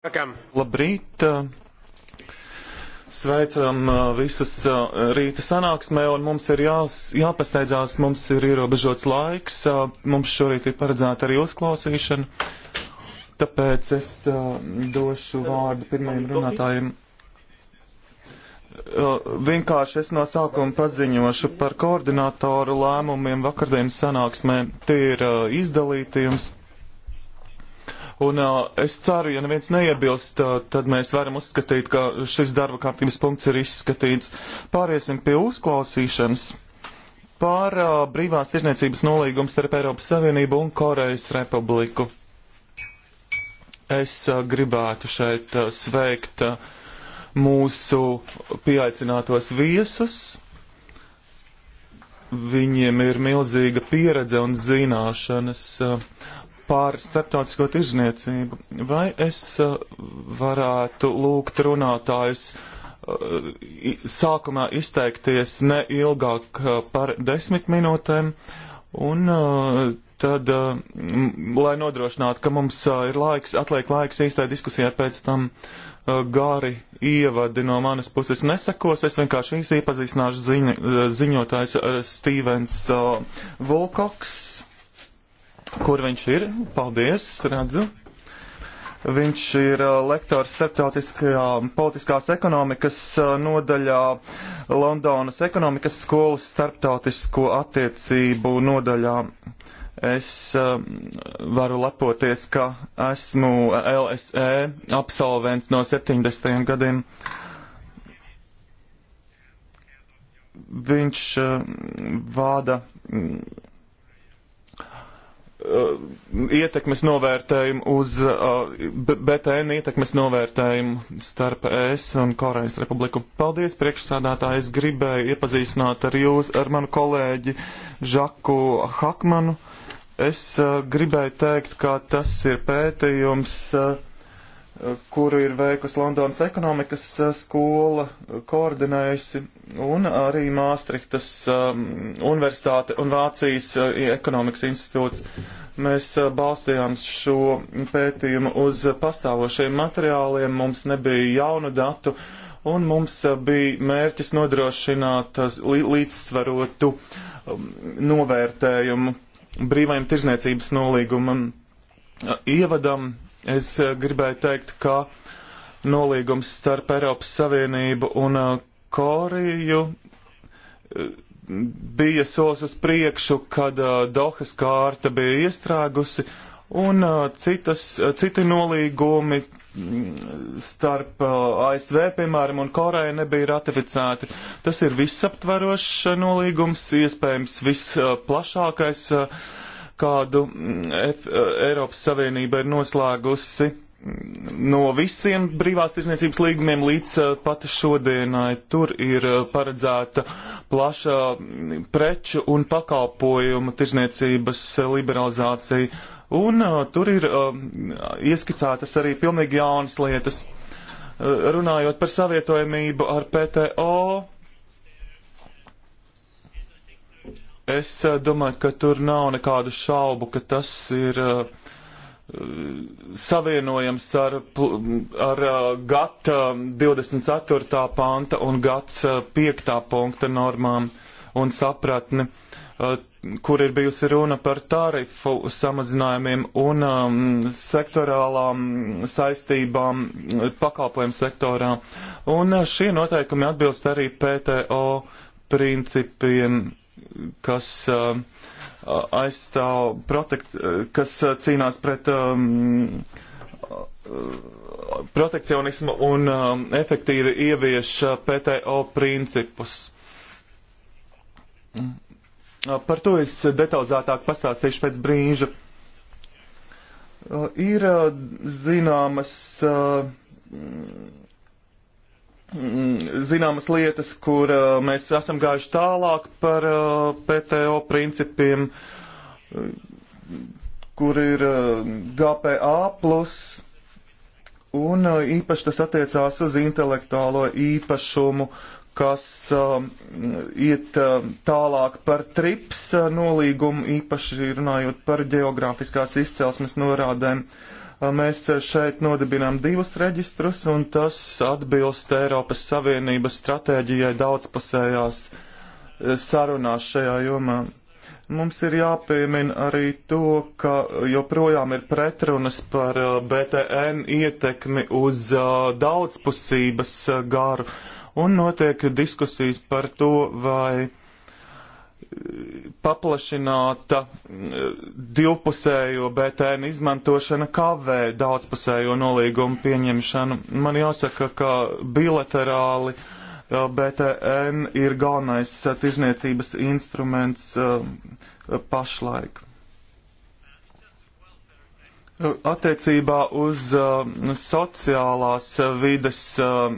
Vakam. Labrīt! Sveicam uh, visus uh, rīta sanāksmē, un mums ir jās, jāpasteidzās, mums ir ierobežots laiks, uh, mums šorīt ir paredzēta arī uzklausīšana, tāpēc es došu vārdu pirmajam runātājiem. Vienkārši es no sākuma paziņošu par koordinātoru lēmumiem vakardienas sanāksmē. Tie ir izdalīti jums Un uh, es ceru, ja neviens neiebilst, uh, tad mēs varam uzskatīt, ka šis darba kārtības punkts ir izskatīts. Pāriesim pie uzklausīšanas par uh, brīvās tirzniecības nolīgumu starp Eiropas Savienību un Korejas Republiku. Es uh, gribētu šeit uh, sveikt uh, mūsu pieaicinātos viesus. Viņiem ir milzīga pieredze un zināšanas. Uh, par starptautisko tirzniecību. Vai es uh, varētu lūgt runātājus uh, sākumā izteikties ne ilgāk uh, par desmit minūtēm, un tad, lai nodrošinātu, ka mums ir laiks, atliek laiks īstai diskusijai pēc tam gari ievadi no manas puses nesakos, es vienkārši īsi iepazīstināšu ziņ, ziņotājs Stīvens Volkoks Kur viņš ir? Paldies, redzu. Viņš ir uh, lektors starptautiskajā politiskās ekonomikas uh, nodaļā Londonas ekonomikas skolas starptautisko attiecību nodaļā. Es uh, varu lepoties, ka esmu uh, LSE absolvents no 70. gadiem. Viņš uh, um, vāda. Mm, Uh, ietekmes novērtējumu uz uh, BTN ietekmes novērtējumu starp ES un Korejas Republiku. Paldies, priekšsādātāji, es gribēju iepazīstināt ar jūs, ar manu kolēģi Žaku Hakmanu. Es uh, gribēju teikt, ka tas ir pētījums. Uh, kuru ir veikusi Londonas ekonomikas eh, skola, eh, koordinējusi, un arī Māstrihtas um, eh, universitāte un Vācijas uh, ekonomikas institūts. Mēs uh, balstījām šo pētījumu uz pastāvošiem materiāliem, mums nebija jaunu datu, un mums uh, bija mērķis nodrošināt līdzsvarotu um, novērtējumu brīvajam tirzniecības nolīgumam ievadam Es eh, gribēju teikt, ka nolīgums starp Eiropas Savienību un eh, Koreju eh, bija solis uz priekšu, kad uh, Dohas kārta bija iestrēgusi, un uh, citas, uh, citi nolīgumi mm, starp uh, ASV, piemēram, un Koreju nebija ratificēti. Tas ir visaptverošs nolīgums, iespējams visplašākais. Uh, plašākais, uh kādu F mm, e, Eiropas Savienība ir noslēgusi no visiem brīvās tirzniecības līgumiem līdz e, pat šodienai. Tur ir e, paredzēta plaša mm, preču un pakalpojumu tirzniecības liberalizācija. Un uh, tur ir uh, ieskicētas arī pilnīgi jaunas lietas. Uh, runājot par savietojamību ar PTO, Es eh, domāju, ka tur nav nekādu šaubu, ka tas ir eh, savienojams ar, ar eh, GAT 24. panta un GAT 5. punkta normām un sapratni, kur ir bijusi runa par tarifu samazinājumiem un sektorālām saistībām pakalpojumu sektorā. Un šie noteikumi atbilst arī PTO principiem kas uh, uh, aizstāv, protekt, uh, kas uh, cīnās pret um, protekcionismu un um, efektīvi ievieš PTO principus. Mm. Par to es detalizētāk pastāstīšu pēc brīža. Ir zināmas uh, Mm, zināmas lietas, kur uh, mēs esam gājuši tālāk par uh, PTO principiem, uh, kur ir uh, GPA. Plus, un uh, īpaši tas attiecās uz intelektuālo īpašumu, kas uh, iet uh, tālāk par trips uh, nolīgumu, īpaši runājot par geogrāfiskās izcelsmes norādēm. Uh, Mēs šeit nodibinām divus reģistrus, un tas atbilst Eiropas Savienības stratēģijai daudzpusējās eh, sarunās šajā jomā. Mums ir jāpiemina arī to, ka joprojām ir pretrunas par eh, BTN ietekmi uz eh, daudzpusības garu, un notiek diskusijas par to, vai paplašināta mm, divpusējo BTN izmantošana kavē daudzpusējo nolīgumu pieņemšanu. Man jāsaka, ka bilaterāli eh, BTN ir galvenais eh, tirzniecības instruments eh, pašlaik. Attiecībā uz uh, sociālās vides uh,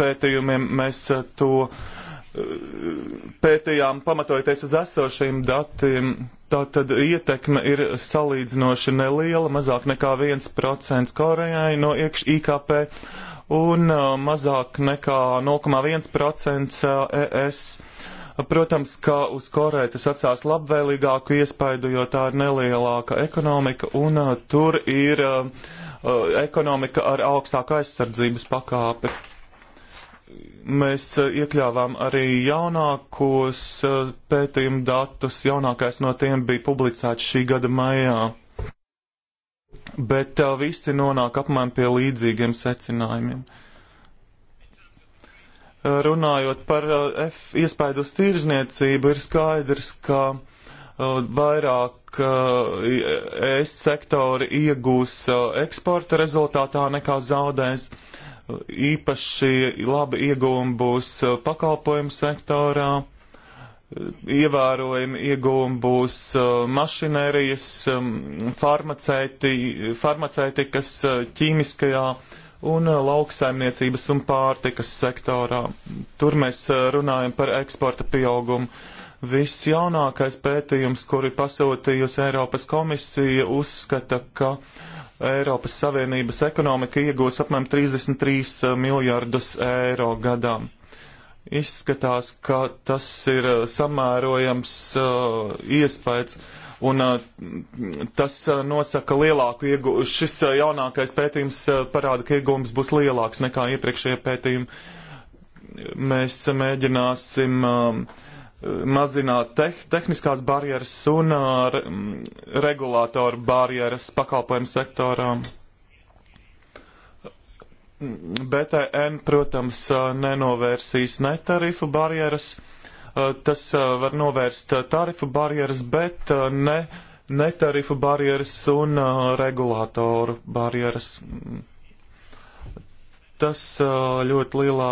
pētījumiem mēs uh, to uh, pētījām pamatojoties uz esošiem datiem, tā tad ietekme ir salīdzinoši neliela, mazāk nekā 1% Korejai no iekš IKP un uh, mazāk nekā 0,1% uh, ES. Protams, ka uz Koreju tas atstās labvēlīgāku iespaidu, jo tā ir nelielāka ekonomika un uh, tur ir ekonomika ar augstāku aizsardzības pakāpi mēs eh, iekļāvām arī jaunākos eh, pētījumu datus. Jaunākais no tiem bija publicēts šī gada maijā. Bet eh, visi nonāk apmēram pie līdzīgiem secinājumiem. Runājot par F iespēju uz tirzniecību, ir skaidrs, ka vairāk ES e sektori iegūs eksporta rezultātā nekā zaudēs. Uh, īpaši labi iegūmi būs eh, pakalpojumu sektorā, eh, ievērojami iegūmi būs eh, mašinērijas, mm, farmaceitikas, ķīmiskajā un lauksaimniecības un pārtikas sektorā. Tur mēs runājam par eksporta pieaugumu. Viss jaunākais pētījums, kuri pasūtījusi Eiropas komisija, uzskata, ka uh, Eiropas Savienības ekonomika iegūs apmēram 33 eh, miljardus eiro gadā. Izskatās, ka tas ir eh, samērojams uh, iespējas, un uh, tas uh, nosaka lielāku iegūmu. Šis uh, jaunākais pētījums uh, parāda, ka iegūms būs lielāks nekā iepriekšējie pētījumi. Mēs uh, mēģināsim uh, mazināt te tehniskās barjeras un re regulātoru barjeras pakalpojumu sektorā. BTN, protams, nenovērsīs netarifu barjeras. Tas var novērst tarifu barjeras, bet ne netarifu barjeras un regulātoru barjeras. Tas ļoti lielā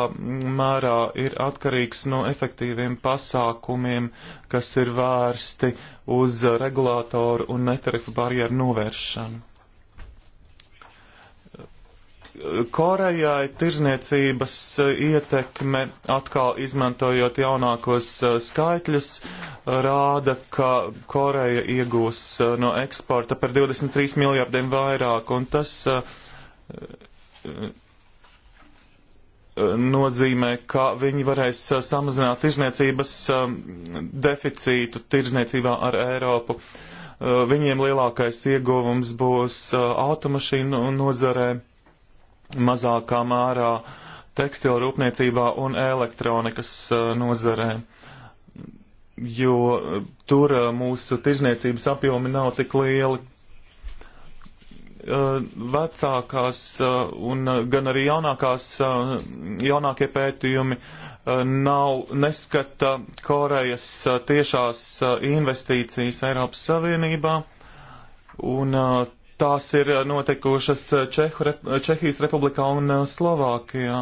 mērā ir atkarīgs no efektīviem pasākumiem, kas ir vērsti uz regulātoru un netarifu barjeru novēršanu. Korejai tirzniecības ietekme, atkal izmantojot jaunākos skaitļus, rāda, ka Koreja iegūs no eksporta par 23 miljardiem vairāk, un tas nozīmē, ka viņi varēs eh, samazināt tirzniecības eh, deficītu tirzniecībā ar Eiropu. Eh, viņiem lielākais ieguvums būs automašīnu nozarē, mazākā mērā tekstila rūpniecībā un elektronikas nozarē jo tur mūsu tirzniecības apjomi nav tik lieli. Eh, vecākās eh, un eh, gan arī jaunākās, jaunākie pētījumi nav neskata Korejas tiešās investīcijas Eiropas Savienībā, un tās ir notikušas Čehu, Čehijas Republikā un Slovākijā.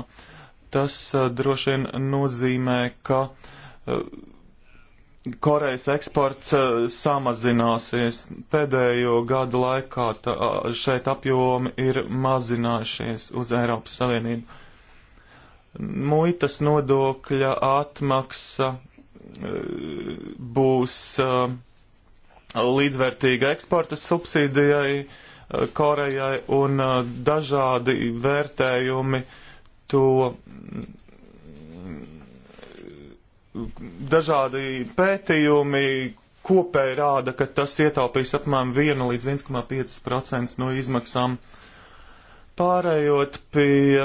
Tas droši vien nozīmē, ka Korejas eksports eh, samazināsies. Pēdējo gadu laikā tā, eh, šeit apjomi ir mazinājušies uz Eiropas Savienību. Muitas nodokļa atmaksa eh, būs līdzvērtīga eksporta subsīdijai Korejai un dažādi vērtējumi to dažādi pētījumi kopēji rāda, ka tas ietaupīs apmēram 1 līdz 1,5% no izmaksām. Pārējot pie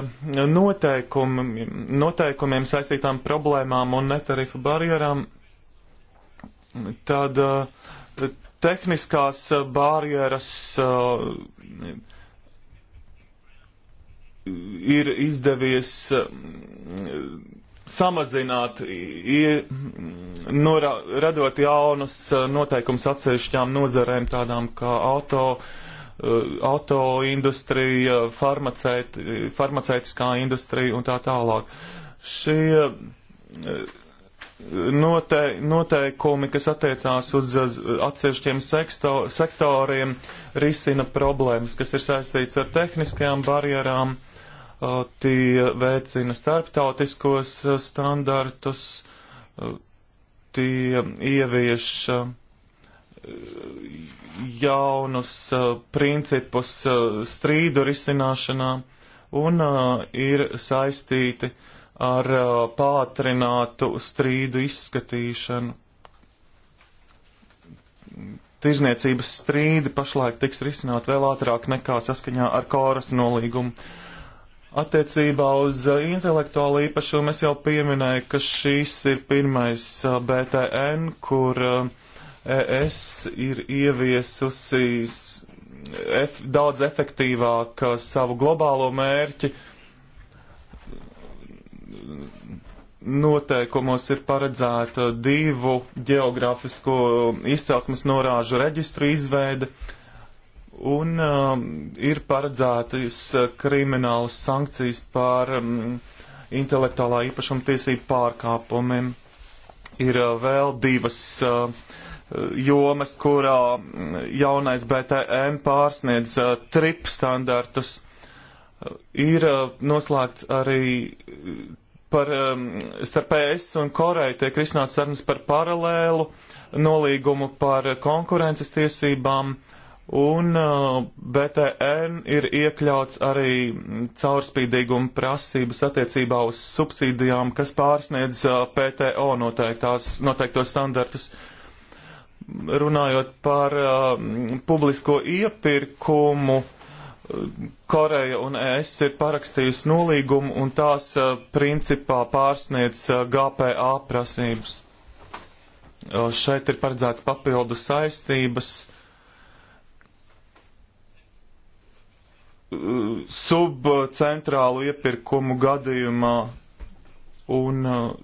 noteikumi, noteikumiem saistītām problēmām un netarifu barjerām, tad eh, tehniskās eh, barjeras eh, ir izdevies samazināt, ie, mm, nora, radot jaunus e, noteikumus atsevišķām nozarēm, tādām kā auto, e, auto industrija, farmacēt, e, farmaceitiskā industrija un tā tālāk. Šie note, noteikumi, kas attiecās uz atsevišķiem seksto, sektoriem, risina problēmas, kas ir saistīts ar tehniskajām barjerām tie veicina starptautiskos standartus, tie ievieš jaunus principus strīdu risināšanā un ir saistīti ar pātrinātu strīdu izskatīšanu tirzniecības strīdi pašlaik tiks risināti vēl ātrāk nekā saskaņā ar koras nolīgumu. Attiecībā uz uh, intelektuālo īpašumu es jau pieminēju, ka šīs ir pirmais uh, BTN, kur uh, ES ir ieviesusi ef daudz efektīvāk savu globālo mērķi. Noteikumos ir paredzēta divu geogrāfisko izcelsmes norāžu reģistru izveide. Uh, un uh, ir paredzētas uh, kriminālas sankcijas par um, intelektuālā īpašuma tiesību pārkāpumiem. Ir uh, vēl divas uh, jomas, kurā mm, jaunais BTN pārsniedz uh, trip standartus. Uh, ir uh, noslēgts arī uh, par um, starp ES un Koreju tiek risināts sarunas par paralēlu nolīgumu par uh, konkurences tiesībām. Uh, un uh, BTN ir iekļauts arī caurspīdīguma prasības attiecībā uz subsīdijām, kas pārsniedz uh, PTO noteiktās, noteiktos standartus. Runājot par uh, publisko iepirkumu, Koreja un ES ir parakstījusi nolīgumu un tās uh, principā pārsniedz uh, GPA prasības. Uh, šeit ir paredzēts papildu saistības subcentrālu iepirkumu gadījumā. Un uh,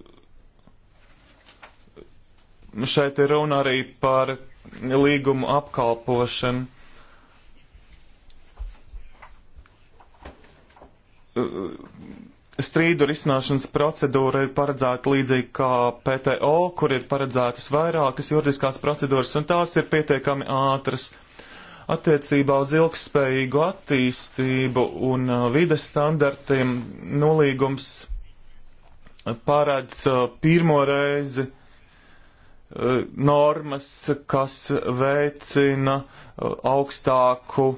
šeit ir runa arī par līgumu apkalpošanu. Strīdu risināšanas procedūra ir paredzēta līdzīgi kā PTO, kur ir paredzētas vairākas juridiskās procedūras, un tās ir pietiekami ātras. Uh, Attiecībā uz ilgspējīgu attīstību un uh, vides standartiem nolīgums paredz uh, pirmo reizi uh, normas, kas veicina augstāku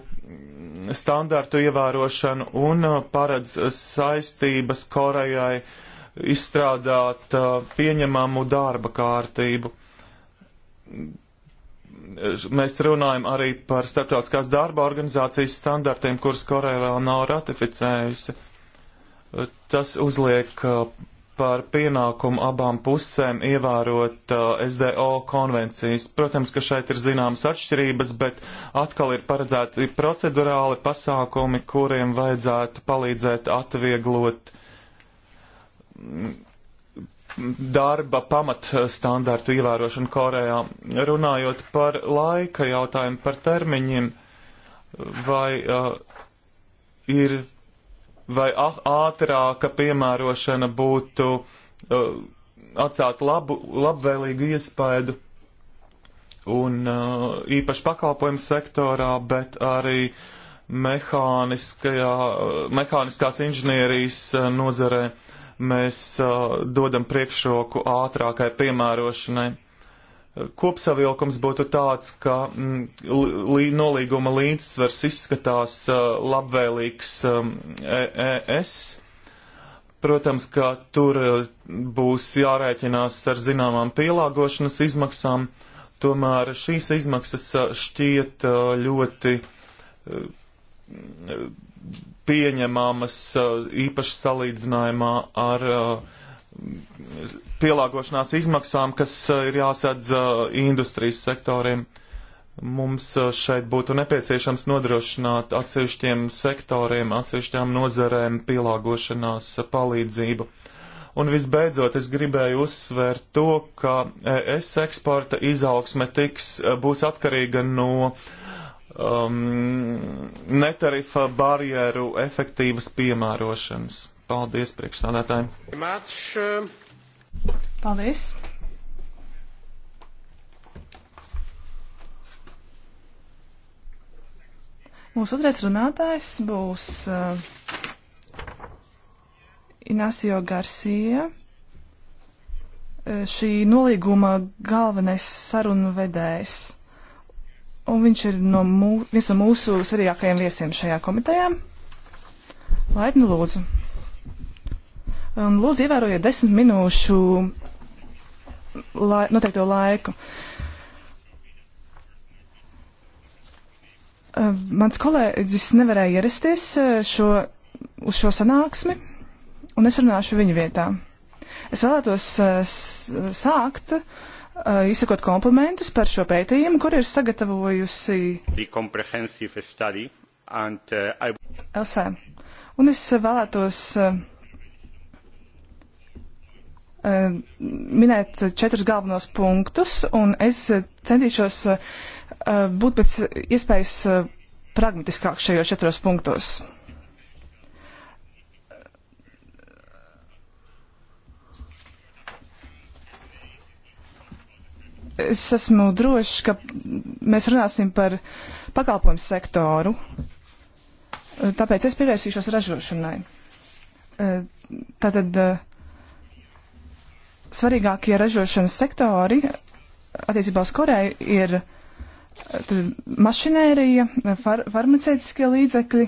standārtu ievērošanu un paredz saistības Korejai izstrādāt pieņemamu darba kārtību mēs runājam arī par starptautiskās darba organizācijas standartiem, kuras Koreja vēl nav ratificējusi. Tas uzliek uh, par pienākumu abām pusēm ievērot uh, SDO konvencijas. Protams, ka šeit ir zināmas atšķirības, bet atkal ir paredzēti procedurāli pasākumi, kuriem vajadzētu palīdzēt atvieglot mm, darba pamatstandārtu ievērošanu Korejā. Runājot par laika jautājumu, par termiņiem, vai uh, ir, vai ātrāka piemērošana būtu uh, atstāt labu, labvēlīgu iespēju un uh, īpaši pakalpojumu sektorā, bet arī mehāniskajā, mehāniskās inženierijas uh, nozarē. Uh, mēs uh, dodam priekšroku ātrākai piemērošanai. Kopsavilkums būtu tāds, ka mm, nolīguma līdzsvars izskatās uh, labvēlīgs um, EES. Protams, ka tur būs jārēķinās ar zināmām pielāgošanas izmaksām, tomēr šīs izmaksas šķiet ļoti pieņemamas, eh, īpaši salīdzinājumā ar eh, pielāgošanās izmaksām, kas eh, ir jāsadz industrijas sektoriem. Mums šeit būtu nepieciešams nodrošināt atsevišķiem sektoriem, atsevišķām nozarēm pielāgošanās palīdzību. Un visbeidzot, es gribēju uzsvērt to, ka es eksporta izaugsme tiks, būs atkarīga no uh, um, netarifa barjeru efektīvas piemērošanas. Paldies priekšstādātājiem. Paldies. Mūsu otrais runātājs būs uh, Inasio Garcia. Uh, šī nolīguma galvenais sarunu vedējs un viņš ir no mū, viens no mūsu svarīgākajiem viesiem šajā komitejā. Laipni lūdzu. Un lūdzu ievērojiet desmit minūšu lai, noteikto laiku. Uh, mans kolēģis nevarēja ierasties uh, šo, uz šo sanāksmi, un es runāšu viņu vietā. Es vēlētos uh, sākt uh, izsakot komplimentus par šo pētījumu, kur ir sagatavojusi and, uh, I... Elsē. Un es vēlētos uh, uh, minēt četrus galvenos punktus, un es centīšos uh, būt pēc iespējas uh, pragmatiskāk šajos četros punktos. es esmu drošs, ka mēs runāsim par pakalpojumu sektoru. Tāpēc es pievērsīšos ražošanai. Tātad svarīgākie ražošanas sektori attiecībā uz Koreju ir mašinērija, far farmaceitiskie līdzekļi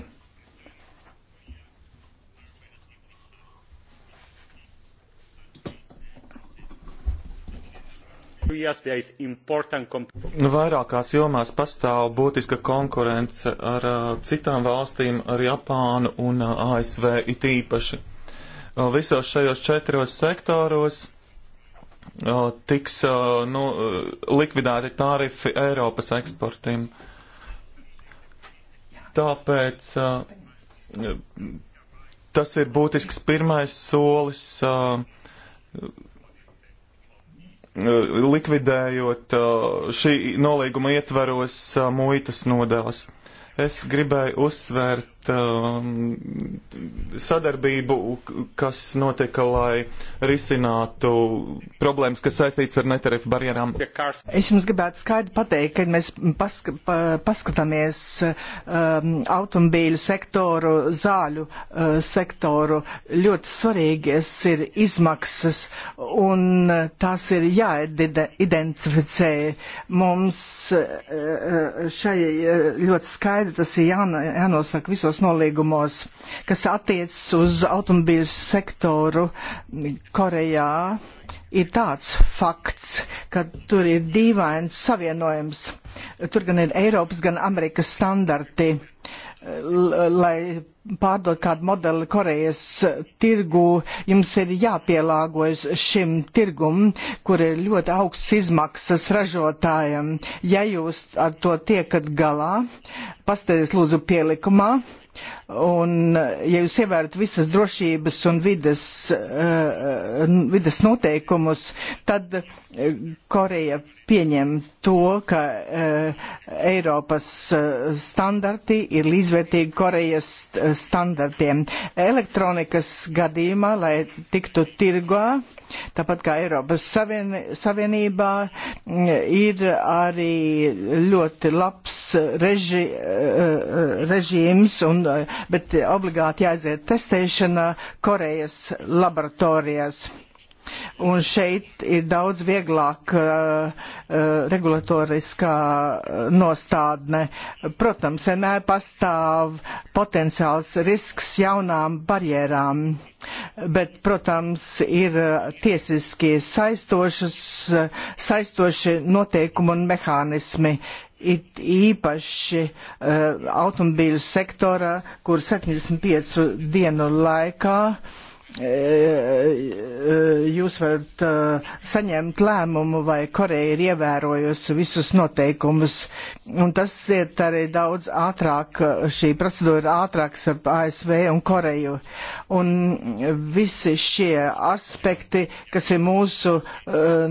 Nu, vairākās jomās pastāv būtiska konkurence ar uh, citām valstīm, ar Japānu un uh, ASV it īpaši. Uh, visos šajos četros sektoros uh, tiks uh, nu, uh, likvidēti tarifi Eiropas eksportiem. Tāpēc uh, tas ir būtisks pirmais solis. Uh, Uh, likvidējot uh, šī nolīguma ietveros uh, muitas nodevas. Es gribēju uzsvērt Um, sadarbību, kas notika, lai risinātu problēmas, kas saistīts ar netarifu barjerām. Es jums gribētu skaidri pateikt, ka mēs pask pa paskatāmies um, automobīļu sektoru, zāļu uh, sektoru, ļoti svarīgas ir izmaksas un tās ir jāidentificē. Mums uh, uh, šai uh, ļoti skaidri tas ir jāno, jānosaka visos šajos nolīgumos, kas attiecas uz automobīļu sektoru Korejā, ir tāds fakts, ka tur ir dīvains savienojums. Tur gan ir Eiropas, gan Amerikas standarti, lai pārdot kādu modeli Korejas tirgu, jums ir jāpielāgojas šim tirgum, kur ir ļoti augsts izmaksas ražotājiem. Ja jūs ar to tiekat galā, pasteizies lūdzu pielikumā Un, ja jūs ievērat visas drošības un vides, uh, vides noteikumus, tad uh, Koreja pieņem to, ka uh, Eiropas uh, standarti ir līdzvērtīgi Korejas uh, standartiem. Elektronikas gadījumā, lai tiktu tirgā, tāpat kā Eiropas savien, Savienībā, mm, ir arī ļoti labs reži, uh, režīms, un, uh, bet obligāti jāiziet testēšana Korejas laboratorijās. Uh, Un šeit ir daudz vieglāk uh, uh, regulatoriskā uh, nostādne. Protams, vienmēr pastāv potenciāls risks jaunām barjerām, bet, protams, ir uh, tiesiski saistošas, uh, saistoši noteikumi un mehānismi, it īpaši uh, automobīļu sektora, kur 75 dienu laikā uh, E, e, jūs varat e, saņemt lēmumu, vai Koreja ir ievērojusi visus noteikumus. Un tas iet arī daudz ātrāk, šī procedūra ātrāk starp ASV un Koreju. Un visi šie aspekti, kas ir mūsu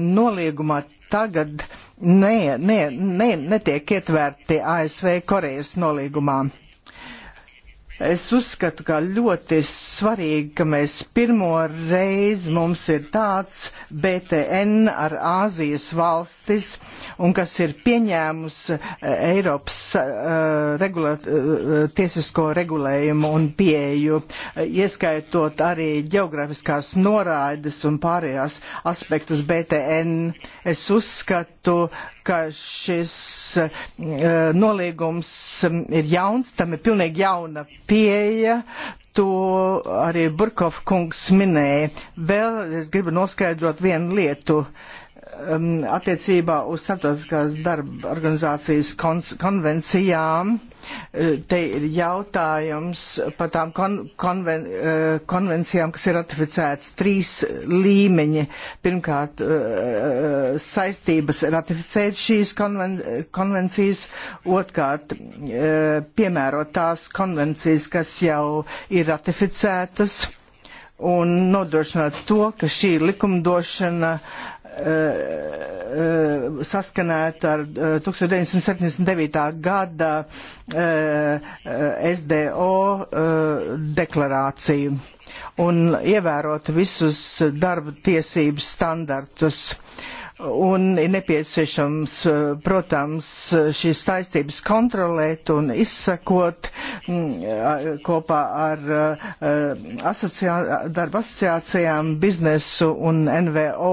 noliegumā tagad, ne, ne, ne, netiek ietverti ASV Korejas nolīgumā. Es uzskatu, ka ļoti svarīgi, ka mēs pirmo reizi mums ir tāds BTN ar Āzijas valstis, un kas ir pieņēmus eh, Eiropas uh, regulā, uh, tiesisko regulējumu un pieeju, uh, ieskaitot arī geografiskās noraides un pārējās aspektus BTN. Es uzskatu, ka šis eh, nolīgums mm, ir jauns, tam ir pilnīgi jauna pieeja. To arī Burkov kungs minēja. Vēl es gribu noskaidrot vienu lietu um, attiecībā uz starptautiskās darba organizācijas konvencijām Eh, te ir jautājums par tām kon konven eh, konvencijām, kas ir ratificētas trīs līmeņi. Pirmkārt, eh, saistības ratificēt šīs konven konvencijas, otrkārt, piemērot tās konvencijas, kas jau ir ratificētas un nodrošināt to, ka šī likumdošana uh, Eh, saskanēt ar 1979. Eh, gada eh, SDO deklarāciju un ievērot visus darba tiesības standartus. Uh, un ir nepieciešams, eh, protams, šīs saistības kontrolēt un izsekot mm, kopā ar eh, asociā, darba asociācijām, biznesu un NVO.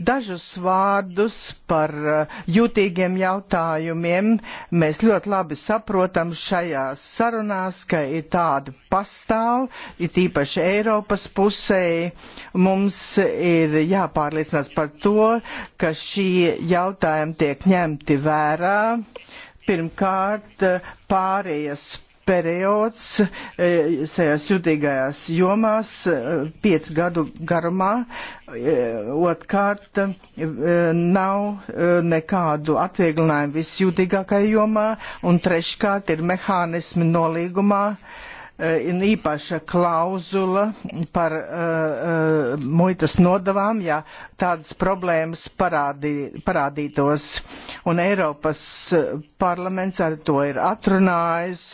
Dažus vārdus par eh, jūtīgiem jautājumiem mēs ļoti labi saprotam šajās sarunās, ka ir tāda pastāv, ir tīpaši Eiropas pusē. Mums ir jāpārliecinās par to, ka šie jautājumi tiek ņemti vērā. Pirmkārt, pārējas periods e, šajās jutīgajās jomās e, piecu gadu garumā. E, otkārt, nav nekādu atvieglojumu visjutīgākajā jomā, un treškārt ir mehānismi nolīgumā, uh, Eh, ir īpaša klauzula par uh, muitas nodavām, ja tādas problēmas parādī, parādītos. Un Eiropas parlaments ar to ir atrunājis,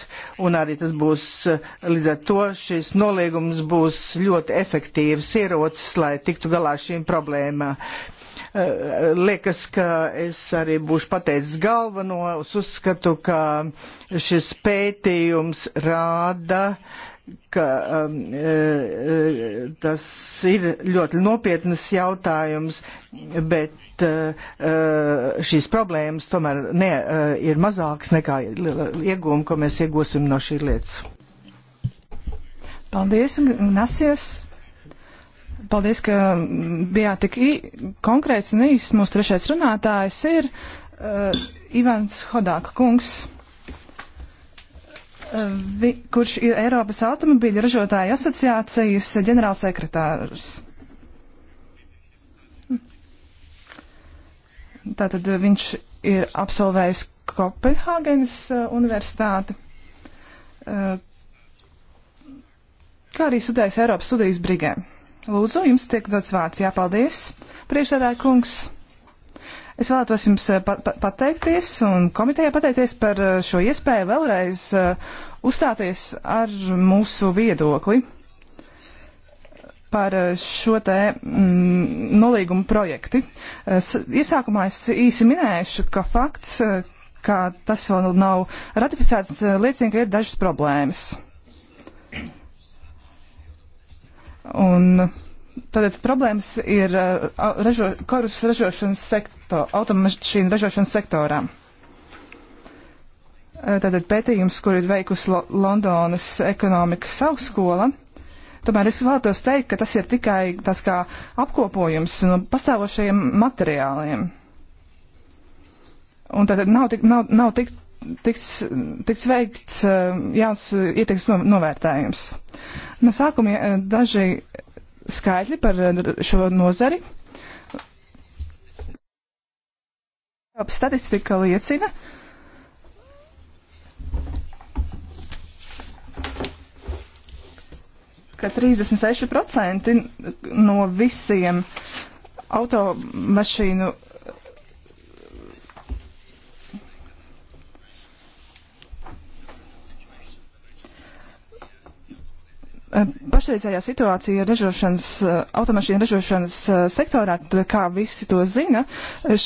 un arī tas būs līdz ar to šis noliegums būs ļoti efektīvs ierocis, lai tiktu galā šīm problēmām. Uh, Liekas, ka es arī būšu pateicis galveno. Es uzskatu, ka šis pētījums rāda, ka um, eh, tas ir ļoti nopietnas jautājums, bet uh, šīs problēmas tomēr ne, uh, ir mazākas nekā iegūmi, ko mēs iegūsim no šī lietas. Paldies, Nasies! Paldies, ka mm, bijāt tik konkrēts un īsts. Mūsu trešais runātājs ir uh, Ivans Hodāka kungs, uh, vi, kurš ir Eiropas automobīļu ražotāju asociācijas ģenerālsekretārs. Tātad viņš ir absolvējis Kopenhāgenes uh, universitāti, uh, kā arī studējis Eiropas studijas brigēm. Lūdzu, jums tiek dots vārds. Jā, paldies, priekšsēdētāj kungs. Es vēlētos jums eh, pa pa pateikties un komitejai pateikties par eh, šo iespēju vēlreiz eh, uzstāties ar mūsu viedokli par šo te mm, nolīgumu projekti. Es, iesākumā es īsi minēšu, ka fakts, ka tas vēl nav ratificēts, liecina, ka ir dažas problēmas. Un tātad problēmas ir uh, ražo, karus ražošanas sektorā, automašīnu ražošanas sektorā. Tātad uh, pētījums, kur ir veikusi Lo Londonas ekonomikas augstskola. Tomēr es vēlētos teikt, ka tas ir tikai tas kā apkopojums no pastāvošajiem materiāliem. Un tātad nav tik, nav, nav tik tiks, tiks veikts eh, jauns eh, ietekmes novērtējums. No sākuma eh, daži skaitļi par šo nozari. Statistika liecina, ka 36% no visiem automašīnu Eh, pašreizējā situācija ražošanas, eh, automašīnu ražošanas eh, sektorā, kā visi to zina,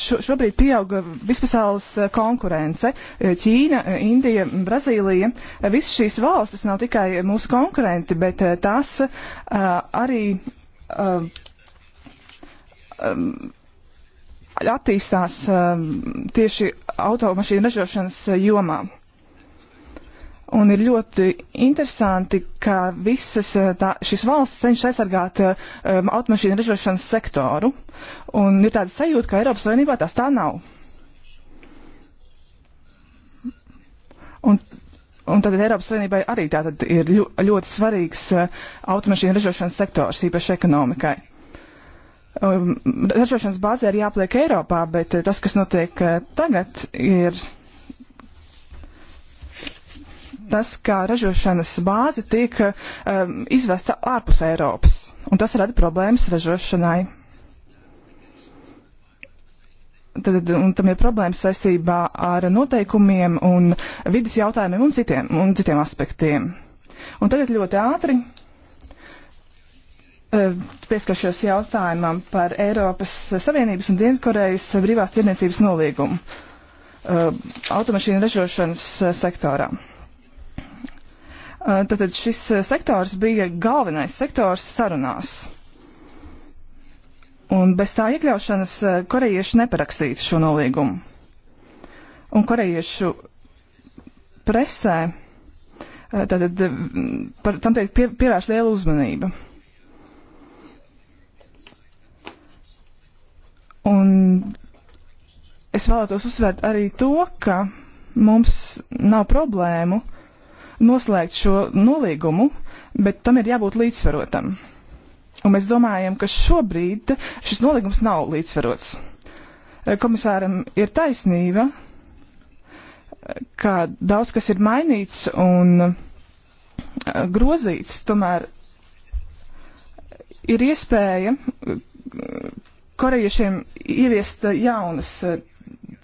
šo, šobrīd pieauga vispasaules konkurence. Ķīna, Indija, Brazīlija, visas šīs valstis nav tikai mūsu konkurenti, bet tās arī um, attīstās tieši automašīnu ražošanas jomā. Un ir ļoti interesanti, ka visas eh, tā, šis valsts cenšas aizsargāt eh, um, automašīnu ražošanas sektoru. Un ir tāda sajūta, ka Eiropas Savienībā tas tā nav. Un, un tad Eiropas Savienībai arī tā tad ir ļu, ļoti svarīgs uh, automašīnu ražošanas sektors, īpaši ekonomikai. Um, ražošanas bāzē ir jāpliek Eiropā, bet uh, tas, kas notiek uh, tagad, ir tas, kā ražošanas bāze tiek um, izvesta ārpus Eiropas, un tas rada problēmas ražošanai. Tad, un tam ir problēmas saistībā ar noteikumiem un vidas jautājumiem un citiem, un citiem aspektiem. Un tagad ļoti ātri eh, pieskaršos jautājumam par Eiropas Savienības un Dienvidkorejas brīvās tirniecības nolīgumu eh, automašīnu ražošanas eh, sektorā. Eh, tātad šis eh, sektors bija galvenais sektors sarunās. Un bez tā iekļaušanas eh, korejieši neparakstītu šo nolīgumu. Un korejiešu presē tātad, par, tam tiek pie, pievērsta liela uzmanība. Un es vēlētos uzsvērt arī to, ka mums nav problēmu uh, noslēgt šo nolīgumu, bet tam ir jābūt līdzsvarotam. Un mēs domājam, ka šobrīd šis nolīgums nav līdzsvarots. Eh, komisāram ir taisnība, ka daudz kas ir mainīts un eh, grozīts, tomēr ir iespēja eh, korejiešiem ieviest jaunas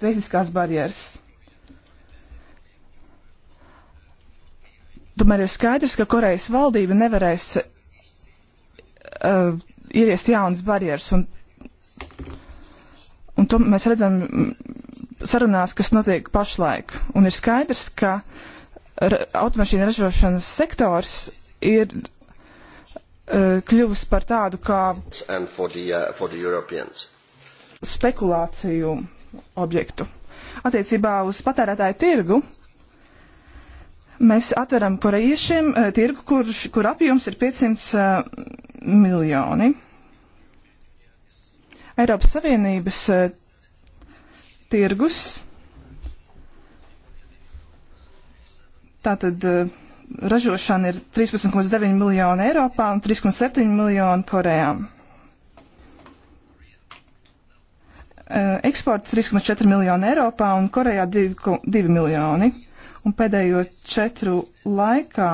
tehniskās barjeras. Tomēr ir skaidrs, ka Korejas valdība nevarēs uh, ieviest jaunas barjeras. Un, un to mēs redzam mm, sarunās, kas notiek pašlaik. Un ir skaidrs, ka automašīna ražošanas sektors ir uh, kļuvis par tādu kā for the, uh, for the spekulāciju objektu. Attiecībā uz patērētāju tirgu uh, Mēs atveram korejiešiem eh, tirgu, kur, kur apjoms ir 500 eh, miljoni. Eiropas Savienības eh, tirgus. Tātad ražošana ir 13,9 miljoni Eiropā un 3,7 miljoni Korejā. Eksports 3,4 miljoni Eiropā un Korejā 2, 2 miljoni un pēdējo četru laikā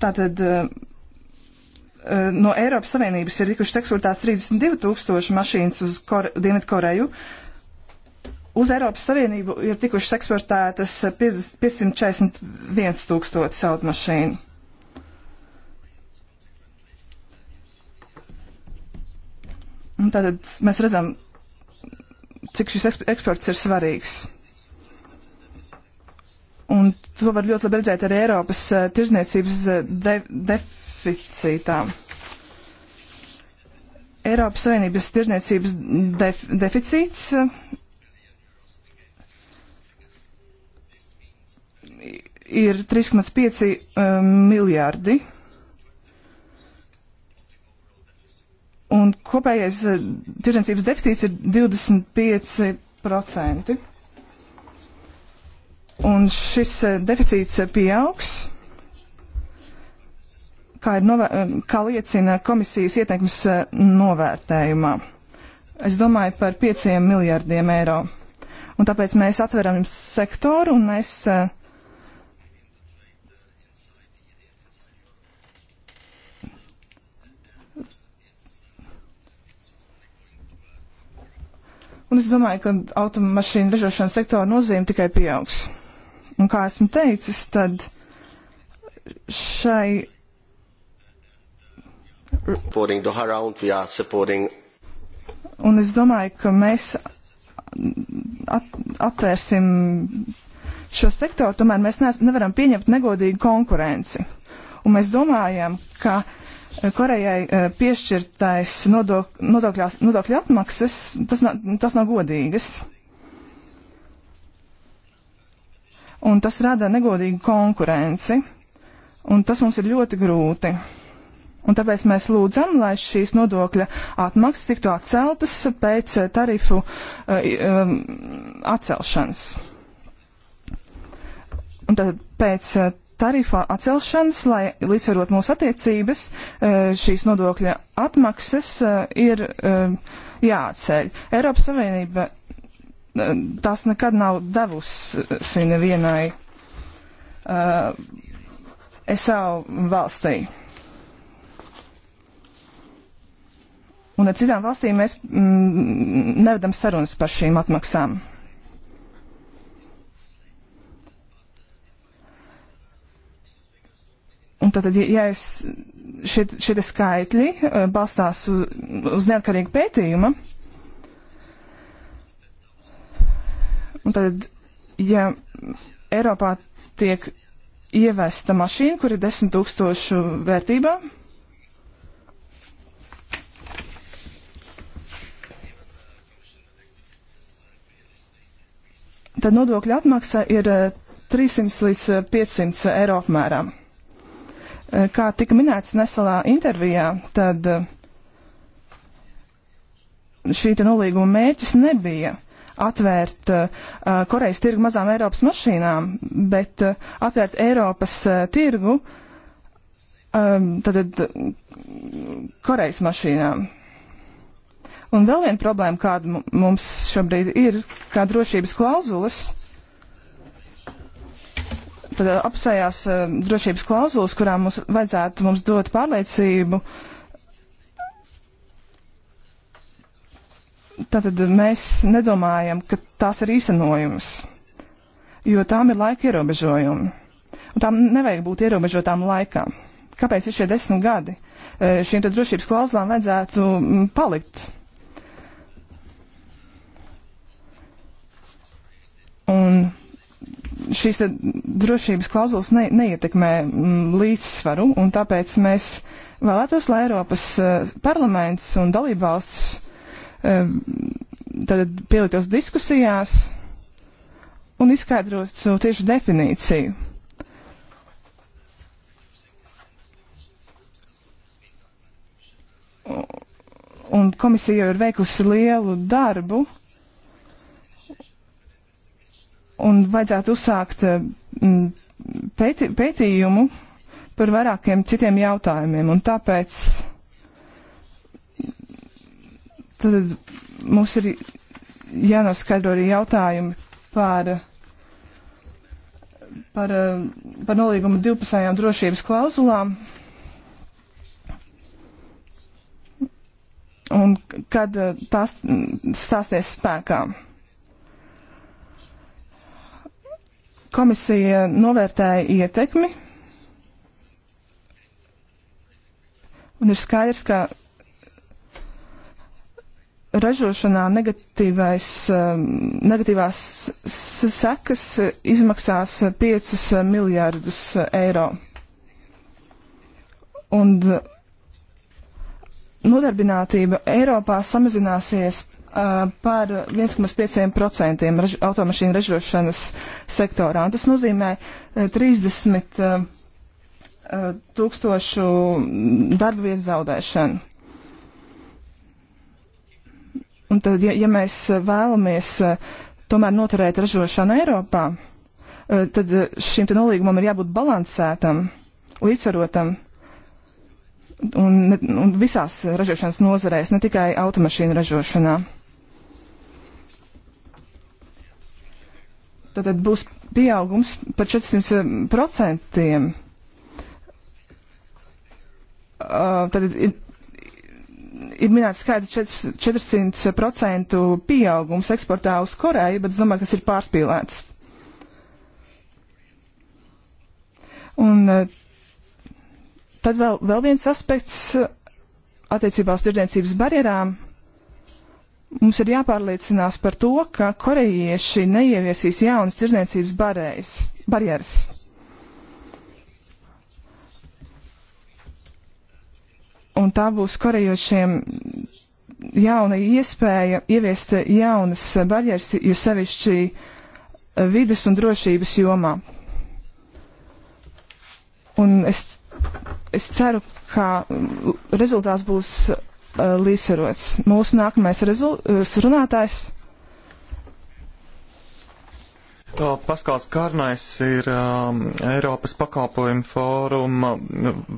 tātad eh, eh, no Eiropas Savienības ir tikušas eksportētas 32 tūkstoši mašīnas uz Kore, Dienvidkoreju. Uz Eiropas Savienību ir tikušas eksportētas 541 tūkstoši automašīnu. Un tātad mēs redzam, cik šis eksports ir svarīgs. Un to var ļoti labi redzēt arī Eiropas uh, tirzniecības eh, de deficītā. Eiropas Savienības tirzniecības def deficīts eh, ir 3,5 uh, miljārdi. un kopējais eh, tirdzniecības deficīts ir 25%. Un šis eh, deficīts eh, pieaugs, kā, kā liecina komisijas ieteikums novērtējumā. Es domāju par 5 miljardiem eiro. Un tāpēc mēs atveram sektoru un mēs uh, Un es domāju, ka automašīnu ražošanas sektora nozīme tikai pieaugs. Un kā esmu teicis, tad šai. Un es domāju, ka mēs at, atvērsim šo sektoru, tomēr mēs nevaram pieņemt negodīgu konkurenci. Un mēs domājam, ka uh, Korejai eh, piešķirtais nodok, nodokļu atmaksas, tas nav, tas nav godīgas. Un tas rada negodīgu konkurenci. Un tas mums ir ļoti grūti. Un tāpēc mēs lūdzam, lai šīs nodokļa atmaksas tiktu atceltas pēc tarifu uh, atcelšanas. Un tad pēc eh, tarifa atcelšanas, lai līdzsvarot mūsu attiecības, e, šīs nodokļa atmaksas e, ir e, jāatceļ. Eiropas Savienība tās nekad nav devusi nevienai SAU valstī. Un ar citām valstīm mēs mm, nevedam sarunas par šīm atmaksām. Un tad, ja es šie, šie skaitļi eh, balstās uz, uz neatkarīgu pētījumu, un tad, ja Eiropā tiek ievesta mašīna, kur ir 10 tūkstošu vērtībā, tad nodokļu atmaksa ir 300 eh, līdz 500 eh, eiro apmērām. Eh, kā tika minēts neselā intervijā, tad eh, šī nolīguma mērķis nebija atvērt uh, Korejas tirgu mazām Eiropas mašīnām, bet uh, atvērt Eiropas uh, tirgu um, tad, Korejas mašīnām. Un vēl viena problēma, kāda mums šobrīd ir, kā drošības klauzulas tad eh, apsējās eh, drošības klauzulas, kurām mums vajadzētu mums dot pārliecību. Tātad mēs nedomājam, ka tās ir īstenojumas, jo tām ir laika ierobežojumi. Un tām nevajag būt ierobežotām laikā. Kāpēc ir šie desmit gadi? Eh, šīm drošības klauzulām vajadzētu mm, palikt. Un šīs drošības klauzulas ne, neietekmē m, mm, līdzsvaru, un tāpēc mēs vēlētos, lai Eiropas uh, parlaments un dalībvalsts uh, eh, pielietos diskusijās un izskaidrotu tieši definīciju. Un komisija jau ir veikusi lielu darbu un vajadzētu uzsākt eh, pēti, pētījumu par vairākiem citiem jautājumiem. Un tāpēc tad mums ir jānoskaidro arī jautājumi par, par, eh, par nolīgumu divpusējām drošības klauzulām. Un kad eh, tās stāsties spēkā. Komisija novērtēja ietekmi, un ir skaidrs, ka ražošanā negatīvais, um, negatīvās sekas izmaksās 5 miljārdus eiro. Un nodarbinātība Eiropā samazināsies par 1,5% raž, automašīnu ražošanas sektorā. Un tas nozīmē 30 tūkstošu darba vietu zaudēšanu. Un tad, ja, ja mēs vēlamies tomēr noturēt ražošanu Eiropā, tad šim te nolīgumam ir jābūt balansētam, līdzsvarotam un, un visās ražošanas nozarēs, ne tikai automašīnu ražošanā. Tātad būs pieaugums par 400%. Tad ir, ir minēts skaidrs 400% pieaugums eksportā uz Koreju, bet es domāju, kas ir pārspīlēts. Un tad vēl, vēl viens aspekts attiecībā uz tirdzniecības barjerām. Mums ir jāpārliecinās par to, ka korejieši neieviesīs jaunas tirdzniecības barjeras. Un tā būs korejiešiem jauna iespēja ieviest jaunas barjeras, jo sevišķi vides un drošības jomā. Un es, es ceru, ka rezultāts būs uh, līdzsvarots. Mūsu nākamais uh, runātājs. Paskals Kārnais ir um, Eiropas pakalpojumu fóruma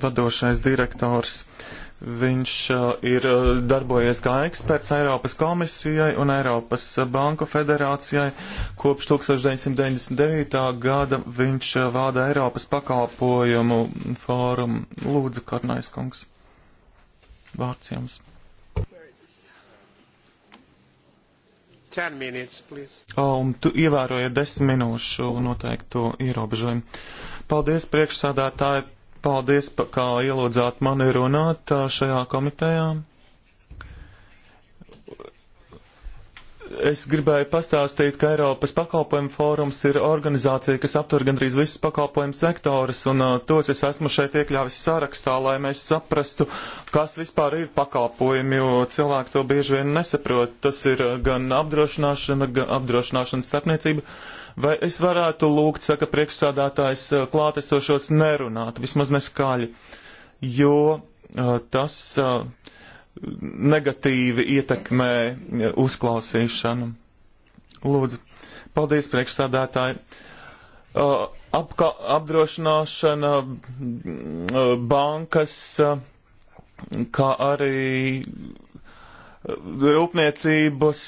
vadošais direktors. Viņš uh, ir uh, darbojies kā eksperts Eiropas komisijai un Eiropas uh, Banku federācijai. Kopš 1999. gada viņš uh, vada Eiropas pakalpojumu fórumu. Lūdzu, Karnais kungs. Vārds jums. Minutes, um, tu ievērojiet desmit minūšu noteikto ierobežojumu. Paldies, priekšsādātāji, paldies, kā ielūdzāt mani runāt šajā komitejā. es gribēju pastāstīt, ka Eiropas pakalpojumu fórums ir organizācija, kas aptver gandrīz visus pakalpojumu sektorus, un uh, tos es esmu šeit iekļāvis sarakstā, lai mēs saprastu, kas vispār ir pakalpojumi, jo cilvēki to bieži vien nesaprot. Tas ir uh, gan apdrošināšana, gan apdrošināšanas starpniecība. Vai es varētu lūgt, saka priekšsādātājs, uh, klātesošos nerunāt, vismaz neskaļi, jo uh, tas. Uh, negatīvi ietekmē uzklausīšanu. Lūdzu, paldies priekšstādātāji. Uh, apka, apdrošināšana, uh, bankas, uh, kā arī rūpniecības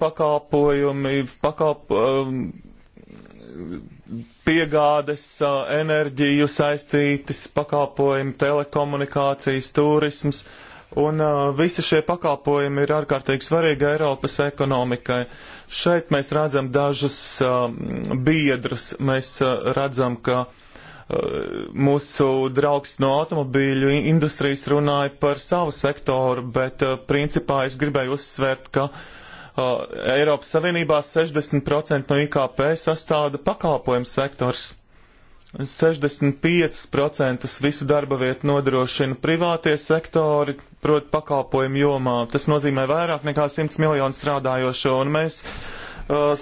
pakalpojumi, pakalp, piegādes, enerģiju saistītas pakalpojumi, telekomunikācijas, turisms. Uh, Un uh, visi šie pakalpojumi ir ārkārtīgi svarīgi Eiropas ekonomikai. Šeit mēs redzam dažus uh, biedrus. Mēs uh, redzam, ka uh, mūsu draugs no automobīļu industrijas runāja par savu sektoru, bet uh, principā es gribēju uzsvērt, ka uh, Eiropas Savienībā 60% no IKP sastāda pakalpojumu sektors. 65% visu darba vietu nodrošina privātie sektori, proti pakalpojumu jomā. Tas nozīmē vairāk nekā 100 miljonu strādājošo, un mēs uh,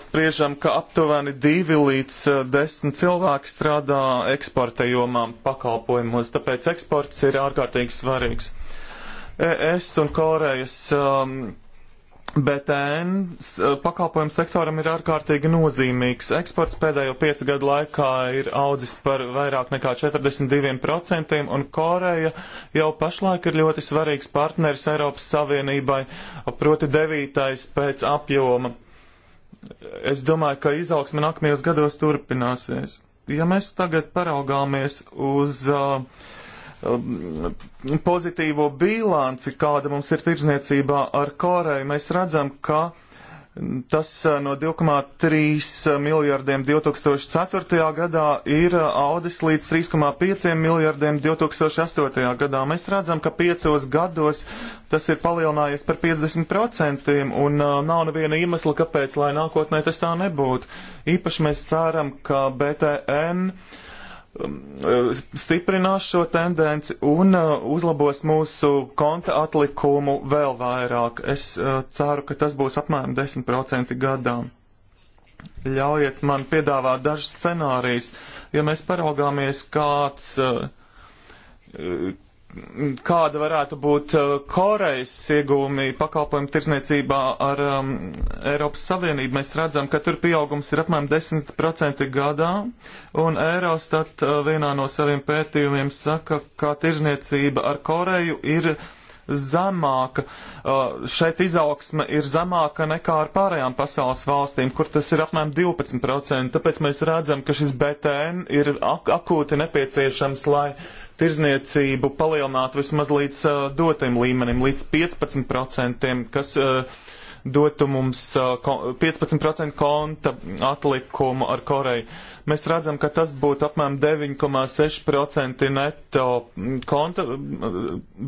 spriežam, ka aptuveni 2 līdz 10 uh, cilvēki strādā eksporta jomā pakalpojumos, tāpēc eksports ir ārkārtīgi svarīgs. ES un Korejas um, Bet ēnu eh, pakalpojumu sektoram ir ārkārtīgi nozīmīgs. Eksports pēdējo piecu gadu laikā ir audzis par vairāk nekā 42%, un Koreja jau pašlaik ir ļoti svarīgs partneris Eiropas Savienībai, proti devītais pēc apjoma. Es domāju, ka izaugsme nākamajos gados turpināsies. Ja mēs tagad paraugāmies uz uh, Um, pozitīvo bilanci, kāda mums ir tirzniecībā ar Koreju, mēs redzam, ka tas uh, no 2,3 miljardiem 2004. gadā ir uh, audis līdz 3,5 miljardiem 2008. gadā. Mēs redzam, ka piecos gados tas ir palielinājies par 50% un uh, nav neviena iemesla, kāpēc, lai nākotnē tas tā nebūtu. Īpaši mēs ceram, ka BTN Um, uh, stiprinās šo tendenci un uh, uzlabos mūsu konta atlikumu vēl vairāk. Es uh, ceru, ka tas būs apmēram 10% gadā. Ļaujiet man piedāvāt dažus scenārijus. Ja mēs paraugāmies, kāds, kāda varētu būt uh, Korejas iegūmi pakalpojumu tirzniecībā ar um, Eiropas Savienību. Mēs redzam, ka tur pieaugums ir apmēram 10% gadā, un Eurostat uh, vienā no saviem pētījumiem saka, ka tirzniecība ar Koreju ir zemāka. Uh, šeit izaugsme ir zemāka nekā ar pārējām pasaules valstīm, kur tas ir apmēram 12%. Tāpēc mēs redzam, ka šis BTN ir ak akūti nepieciešams, lai uh, tirzniecību palielināt vismaz līdz uh, dotam līmenim, līdz 15%, kas uh, dotu mums uh, 15% konta atlikumu ar Koreju. Mēs redzam, ka tas būtu apmēram 9,6% neto konta,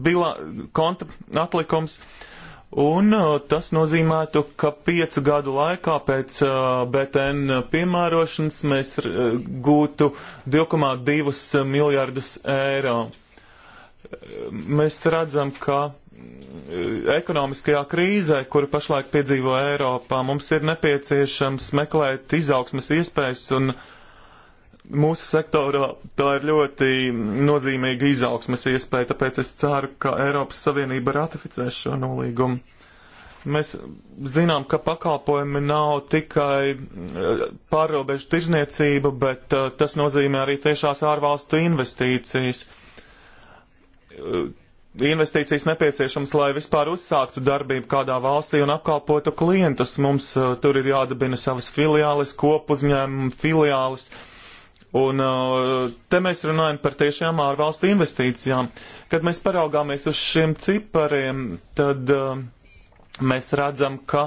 bila, konta atlikums. Uh, Un uh, tas nozīmētu, ka piecu gadu laikā pēc uh, BTN piemērošanas mēs uh, gūtu 2,2 miljardus eiro. Mēs redzam, ka ekonomiskajā krīzē, kuru pašlaik piedzīvo Eiropā, mums ir nepieciešams meklēt izaugsmes iespējas un uh, mūsu sektorā tā ir ļoti nozīmīga izaugsmes iespēja, tāpēc es ceru, ka Eiropas Savienība ratificēs šo nolīgumu. Mēs zinām, ka pakalpojumi nav tikai eh, pārrobežu tirzniecība, bet uh, tas nozīmē arī tiešās ārvalstu investīcijas. Uh, investīcijas nepieciešams, lai vispār uzsāktu darbību kādā valstī un apkalpotu klientus. Mums uh, tur ir jādabina savas filiālis, kopuzņēmumu filiālis. Uh, Un uh, te mēs runājam par tiešām ārvalstu investīcijām. Kad mēs paraugāmies uz šiem cipariem, tad uh, mēs redzam, ka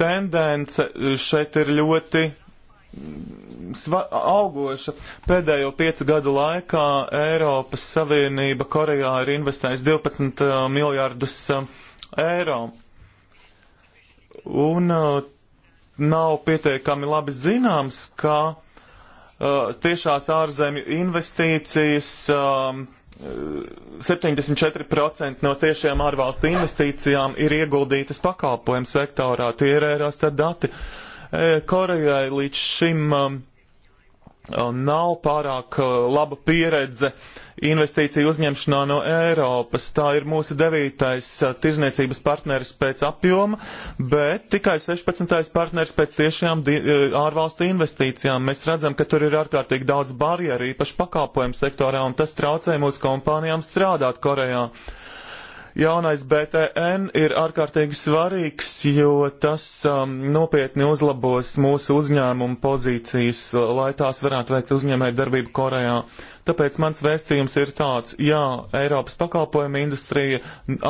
tendence šeit ir ļoti augoša. Pēdējo piecu gadu laikā Eiropas Savienība Korejā ir investējusi 12 uh, miljārdus uh, eiro. Un uh, nav pietiekami labi zināms, ka uh, Uh, tiešās ārzemju investīcijas. Um, 74% uh, no tiešām ārvalstu investīcijām ir ieguldītas pakalpojumu sektorā, tie ir Eurostat dati. Uh, Korejai līdz šim um, Uh, nav pārāk uh, laba pieredze investīciju uzņemšanā no Eiropas. Tā ir mūsu devītais uh, tirzniecības partneris pēc apjoma, bet tikai 16. partneris pēc tiešām ārvalstu investīcijām. Mēs redzam, ka tur ir ārkārtīgi daudz barjeru, īpaši pakāpojumu sektorā, un tas traucē mūsu kompānijām strādāt Korejā. Uh, Jaunais BTN ir ārkārtīgi svarīgs, jo tas um, nopietni uzlabos mūsu uzņēmumu pozīcijas, lai tās varētu veikt uzņēmēju darbību Korejā. Tāpēc mans vēstījums ir tāds, jā, Eiropas pakalpojuma industrija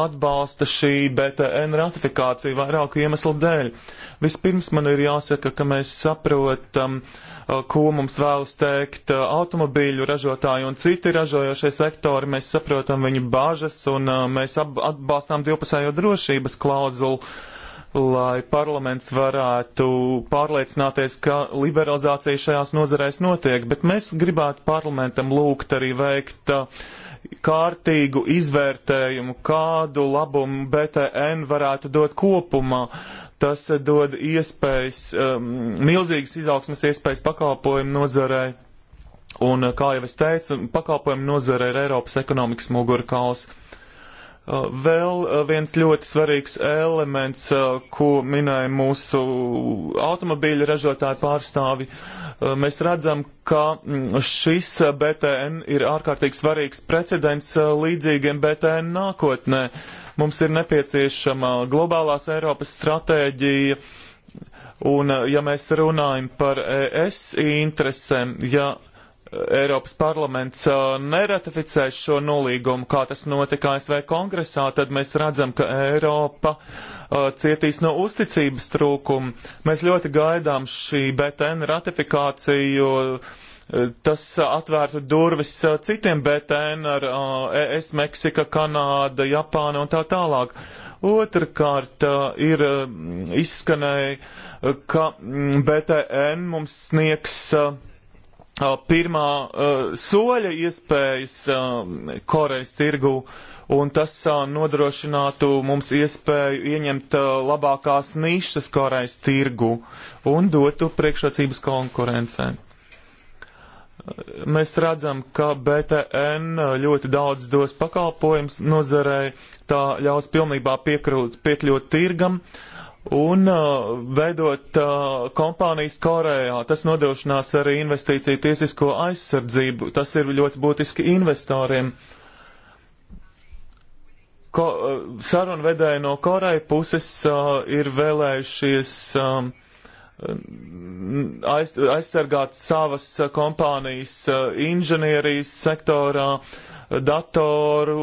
atbalsta šī BTN ratifikāciju vairāku iemeslu dēļ. Vispirms man ir jāsaka, ka mēs saprotam, uh, ko mums vēlas teikt uh, automobīļu ražotāji un citi ražojošie sektori. Mēs saprotam viņu bāžas un uh, mēs apbalstam atbalstām divpusējo drošības klauzulu, lai parlaments varētu pārliecināties, ka liberalizācija šajās nozarēs notiek, bet mēs gribētu parlamentam lūgt arī veikt uh, kārtīgu izvērtējumu, kādu labumu BTN varētu dot kopumā, tas dod iespējas, um, milzīgas izaugsmas iespējas pakalpojumu nozarei. Un, uh, kā jau es teicu, pakalpojumu nozare ir Eiropas ekonomikas mugurkauls. Uh, Vēl viens ļoti svarīgs elements, ko minēja mūsu automobīļa ražotāja pārstāvi, mēs redzam, ka mm, šis BTN ir ārkārtīgi svarīgs precedents līdzīgiem BTN nākotnē. Mums ir nepieciešama globālās Eiropas stratēģija. Un, ja mēs runājam par ES interesēm, ja Eiropas parlaments neratificēs šo nolīgumu, kā tas notika ASV kongresā, tad mēs redzam, ka Eiropa cietīs no uzticības trūkuma. Mēs ļoti gaidām šī BTN ratifikāciju, jo tas atvērtu durvis citiem BTN ar ES, Meksika, Kanāda, Japāna un tā tālāk. Otrakārt ir izskanēja, ka BTN mums sniegs pirmā soļa iespējas Korejas tirgu, un tas nodrošinātu mums iespēju ieņemt labākās nišas Korejas tirgu un dotu priekšrocības konkurencei. Mēs redzam, ka BTN ļoti daudz dos pakalpojums nozarei, tā ļaus pilnībā piekrūt, piekļūt tirgam, uh, un uh, veidot uh, kompānijas Korejā. Tas nodrošinās arī investīciju tiesisko aizsardzību. Tas ir ļoti būtiski investoriem. Ko, uh, sarunvedēji no Koreja puses uh, ir vēlējušies. Uh, aiz, aizsargāt savas eh, kompānijas eh, inženierijas sektorā, eh, datoru,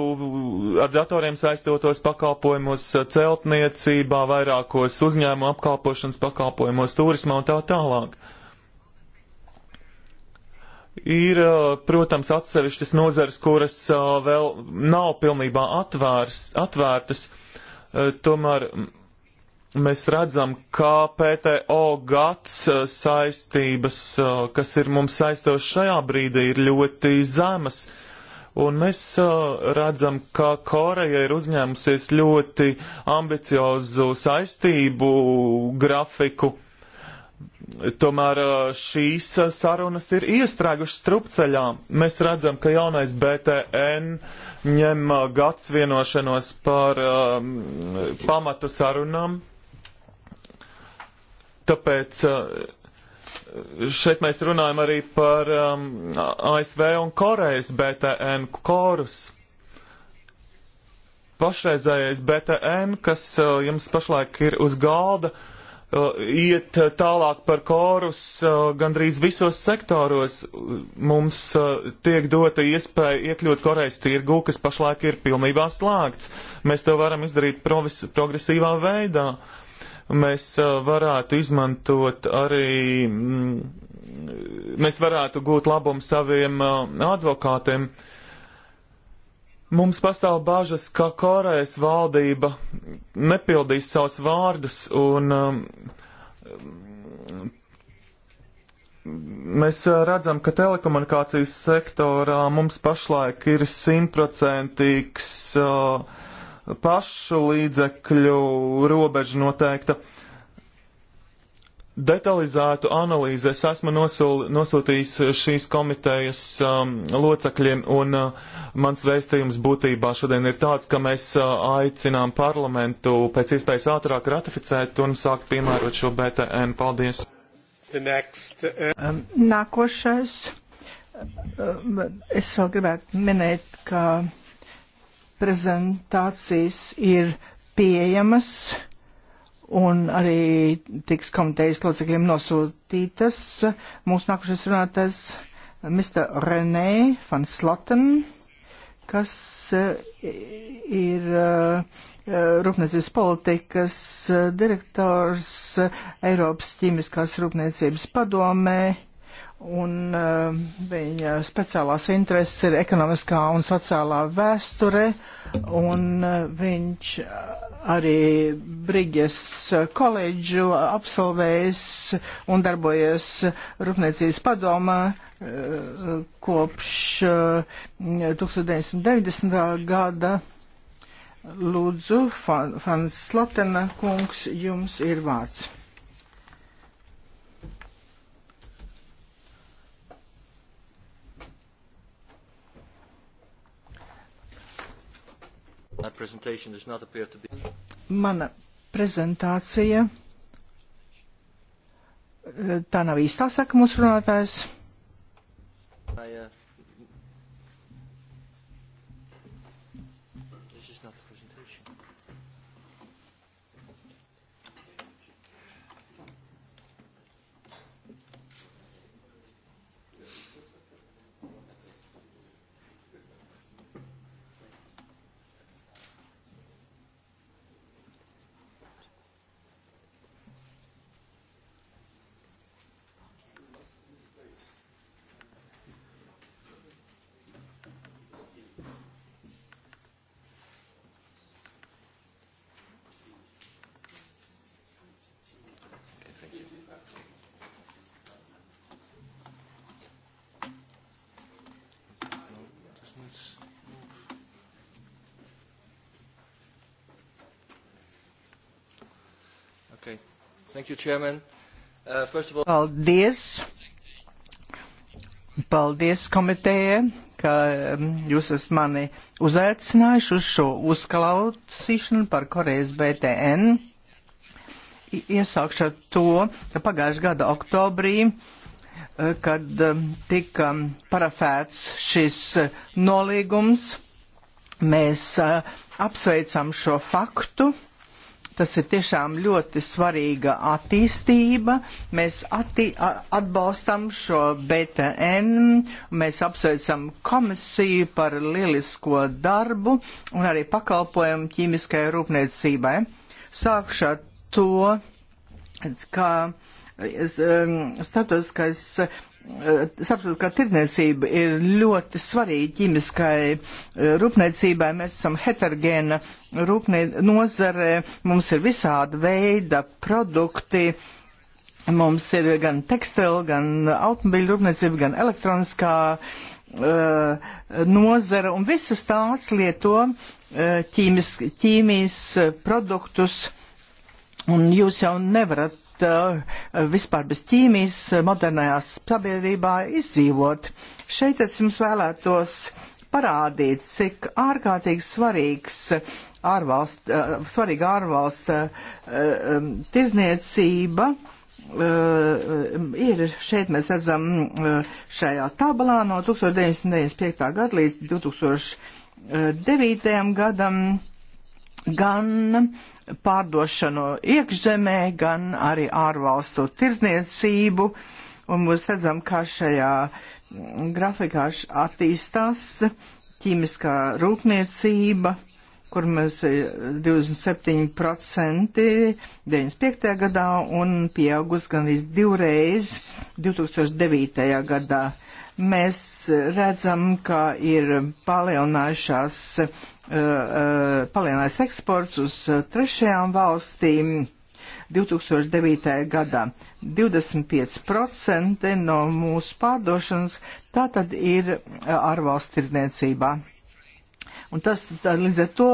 ar datoriem saistotos pakalpojumos, celtniecībā, vairākos uzņēmumu apkalpošanas pakalpojumos, turismā un tā tālāk. Ir, protams, atsevišķas nozares, kuras vēl nav pilnībā atvērs, atvērtas, tomēr mēs redzam, kā PTO gads eh, saistības, eh, kas ir mums saistošas šajā brīdī, ir ļoti zemas. Un mēs eh, redzam, ka Koreja ir uzņēmusies ļoti ambiciozu saistību grafiku. Tomēr šīs sarunas ir iestrēgušas strupceļā. Mēs redzam, ka jaunais BTN ņem gads vienošanos par um, pamatu sarunām Tāpēc uh, šeit mēs runājam arī par um, ASV un Korejas BTN korus. Pašreizējais BTN, kas uh, jums pašlaik ir uz galda, uh, iet tālāk par korus uh, gandrīz visos sektoros. Mums uh, tiek dota iespēja iekļūt Korejas tirgū, kas pašlaik ir pilnībā slēgts. Mēs to varam izdarīt progresīvā veidā. Uh, mēs varētu izmantot arī, mm, mēs varētu gūt labumu saviem advokātiem. Mums pastāv bažas, ka Korejas valdība nepildīs savus vārdus un mēs redzam, ka telekomunikācijas sektorā mums pašlaik ir simtprocentīgs uh, pašu līdzekļu robeža noteikta. Detalizētu analīzi es esmu nosul, nosūtījis šīs komitejas um, locekļiem, un uh, mans vēstījums būtībā šodien ir tāds, ka mēs uh, aicinām parlamentu pēc iespējas ātrāk ratificēt un sākt piemērot šo BTN. Paldies! Next, uh... Um, nākošais. Um, es vēl gribētu minēt, ka prezentācijas ir pieejamas un arī tiks komitejas locekļiem nosūtītas. Mūsu nākušais runātais Mr. René van Sloten, kas eh, ir eh, eh, rūpniecības politikas direktors Eiropas ķīmiskās rūpniecības padomē un uh, viņa speciālās intereses ir ekonomiskā un sociālā vēsture, un uh, viņš uh, arī Brigjas uh, koledžu absolvējis un darbojies Rūpniecības padomā uh, kopš 1990. Uh, gada. Lūdzu, Fans Slotena kungs, jums ir vārds. Mana prezentācija. Eh, tā nav īstā, saka mūsu runātājs. I, uh... Okay. Thank you, Chairman. Uh, first of all... Paldies. Paldies komitējai, ka um, jūs esat mani uzaicinājuši uz šo uzklausīšanu par Korejas BTN. Iesākšu ar to, ka pagājušā gada oktobrī, uh, kad um, tika parafēts šis uh, nolīgums, mēs uh, apsveicam šo faktu Tas ir tiešām ļoti svarīga attīstība. Mēs atti, atbalstam šo BTN, mēs apsveicam komisiju par lielisko darbu un arī pakalpojumu ķīmiskajai rūpniecībai. Sākšu ar to, ka um, statuskais Eh, starptautiskā tirdzniecība ir ļoti svarīga ķīmiskai eh, rūpniecībai. Mēs esam heterogēna nozare, mums ir visāda veida produkti. Mums ir gan tekstila, gan automobīļu rūpniecība, gan elektroniskā uh, eh, nozara, un visas tās lieto uh, ķīmis, ķīmijas produktus, un jūs jau nevarat ļaut uh, vispār bez ķīmijas modernajās sabiedrībā izdzīvot. Šeit es jums vēlētos parādīt, cik ārkārtīgi svarīgs ārvalst, uh, svarīga ārvalsts uh, um, tirzniecība uh, ir šeit mēs redzam uh, šajā tabulā no 1995. gada līdz 2009. gadam gan pārdošanu iekšzemē, gan arī ārvalstu tirzniecību. Un mēs redzam, kā šajā grafikā attīstās ķīmiskā rūpniecība, kur mēs 27% eh, 95. gadā un pieaugus gan iz divreiz 2009. gadā. Mēs eh, redzam, ka ir palielinājušās uh, Uh, uh, palielinājis eksports uz uh, trešajām valstīm 2009. gadā. 25% no mūsu pārdošanas tā tad ir ārvalstu tirdzniecībā. Un tas tā, līdz ar to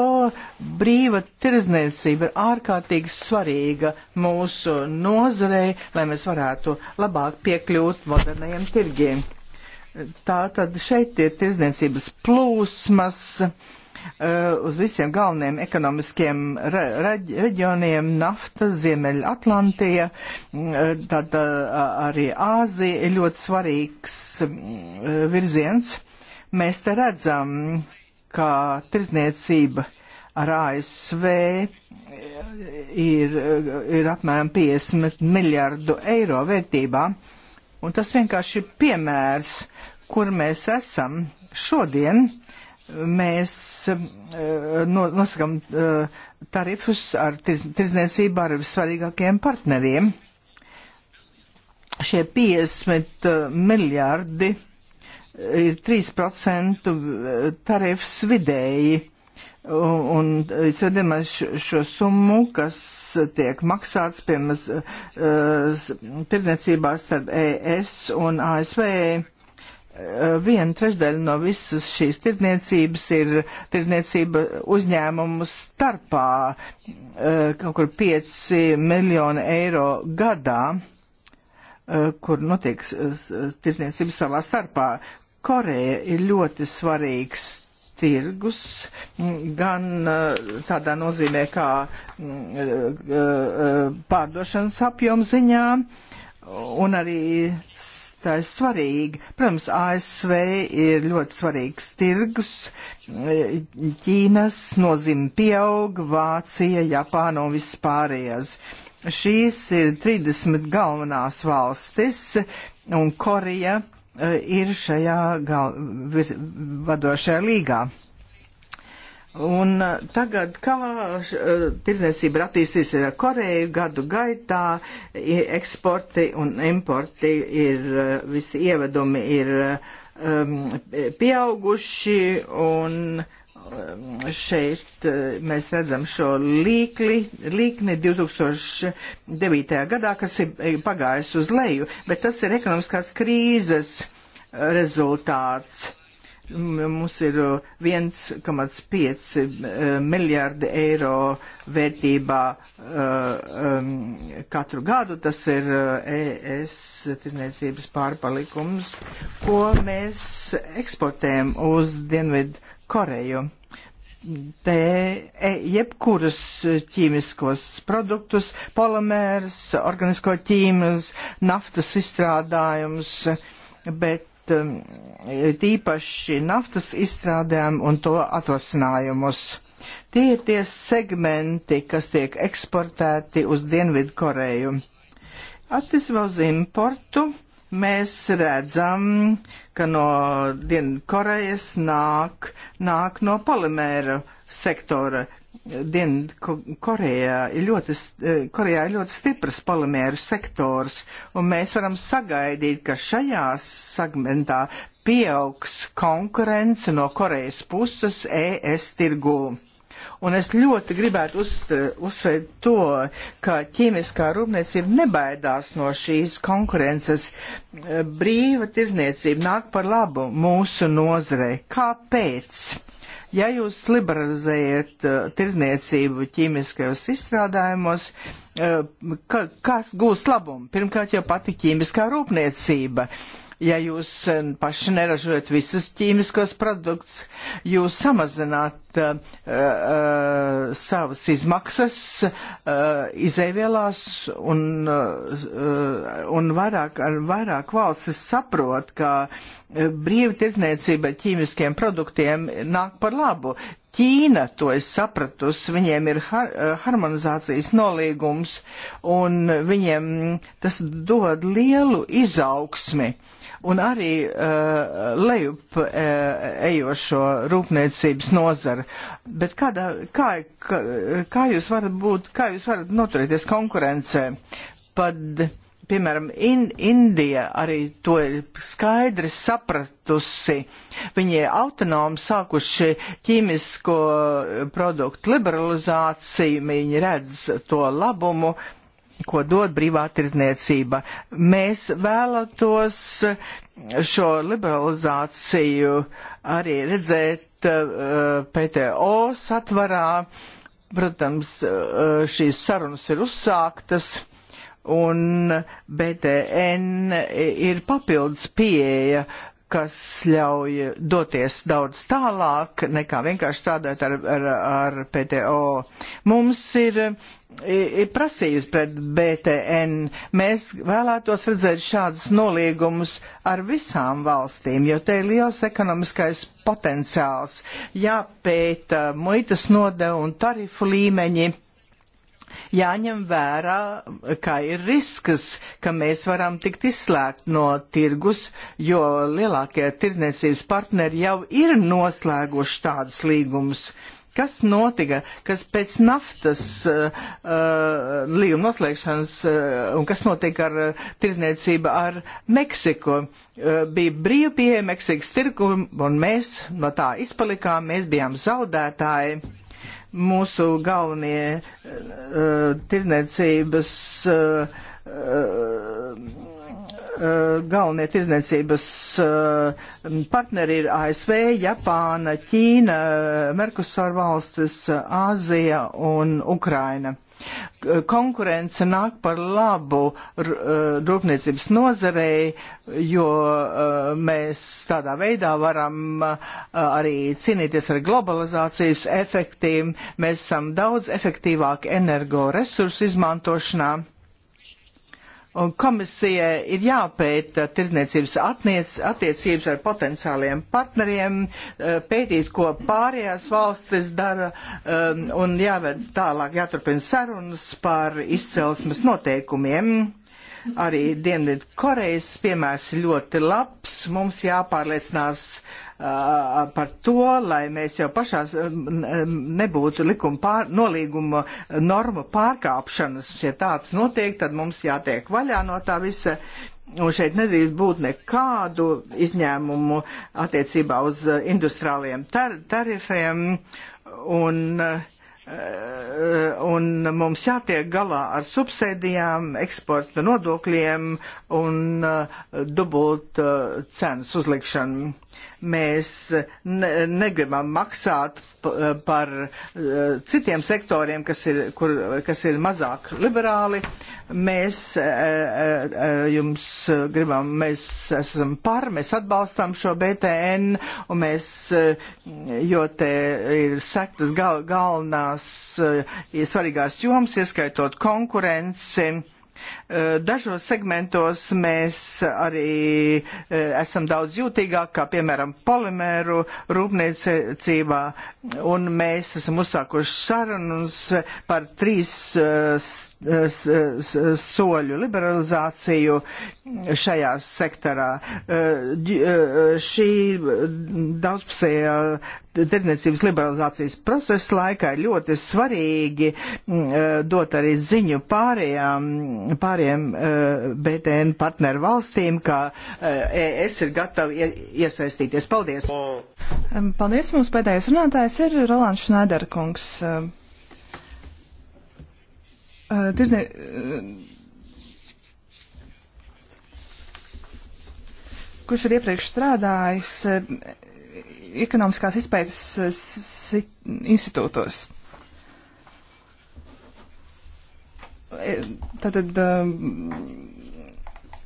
brīva tirzniecība ir ārkārtīgi svarīga mūsu nozarei, lai mēs varētu labāk piekļūt modernajiem tirgiem. Tā tad šeit ir tirzniecības plūsmas, uh, Eh, uz visiem galveniem ekonomiskiem reģioniem - nafta, Ziemeļa Atlantija, mm, eh, tad eh, arī Āzija ir ļoti svarīgs mm, virziens. Mēs te redzam, ka tirzniecība ar ASV ir, ir apmēram 50 miljardu eiro vērtībā. Un tas vienkārši ir piemērs, kur mēs esam šodien mēs eh, no, nosakam eh, tarifus ar tirdzniecību ar svarīgākiem partneriem. Šie 50 eh, miljardi ir 3% tarifs vidēji. Un es vienmēr šo summu, kas tiek maksāts, piemēram, tirdzniecībās starp ES un ASV viena trešdaļa no visas šīs tirdzniecības ir tirdzniecība uzņēmumu starpā, e, kaut kur 5 miljoni eiro gadā, e, kur notiek tirdzniecība savā starpā. Koreja ir ļoti svarīgs tirgus, gan e, tādā nozīmē kā pārdošanas apjomziņā, un arī aspektais svarīgi. Protams, ASV ir ļoti svarīgs tirgus, Ķīnas nozīme pieaug, Vācija, Japāna un viss pārējais. Šīs ir 30 galvenās valstis un Koreja eh, ir šajā gal... vadošajā līgā. Un uh, tagad, kā uh, tirdzniecība ir attīstījusies ar uh, Koreju gadu gaitā, eksporti un importi ir, visi ievedumi ir um, pieauguši un um, šeit mēs redzam šo līkli, līkni 2009. gadā, kas ir pagājis uz leju, bet tas ir ekonomiskās krīzes rezultāts. Mums ir 1,5 uh, uh, miljārdi eiro vērtībā uh, um, katru gadu. Tas ir ES tirzniecības pārpalikums, ko mēs eksportējam uz Dienvidu Koreju. Te e, jebkurus ķīmiskos produktus, polimērus, organisko ķīmijas, naftas izstrādājumus, bet Um, tīpaši naftas izstrādēm un to atvasinājumus. Tie ir tie segmenti, kas tiek eksportēti uz Dienvidu Koreju. Attiecībā uz importu mēs redzam, ka no Dienvidu Korejas nāk, nāk no polimēra sektora, Dienvidkorejā ir, ļoti, eh, Korejā ir ļoti stipras polimēru sektors, un mēs varam sagaidīt, ka šajā segmentā pieaugs konkurence no Korejas puses ES tirgū. Un es ļoti gribētu uz, uzsvērt to, ka ķīmiskā rūpniecība nebaidās no šīs konkurences. Brīva tirzniecība nāk par labu mūsu nozarei. Kāpēc? Ja jūs liberalizējat uh, tirzniecību ķīmiskajos izstrādājumos, uh, ka, kas gūs labumu? Pirmkārt, jau pati ķīmiskā rūpniecība. Ja jūs uh, paši neražojat visus ķīmiskos produktus, jūs samazināt uh, uh, savas izmaksas uh, izēvielās un, uh, uh un vairāk, vairāk valstis saprot, ka brīva tirzniecība ķīmiskiem produktiem nāk par labu. Ķīna, to es sapratusi, viņiem ir har eh, harmonizācijas nolīgums un viņiem tas dod lielu izaugsmi un arī uh, lejup uh, ejošo rūpniecības nozara. Bet kādā, kā, kā, kā jūs varat būt, kā jūs varat noturēties konkurencē? Pad, uh, piemēram, in, Indija arī to skaidri sapratusi. Viņi autonomi sākuši ķīmisko produktu liberalizāciju, viņi redz to labumu, ko dod brīvā tirdzniecība. Mēs vēlētos šo liberalizāciju arī redzēt uh, eh, PTO satvarā. Protams, uh, šīs sarunas ir uzsāktas. Uh, un BTN ir papildus pieeja kas ļauj doties daudz tālāk nekā vienkārši strādāt ar, ar, ar PTO. Mums ir, ir prasījums pret BTN. Mēs vēlētos redzēt šādus noliegumus ar visām valstīm, jo te ir liels ekonomiskais potenciāls. Jāpēta muitas nodeva un tarifu līmeņi jāņem vērā, ka ir risks, ka mēs varam tikt izslēgt no tirgus, jo lielākie tirdzniecības partneri jau ir noslēguši tādus līgumus. Kas notika, kas pēc naftas uh, uh, līguma noslēgšanas uh, un kas notika ar uh, tirzniecību ar Meksiku? Uh, bija brīva pieeja Meksikas tirgu un mēs no tā izpalikām, mēs bijām zaudētāji. Uh, mūsu galvenie uh, tirzniecības uh, galvenie tirzniecības partneri ir ASV, Japāna, Ķīna, Merkusor valstis, Āzija un Ukraina. Konkurence nāk par labu uh, rūpniecības nozarei, jo uh, mēs tādā veidā varam uh, arī cīnīties ar globalizācijas efektiem. Mēs esam daudz efektīvāki energoresursu izmantošanā Un komisijai ir jāpēta tirdzniecības attiec, attiecības ar potenciāliem partneriem, eh, pētīt, ko pārējās valstis dara eh, un jāved tālāk, jāturpina sarunas par izcelsmes noteikumiem. Arī Dienvidu Korejas piemērs ļoti labs. Mums jāpārliecinās uh, par to, lai mēs jau pašās nebūtu likuma pār, nolīguma normu pārkāpšanas. Ja tāds notiek, tad mums jātiek vaļā no tā visa. Un šeit nedrīkst būt nekādu izņēmumu attiecībā uz uh, industriāliem tar tarifiem. Un, uh, Eh, un mums jātiek galā ar subsēdijām, eksporta nodokļiem un eh, dubult eh, cenas uzlikšanu. Mēs negribam maksāt par eh, citiem sektoriem, kas ir, kur, kas ir mazāk liberāli. Mēs eh, eh, jums gribam, mēs esam par, mēs atbalstam šo BTN, un mēs, jo te ir sektas gal, galvenās svarīgās jomas, ieskaitot konkurenci Eh, dažos segmentos mēs arī eh, esam daudz jūtīgāk, kā piemēram polimēru rūpniecībā, un mēs esam uzsākuši sarunas par trīs eh, soļu liberalizāciju šajā sektorā. Šī daudzpusējā tirdzniecības liberalizācijas procesa laikā ir ļoti svarīgi mm, eh, dot arī ziņu pārējām, pārējiem eh, BTN partneru valstīm, ka ES eh, e ir gatavi iesaistīties. Paldies! Paldies! Mums pēdējais runātājs ir Rolands Šnaiderkungs. Tirznie... Kurš ir iepriekš strādājis ekonomiskās izpētes eh, institūtos. E, tātad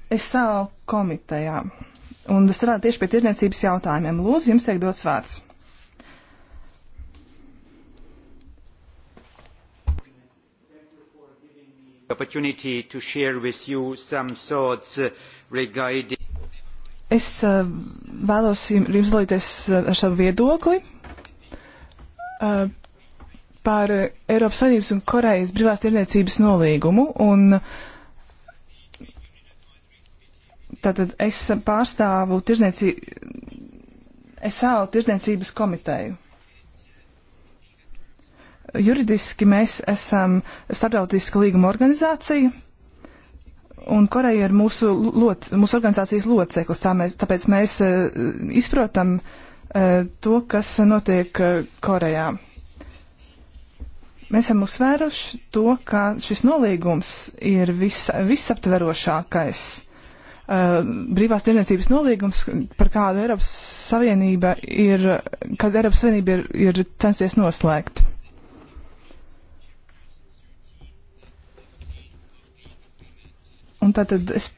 es eh, savu komitejā un strādāju tieši pie tirdzniecības jautājumiem. Lūdzu, jums tiek dots vārds. opportunity to share with you some thoughts regarding Es uh, vēlos jums dalīties uh, ar savu viedokli uh, par Eiropas Savienības un Korejas brīvās tirniecības nolīgumu. Un, tātad es pārstāvu tirzniecī... SAO tirdzniecības komiteju. Juridiski mēs esam starptautiska līguma organizācija un Koreja ir mūsu, lot, mūsu organizācijas loceklis, tā mēs, tāpēc mēs eh, izprotam eh, to, kas notiek eh, Korejā. Mēs esam uzsvēruši to, ka šis nolīgums ir vis, visaptverošākais brīvās tirdzniecības nolīgums, par kādu Eiropas Savienība ir, kad Eiropas Savienība ir, ir censies noslēgt. Un tātad es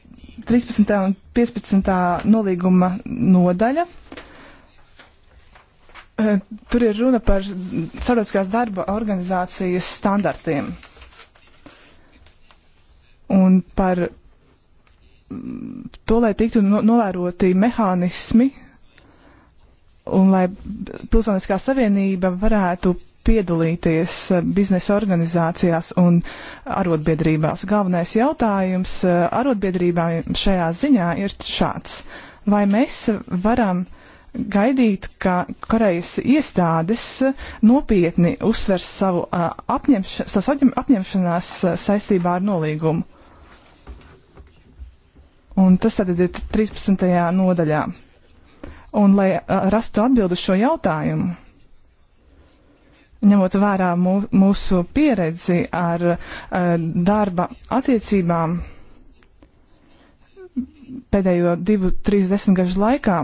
13. un 15. nolīguma nodaļa. Eh, tur ir runa par sabiedriskās darba organizācijas standartiem un par to, lai tiktu no, novēroti mehānismi un lai pilsoniskā savienība varētu piedalīties eh, biznesa organizācijās un arotbiedrībās. Galvenais jautājums eh, arotbiedrībām šajā ziņā ir šāds. Vai mēs varam gaidīt, ka Korejas iestādes nopietni uzsvers savu, eh, apņemš, savu apņemšanās saistībā ar nolīgumu? Un tas tad ir 13. nodaļā. Un, lai rastu atbildu šo jautājumu, ņemot vērā mūsu pieredzi ar eh, darba attiecībām pēdējo divu, trīs desmitgažu laikā.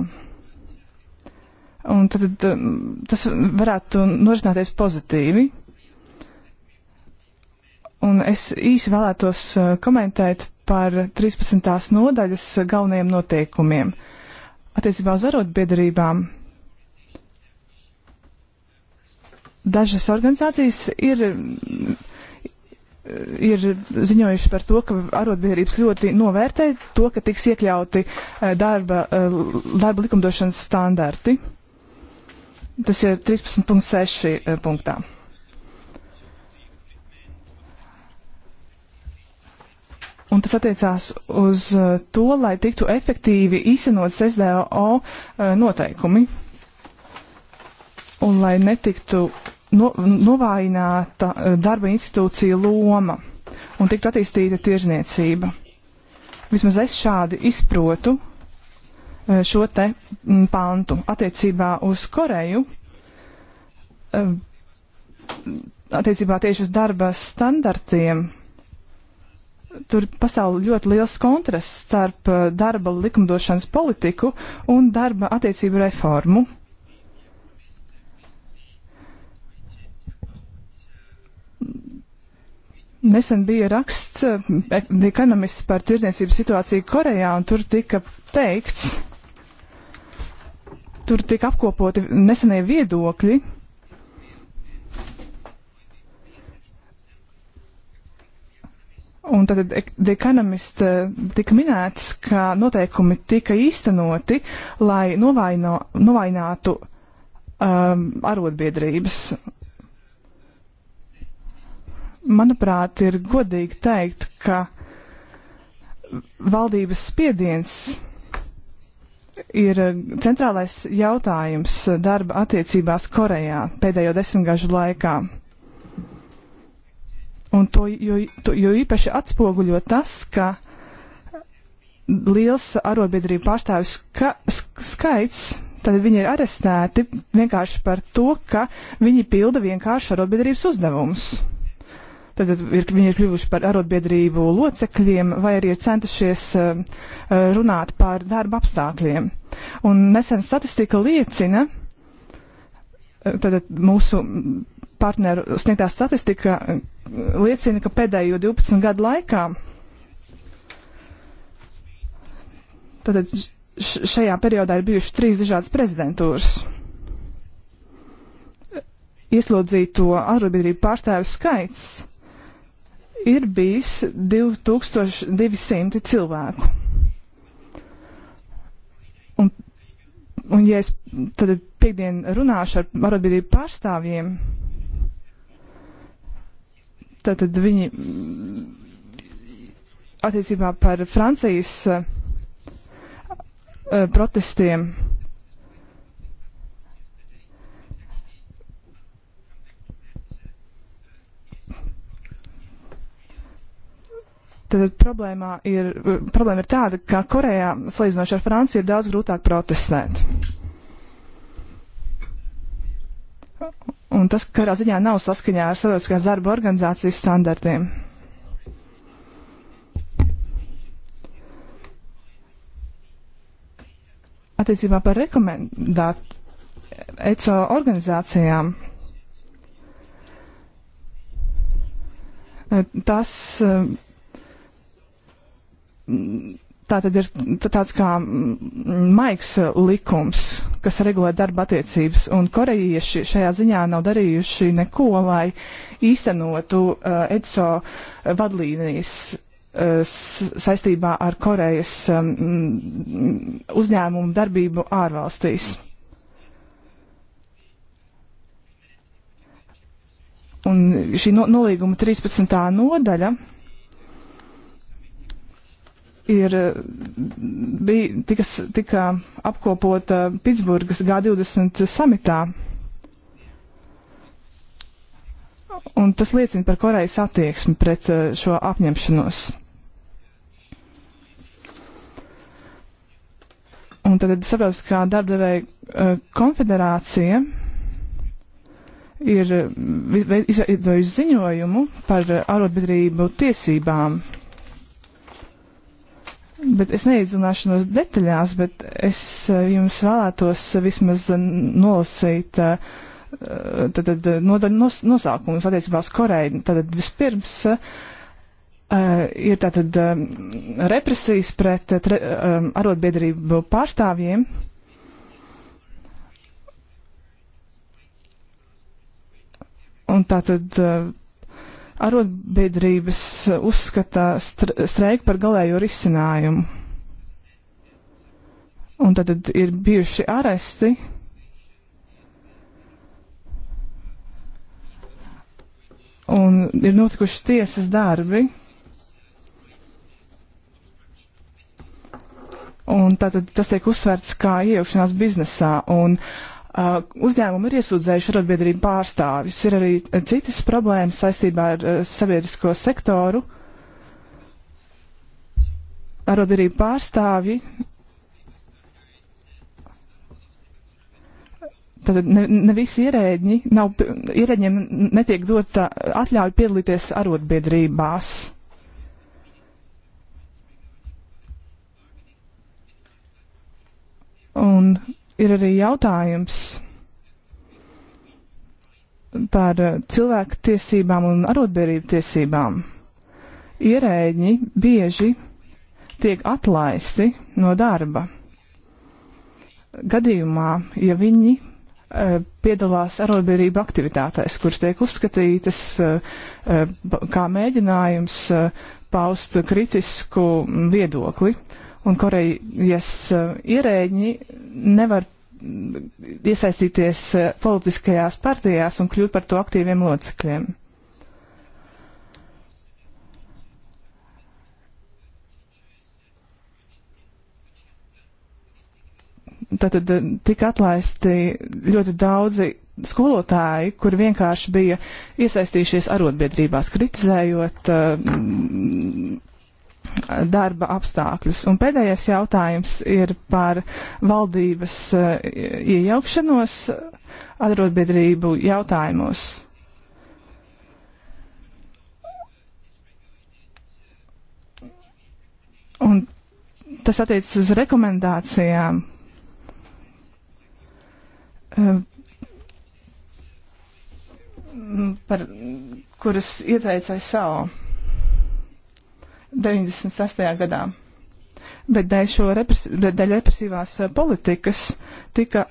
Un tad, tad eh, tas varētu norisināties pozitīvi. Un es īsi vēlētos eh, komentēt par 13. nodaļas galvenajiem noteikumiem. Attiecībā uz arotbiedrībām Dažas organizācijas ir, ir ziņojušas par to, ka arotbiedrības ļoti novērtē to, ka tiks iekļauti eh, darba, eh, darba likumdošanas standarti. Tas ir 13.6 eh, punktā. un tas attiecās uz to, lai tiktu efektīvi īstenot SDO noteikumi un lai netiktu no, novājināta eh, darba institūcija loma un tiktu attīstīta tirzniecība. Vismaz es šādi izprotu eh, šo te mm, pantu attiecībā uz Koreju, eh, attiecībā tieši uz darba standartiem. Tur pastāv ļoti liels kontrasts starp darba likumdošanas politiku un darba attiecību reformu. Nesen bija raksts eh, ekonomists par tirdzniecības situāciju Korejā, un tur tika teikts, tur tika apkopoti nesenie viedokļi. Un tad The Economist eh, tika minēts, ka noteikumi tika īstenoti, lai novaino, novainātu um, arotbiedrības manuprāt, ir godīgi teikt, ka valdības spiediens ir centrālais jautājums darba attiecībās Korejā pēdējo desmitgažu laikā. Un to jo, to jo īpaši atspoguļo tas, ka liels arotbiedrību pārstāvis ska, skaits tad viņi ir arestēti vienkārši par to, ka viņi pilda vienkārši arotbiedrības uzdevumus tad ir, viņi ir kļuvuši par arotbiedrību locekļiem vai arī ir centušies uh, runāt par darba apstākļiem. Un nesen statistika liecina, eh, tad mūsu partneru sniegtā statistika liecina, ka pēdējo 12 gadu laikā tad šajā periodā ir bijušas trīs dažādas prezidentūras ieslodzīto arotbiedrību pārstāvju skaits ir bijis 2200 cilvēku. Un, un ja es tad piekdien runāšu ar arotbiedrību pārstāvjiem, tad, tad viņi attiecībā par Francijas uh, protestiem Tad problēma ir, problēma ir tāda, ka Korejā, salīdzinot ar Franciju, ir daudz grūtāk protestēt. Un tas katrā ziņā nav saskaņā ar sabiedriskās darba organizācijas standartiem. Attiecībā par rekomendāt ECO organizācijām. Tas tā tad ir tāds kā maigs likums, kas regulē darba attiecības, un korejieši šajā ziņā nav darījuši neko, lai īstenotu uh, EDSO uh, vadlīnijas uh, saistībā ar Korejas um, uzņēmumu darbību ārvalstīs. Un šī no, nolīguma 13. nodaļa ir, eh, bija, tikas, tika apkopota Pitsburgas G20 samitā. Un tas liecina par Korejas attieksmi pret eh, šo apņemšanos. Un tad ir saprotams, ka darbdevēja eh, konfederācija ir izveidojusi ziņojumu par arotbiedrību tiesībām Bet es neiedzināšanos detaļās, bet es eh, jums vēlētos vismaz eh, nolasīt eh, tad, no, nos, nosaukumus attiecībā uz Koreju. Tad vispirms uh, ir tātad um, represijas pret tre, um, arotbiedrību pārstāvjiem. Un tātad. Uh, arotbiedrības uh, uzskata streiku par galējo risinājumu. Un tad ir bijuši aresti. Un ir notikuši tiesas darbi. Un tātad tas tiek uzsvērts kā iejaukšanās biznesā. Un uh, uzņēmumi ir iesūdzējuši arotbiedrību pārstāvjus. Ir arī citas problēmas saistībā ar sabiedrisko sektoru. Arotbiedrību pārstāvji Tātad ne, ne visi ierēģi, nav, ierēģiem netiek dota atļauja piedalīties arotbiedrībās. Un ir arī jautājums par eh, cilvēku tiesībām un arotbiedrību tiesībām. Ierēģi bieži tiek atlaisti no darba. Gadījumā, ja viņi uh, piedalās arotbiedrību aktivitātēs, kuras tiek uzskatītas uh, uh, kā mēģinājums paust kritisku mm, viedokli, uh, un Korejas eh, ierēģi nevar iesaistīties eh, politiskajās partijās un kļūt par to aktīviem locekļiem. Tātad eh, tika atlaisti ļoti daudzi skolotāji, kuri vienkārši bija iesaistījušies arotbiedrībās, kritizējot uh, darba apstākļus. Un pēdējais jautājums ir par valdības eh, iejaukšanos arotbiedrību jautājumos. Un tas attiecas uz rekomendācijām. Eh, par, kuras ieteicēja savu. 96. gadā. Bet dēļ, repres bet dēļ represīvās eh, politikas tika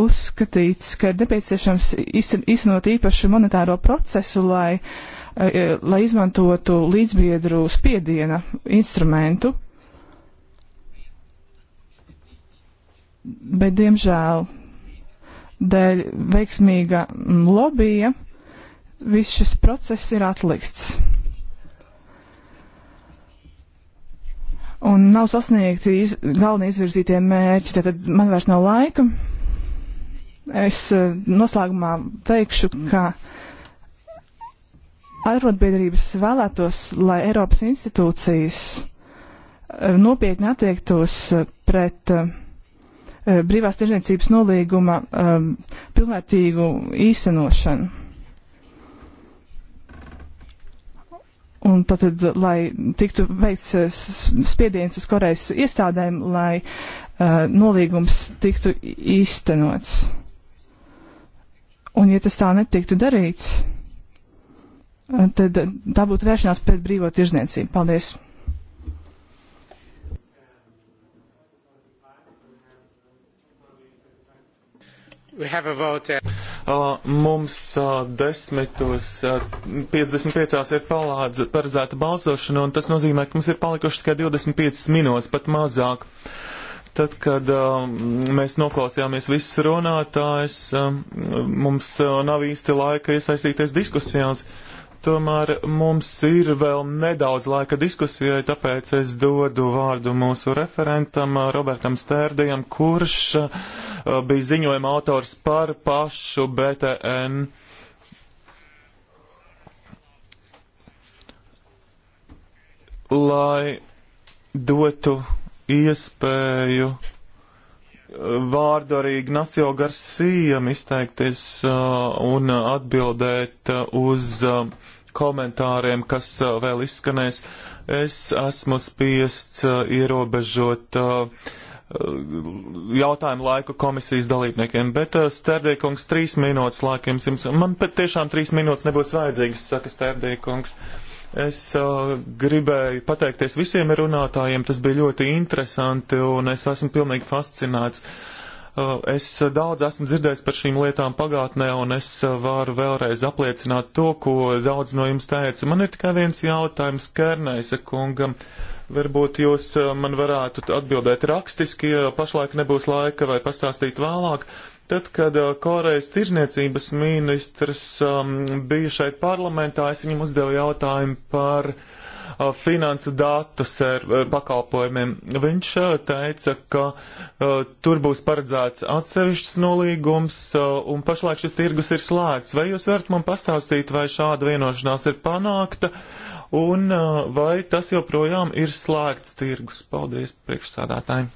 uzskatīts, ka ir nepieciešams īstenot īpašu monetāro procesu, lai, eh, eh, lai izmantotu līdzbiedru spiediena instrumentu. Bet, diemžēl, dēļ veiksmīga mm, lobija viss šis process ir atlikts. un nav sasniegti iz, galvenie izvirzītie mērķi, tad man vairs nav laika. Es e, noslēgumā teikšu, ka arotbiedrības vēlētos, lai Eiropas institūcijas e, nopietni attiektos e, pret brīvās tirzniecības nolīguma pilnvērtīgu īstenošanu. Un tātad, lai tiktu veikts eh, spiediens uz Korejas iestādēm, lai uh, nolīgums tiktu īstenots. Un ja tas tā netiktu darīts, eh, tad tā būtu vēršanās pret brīvo tirzniecību. Paldies! Uh, mums uh, desmitos, uh, 55 ir palādze, paredzēta balsošana, un tas nozīmē, ka mums ir palikuši tikai 25 minūtes, pat mazāk. Tad, kad uh, mēs noklausījāmies visas runātājas, uh, mums uh, nav īsti laika iesaistīties diskusijās. Tomēr mums ir vēl nedaudz laika diskusijai, tāpēc es dodu vārdu mūsu referentam, uh, Robertam Stērdijam, kurš uh, Eh, bija ziņojuma autors par pašu BTN. Lai dotu iespēju eh, vārdorīgi Nasio Garcijam izteikties uh, un atbildēt uz uh, komentāriem, kas uh, vēl izskanēs. Es esmu spiests ierobežot Eh, jautājumu laiku komisijas dalībniekiem, bet uh, eh, Sterdiekungs trīs minūtes laikiem jums. Man pat tiešām trīs minūtes nebūs vajadzīgas, saka Sterdiekungs. Es uh, gribēju pateikties visiem runātājiem, tas bija ļoti interesanti un es esmu pilnīgi fascinēts. Uh, Eh, es eh, daudz esmu dzirdējis par šīm lietām pagātnē, un es eh, varu vēlreiz apliecināt to, ko daudz no jums teica. Man ir tikai viens jautājums Kērnēsa kungam. Varbūt jūs man varētu atbildēt rakstiski, ja pašlaik nebūs laika vai pastāstīt vēlāk. Tad, kad Korejas tirzniecības ministrs um, bija šeit parlamentā, es viņam uzdevu jautājumu par uh, Uh, finansu datus ar uh, pakalpojumiem. Viņš uh, teica, ka tur būs paredzēts atsevišķs nolīgums un pašlaik šis tirgus ir slēgts. Vai jūs varat man pastāstīt, vai šāda vienošanās ir panākta un vai tas joprojām ir slēgts tirgus? Paldies priekšsādātājiem!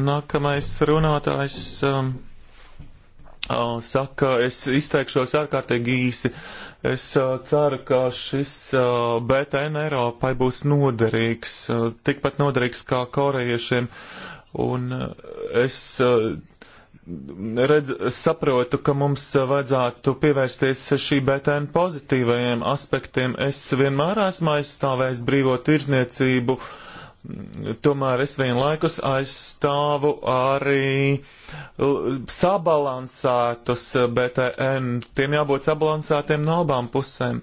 Nākamais runātājs um, uh, saka, es izteikšos ārkārtīgi īsi. Es ceru, ka šis BTN Eiropai būs noderīgs, tikpat noderīgs kā korejiešiem. Un es redz, saprotu, ka mums vajadzētu pievērsties šī BTN pozitīvajiem aspektiem. Es vienmēr esmu aizstāvējis brīvo tirzniecību. Uh, tomēr es vienlaikus aizstāvu arī sabalansētus BTN. Tiem jābūt sabalansētiem no abām pusēm.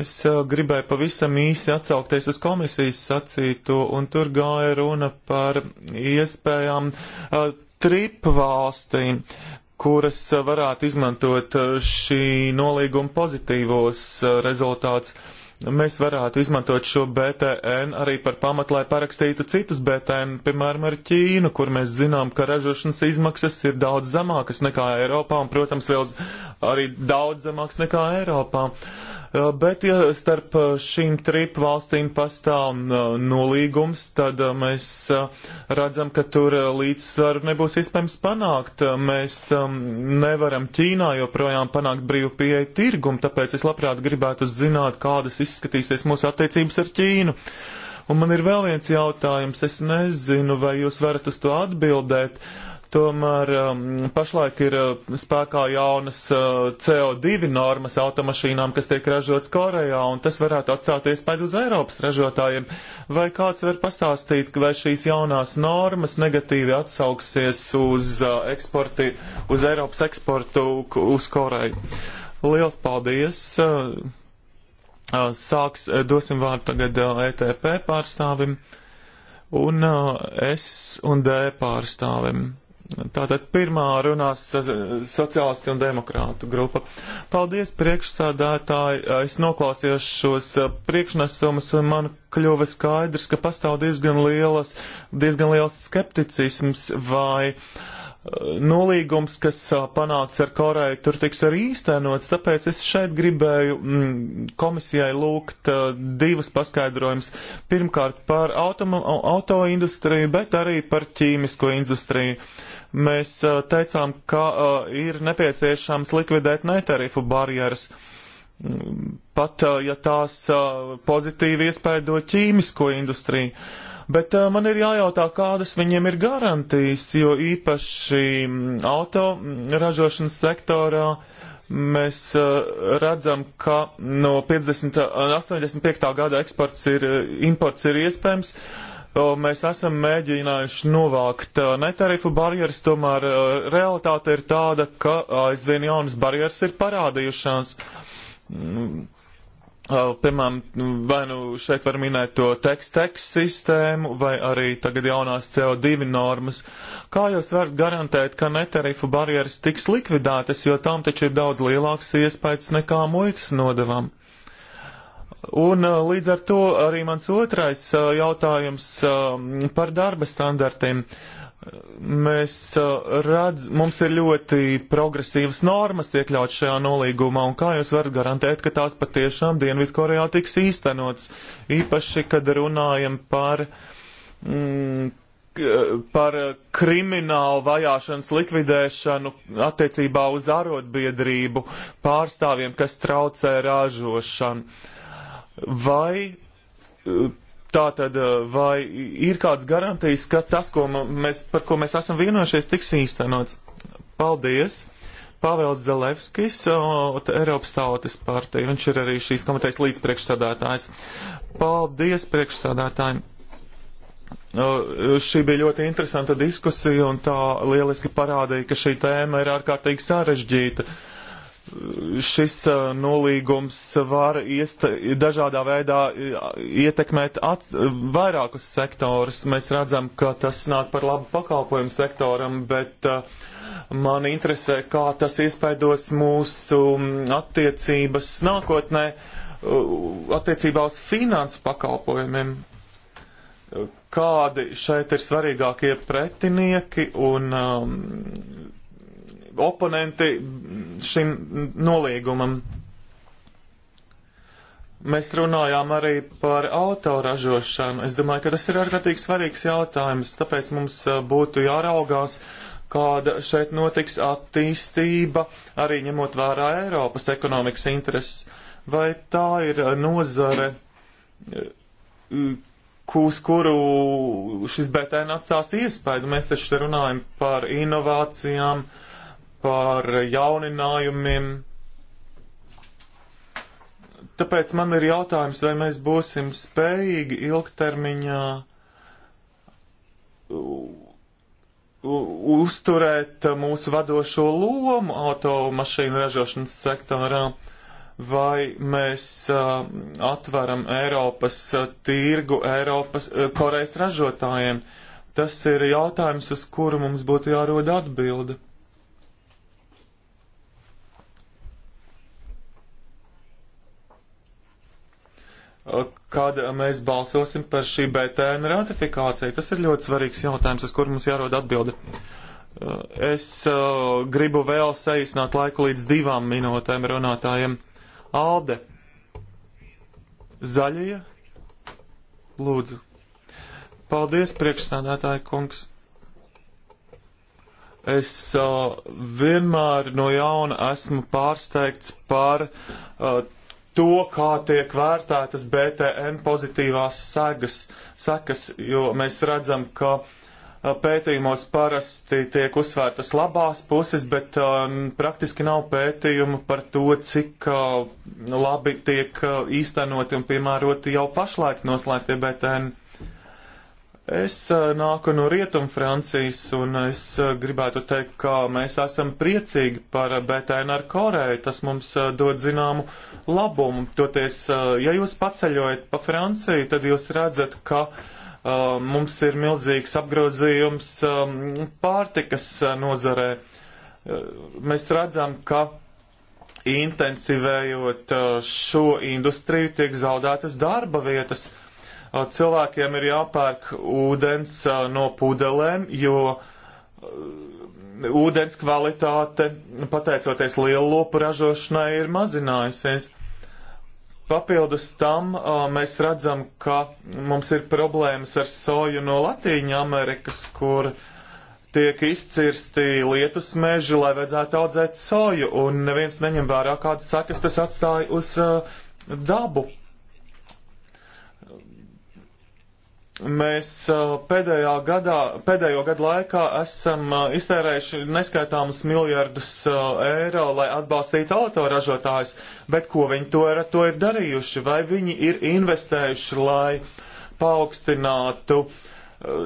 Es e, gribēju pavisam īsi atsaukties uz komisijas sacīto, un tur gāja runa par iespējām e, trip valstīm, kuras varētu izmantot e, šī nolīguma pozitīvos rezultātus mēs varētu izmantot šo BTN arī par pamatu, lai parakstītu citus BTN, piemēram, ar Ķīnu, kur mēs zinām, ka ražošanas izmaksas ir daudz zemākas nekā Eiropā un, protams, vēl arī daudz zemākas nekā Eiropā. Uh, Bet, ja starp šīm trīp valstīm pastāv nolīgums, tad mēs redzam, ka tur līdzsvaru nebūs iespējams panākt. Mēs nevaram Ķīnā joprojām panākt brīvu pieeju tirgumu, tāpēc es labprāt gribētu zināt, kādas izskatīsies mūsu attiecības ar Ķīnu. Un man ir vēl viens jautājums, es nezinu, vai jūs varat uz to atbildēt. Uh, Tomēr um, pašlaik ir uh, spēkā jaunas uh, CO2 normas automašīnām, kas tiek ražotas Korejā, un tas varētu atstāt iespēju uz Eiropas ražotājiem. Vai kāds var pastāstīt, vai šīs jaunās normas negatīvi atsauksies uz, uh, eksporti, uz Eiropas eksportu uz Koreju? Liels paldies! Uh, uh, sāks, uh, dosim vārdu tagad uh, ETP pārstāvim un uh, S un D pārstāvim. Tātad pirmā runās sociālisti un demokrātu grupa. Paldies priekšsādātāji, es noklausījos šos eh, priekšnesumus un man kļuva skaidrs, ka pastāv diezgan, lielas, diezgan liels skepticisms vai uh, nolīgums, kas panāks ar Koreju, tur tiks arī īstenots, tāpēc es šeit gribēju mm, komisijai lūgt uh, divas paskaidrojumus. Pirmkārt par autoindustriju, auto bet arī par ķīmisko industriju. Mēs uh, teicām, ka uh, ir nepieciešams likvidēt netarifu barjeras. Mm, pat, ja tās pozitīvi iespēja dot ķīmisko industriju Bet uh, man ir jājautā, kādas viņiem ir garantijas, jo īpaši mm, auto mm, ražošanas sektorā mēs uh, redzam, ka no 50, 85. Eh, gada eksports ir, imports ir iespējams. Uh, mēs esam mēģinājuši novākt uh, netarifu barjeras, tomēr uh, realitāte ir tāda, ka aizvien jaunas barjeras ir parādījušās. Mm Piemēram, vai nu šeit var minēt to teksteks sistēmu, vai arī tagad jaunās CO2 normas. Kā jūs varat garantēt, ka netarifu barjeras tiks likvidētas, jo tam taču ir daudz lielāks iespējas nekā muitas nodevam? Un līdz ar to arī mans otrais jautājums par darba standartiem. Uh, mēs uh, redz, mums ir ļoti progresīvas normas iekļautas šajā nolīgumā, un kā jūs varat garantēt, ka tās patiešām Dienvidkorejā tiks īstenots, īpaši, kad runājam par, mm, par kriminālu vajāšanas likvidēšanu attiecībā uz arotbiedrību pārstāvjiem, kas traucē ražošanu. Vai Tātad, vai ir kāds garantijas, ka tas, ko mēs, par ko mēs esam vienojušies, tiks īstenots? Paldies! Pāvils Zelevskis, Eiropas Tautas partija, viņš ir arī šīs komitejas līdzpriekšsādātājs. Paldies priekšsādātājiem! Šī bija ļoti interesanta diskusija un tā lieliski parādīja, ka šī tēma ir ārkārtīgi sarežģīta. Uh, šis uh, nolīgums var iesta, dažādā veidā uh, ietekmēt ats, vairākus sektorus. Mēs redzam, ka tas nāk par labu pakalpojumu sektoram, bet uh, man interesē, kā tas iespaidos mūsu mm, attiecības nākotnē attiecībā uz finansu pakalpojumiem. Kādi šeit ir svarīgākie pretinieki un um, oponenti šim noliegumam. Mēs runājām arī par autoražošanu. Es domāju, ka tas ir ārkārtīgi svarīgs jautājums, tāpēc mums būtu jāraugās, kāda šeit notiks attīstība, arī ņemot vērā Eiropas ekonomikas intereses. Vai tā ir nozare, uz kuru šis BTN atstās iespēju? Mēs taču te runājam par inovācijām, uh, par jauninājumiem. Tāpēc man ir jautājums, vai mēs būsim spējīgi ilgtermiņā uzturēt mūsu vadošo lomu automašīnu ražošanas sektorā, vai mēs uh, atveram Eiropas uh, tirgu Eiropas, uh, Korejas ražotājiem. Tas ir jautājums, uz kuru mums būtu jārod atbildi. kad mēs balsosim par šī BTN ratifikāciju. Tas ir ļoti svarīgs jautājums, uz kur mums jārod atbildi. Eh, es uh, gribu vēl saīsināt laiku līdz divām minūtēm runātājiem. Alde, zaļie, lūdzu. Paldies, priekšsādātāja kungs. Es uh, vienmēr no jauna esmu pārsteigts par uh, to, kā tiek vērtētas BTN pozitīvās segas, sekas, jo mēs redzam, ka pētījumos parasti tiek uzsvērtas labās puses, bet um, praktiski nav pētījumu par to, cik uh, labi tiek uh, īstenoti un piemēroti jau pašlaik noslēgtie BTN Es eh, nāku no Rietuma Francijas, un es eh, gribētu teikt, ka mēs esam priecīgi par eh, BTN ar Koreju. Tas mums dod zināmu labumu. Toties, ja jūs paceļojat pa Franciju, tad jūs redzat, ka uh, mums ir milzīgs apgrozījums um, pārtikas nozarē. Mēs redzam, ka intensivējot šo industriju tiek zaudētas darba vietas. Uh, cilvēkiem ir jāpērk ūdens no pudelēm, jo uh, ūdens kvalitāte, pateicoties lielopu ražošanai, ir mazinājusies. Papildus tam mēs redzam, ka mums ir problēmas ar soju no Latīņa Amerikas, kur tiek izcirsti lietus meži, lai vajadzētu audzēt soju, un neviens neņem vērā, kādas sakas tas atstāja uz dabu. Mēs eh, pēdējā gadā, pēdējo gadu laikā esam eh, iztērējuši neskaitāmas miljardus eh, eiro, lai atbalstītu autoražotājus, bet ko viņi to ir, to ir darījuši? Vai viņi ir investējuši, lai paaugstinātu uh,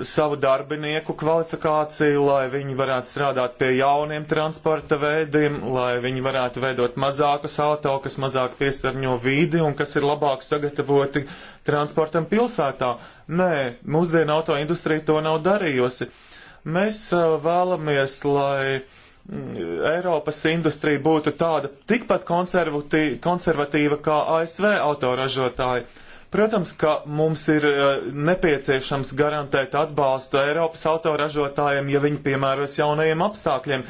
savu darbinieku kvalifikāciju, lai viņi varētu strādāt pie jauniem transporta veidiem, lai viņi varētu veidot mazākus auto, kas mazāk piesārņo vīdi un kas ir labāk sagatavoti transportam pilsētā. Nē, mūsdienu autoindustrija to nav darījusi. Mēs uh, vēlamies, lai mm, Eiropas industrija būtu tāda tikpat konservatīva kā ASV autoražotāji Protams, ka mums ir eh, nepieciešams garantēt atbalstu Eiropas autoražotājiem, ja viņi piemēros jaunajiem apstākļiem,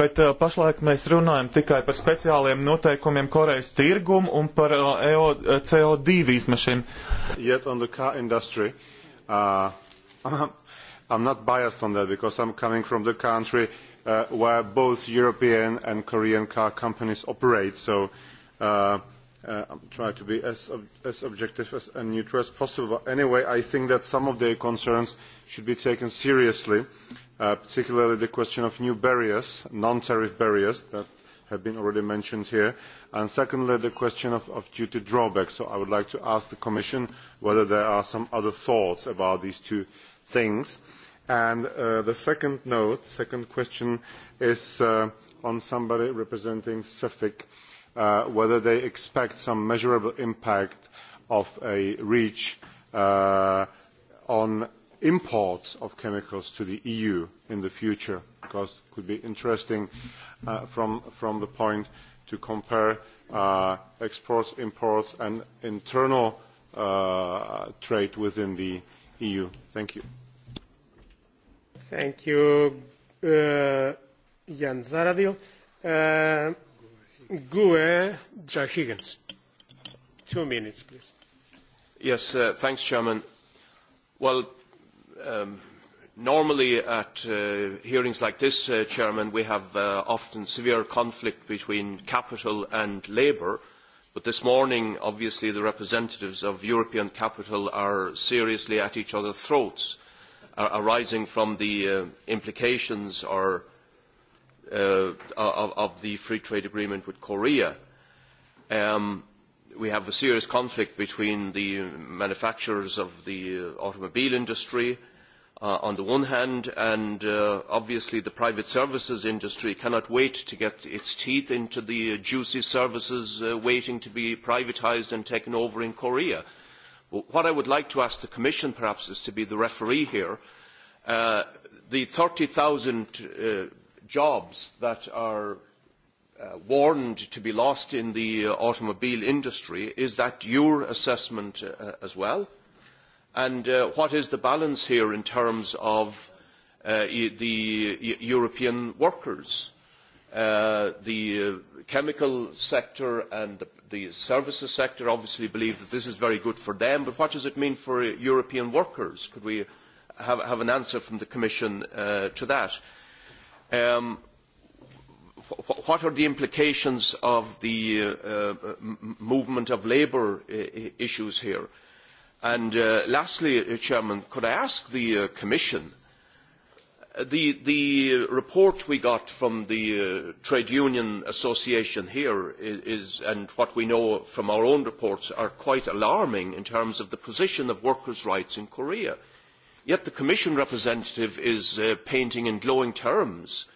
bet eh, pašlaik mēs runājam tikai par speciāliem noteikumiem Korejas tirgumu un par EO, eh, e CO2 izmešiem. Uh, I'm not biased on that because I'm coming from the country uh, where both European and Korean car companies operate. So uh, uh, try to be as, ob as objective as, and neutral as possible. But anyway, I think that some of their concerns should be taken seriously, uh, particularly the question of new barriers, non-tariff barriers that have been already mentioned here, and secondly, the question of, of duty drawback. So I would like to ask the Commission whether there are some other thoughts about these two things. And uh, the second note, second question, is uh, on somebody representing CEFIC. Uh, uh, whether they expect some measurable impact of a reach uh, on imports of chemicals to the EU in the future, because it could be interesting uh, from, from the point to compare uh, exports, imports, and internal uh, trade within the EU. Thank you. Thank you, uh, Jan Zaradil. Uh, GUE, Joe Higgins. Two minutes, please. Yes, uh, thanks, Chairman. Well, um, normally at uh, hearings like this, uh, Chairman, we have uh, often severe conflict between capital and labour. But this morning, obviously, the representatives of European capital are seriously at each other's throats, uh, arising from the uh, implications or uh, of, of the free trade agreement with Korea, um, we have a serious conflict between the manufacturers of the automobile industry uh, on the one hand, and uh, obviously the private services industry cannot wait to get its teeth into the juicy services uh, waiting to be privatised and taken over in Korea. What I would like to ask the Commission perhaps is to be the referee here. Uh, the 30,000 uh, jobs that are uh, warned to be lost in the uh, automobile industry, is that your assessment uh, as well? And uh, what is the balance here in terms of uh, e, the e, European workers? Uh, the uh, chemical sector and the, the services sector obviously believe that this is very good for them, but what does it mean for European workers? Could we have, have an answer from the Commission uh, to that? Uh, Um, wh what are the implications of the uh, uh, movement of labour uh, issues here? And uh, lastly, uh, Chairman, could I ask the uh, Commission, uh, the, the report we got from the uh, Trade Union Association here is, is, and what we know from our own reports are quite alarming in terms of the position of workers' rights in Korea. Uh, Yet the Commission representative is uh, painting in glowing terms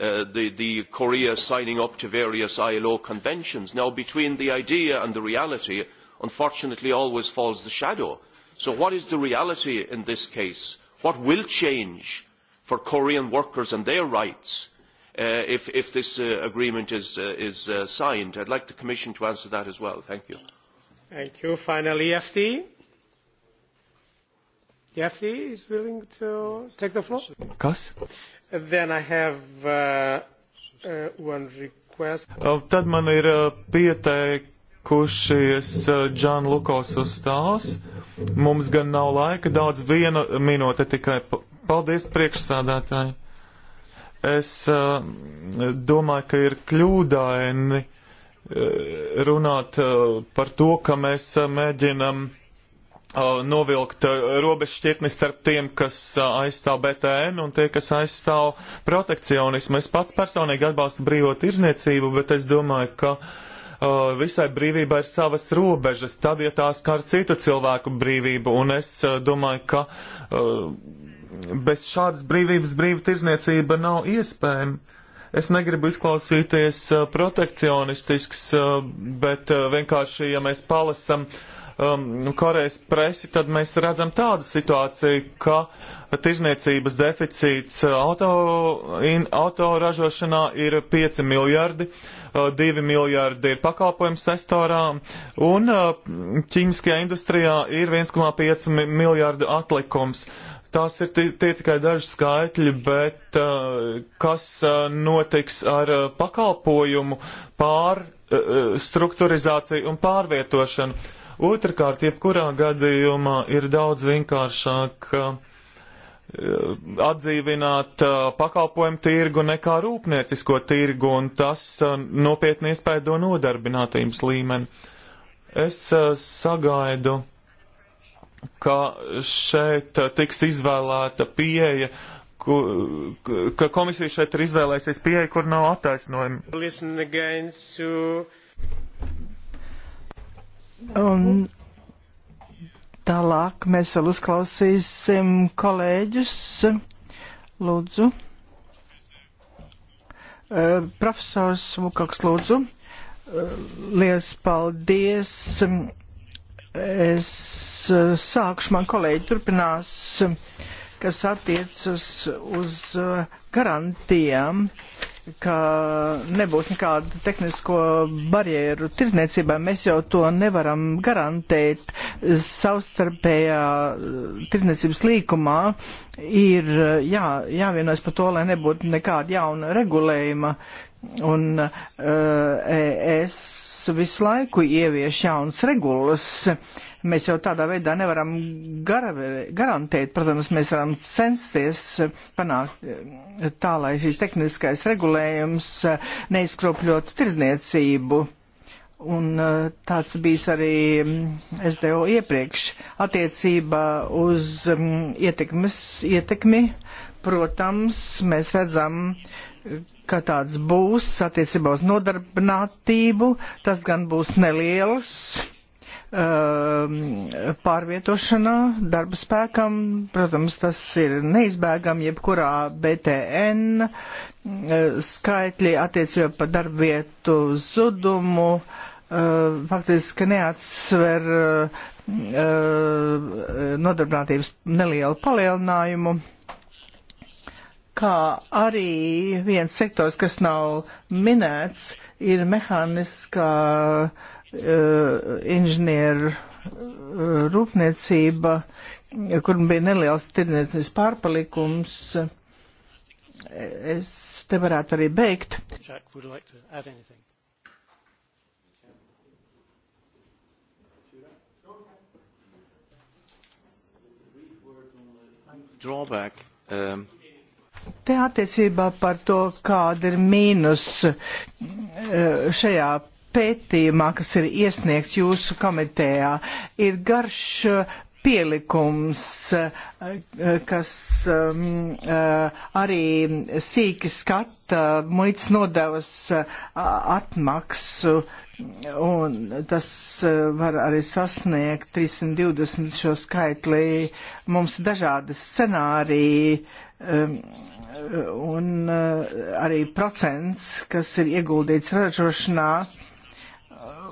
uh, the, the Korea signing up to various ILO conventions. Now, between the idea and the reality, unfortunately, always falls the shadow. So what is the reality in this case? What will change for Korean workers and their rights uh, if, if this uh, agreement is, uh, is uh, signed? I'd like the Commission to answer that as well. Thank you. Thank you. Finally, FD. Jeffy is willing to take the floor? Kas? Then I have uh, uh, one request. Tad man ir pieteikušies Džan Lukos uzstāls. Mums gan nav laika daudz, viena minūte tikai. Paldies priekšsādātāji. Es uh, domāju, ka ir kļūdaini runāt par to, ka mēs mēģinam novilkt robežu šķirtni starp tiem, kas aizstāv BTN un tie, kas aizstāv protekcionismu. Es pats personīgi atbalstu brīvo tirzniecību, bet es domāju, ka uh, visai brīvībai ir savas robežas, tad, ja tās kā ar citu cilvēku brīvību, un es uh, domāju, ka uh, bez šādas brīvības brīva tirzniecība nav iespējama. Es negribu izklausīties protekcionistisks, bet vienkārši, ja mēs palasam uh, um, nu, Korejas presi, tad mēs redzam tādu situāciju, ka tirzniecības deficīts uh, auto, in, auto ražošanā ir 5 miljardi, uh, 2 miljardi ir pakalpojumu sektorā, un uh, ķīmiskajā industrijā ir 1,5 miljardu atlikums. Tās ir tie tikai daži skaitļi, bet uh, kas uh, notiks ar uh, pakalpojumu pār uh, uh, struktūrizāciju un pārvietošanu. Otrakārt, jebkurā gadījumā ir daudz vienkāršāk uh, atdzīvināt uh, pakalpojumu tirgu nekā rūpniecisko tirgu, un tas uh, nopietni iespēja do nodarbinātības līmeni. Es sagaidu ka šeit tiks izvēlēta pieeja, ku, ka komisija šeit ir izvēlēsies pieeja, kur nav attaisnojumi. Un tālāk mēs vēl uzklausīsim kolēģus. Lūdzu. Uh, profesors Vukaks, lūdzu. Uh, eh, lies paldies. Es uh, eh, sākšu, man kolēģi turpinās, kas attiecas uz garantijām. Uh, ka nebūs nekādu tehnisko barjeru tirzniecībā. Mēs jau to nevaram garantēt. Savstarpējā tirzniecības līkumā ir jā, jāvienojas par to, lai nebūtu nekāda jauna regulējuma. Un uh, es visu laiku ievieš jaunas regulas. Uh, Mēs jau tādā veidā nevaram gar garantēt, protams, mēs varam censties panākt eh, tā, lai šīs tehniskais regulējums eh, neizkropļotu tirdzniecību. Un eh, tāds bijis arī mm, SDO iepriekš attiecība uz mm, ietekmes, ietekmi. Protams, mēs redzam, ka tāds būs attiecībā uz nodarbinātību, tas gan būs neliels, Um, pārvietošanā darba spēkam. Protams, tas ir neizbēgami jebkurā BTN uh, skaitļi attiecībā par darba vietu zudumu uh, faktiski neatsver uh, nodarbinātības nelielu palielinājumu, kā arī viens sektors, kas nav minēts, ir mehāniskā uh, Eh, inženieru eh, rūpniecība, kur bija neliels tirdzniecības pārpalikums. Es te varētu arī beigt. Jack, drawback. Um. Te attiecībā par to, kāda ir mīnus eh, šajā pētījumā, kas ir iesniegts jūsu komitejā, ir garš eh, pielikums, eh, kas um, arī sīki skata muitas nodevas atmaksu, un tas var arī sasniegt 320 šo skaitlī. Mums ir dažādi scenāriji, um, un arī procents, kas ir ieguldīts ražošanā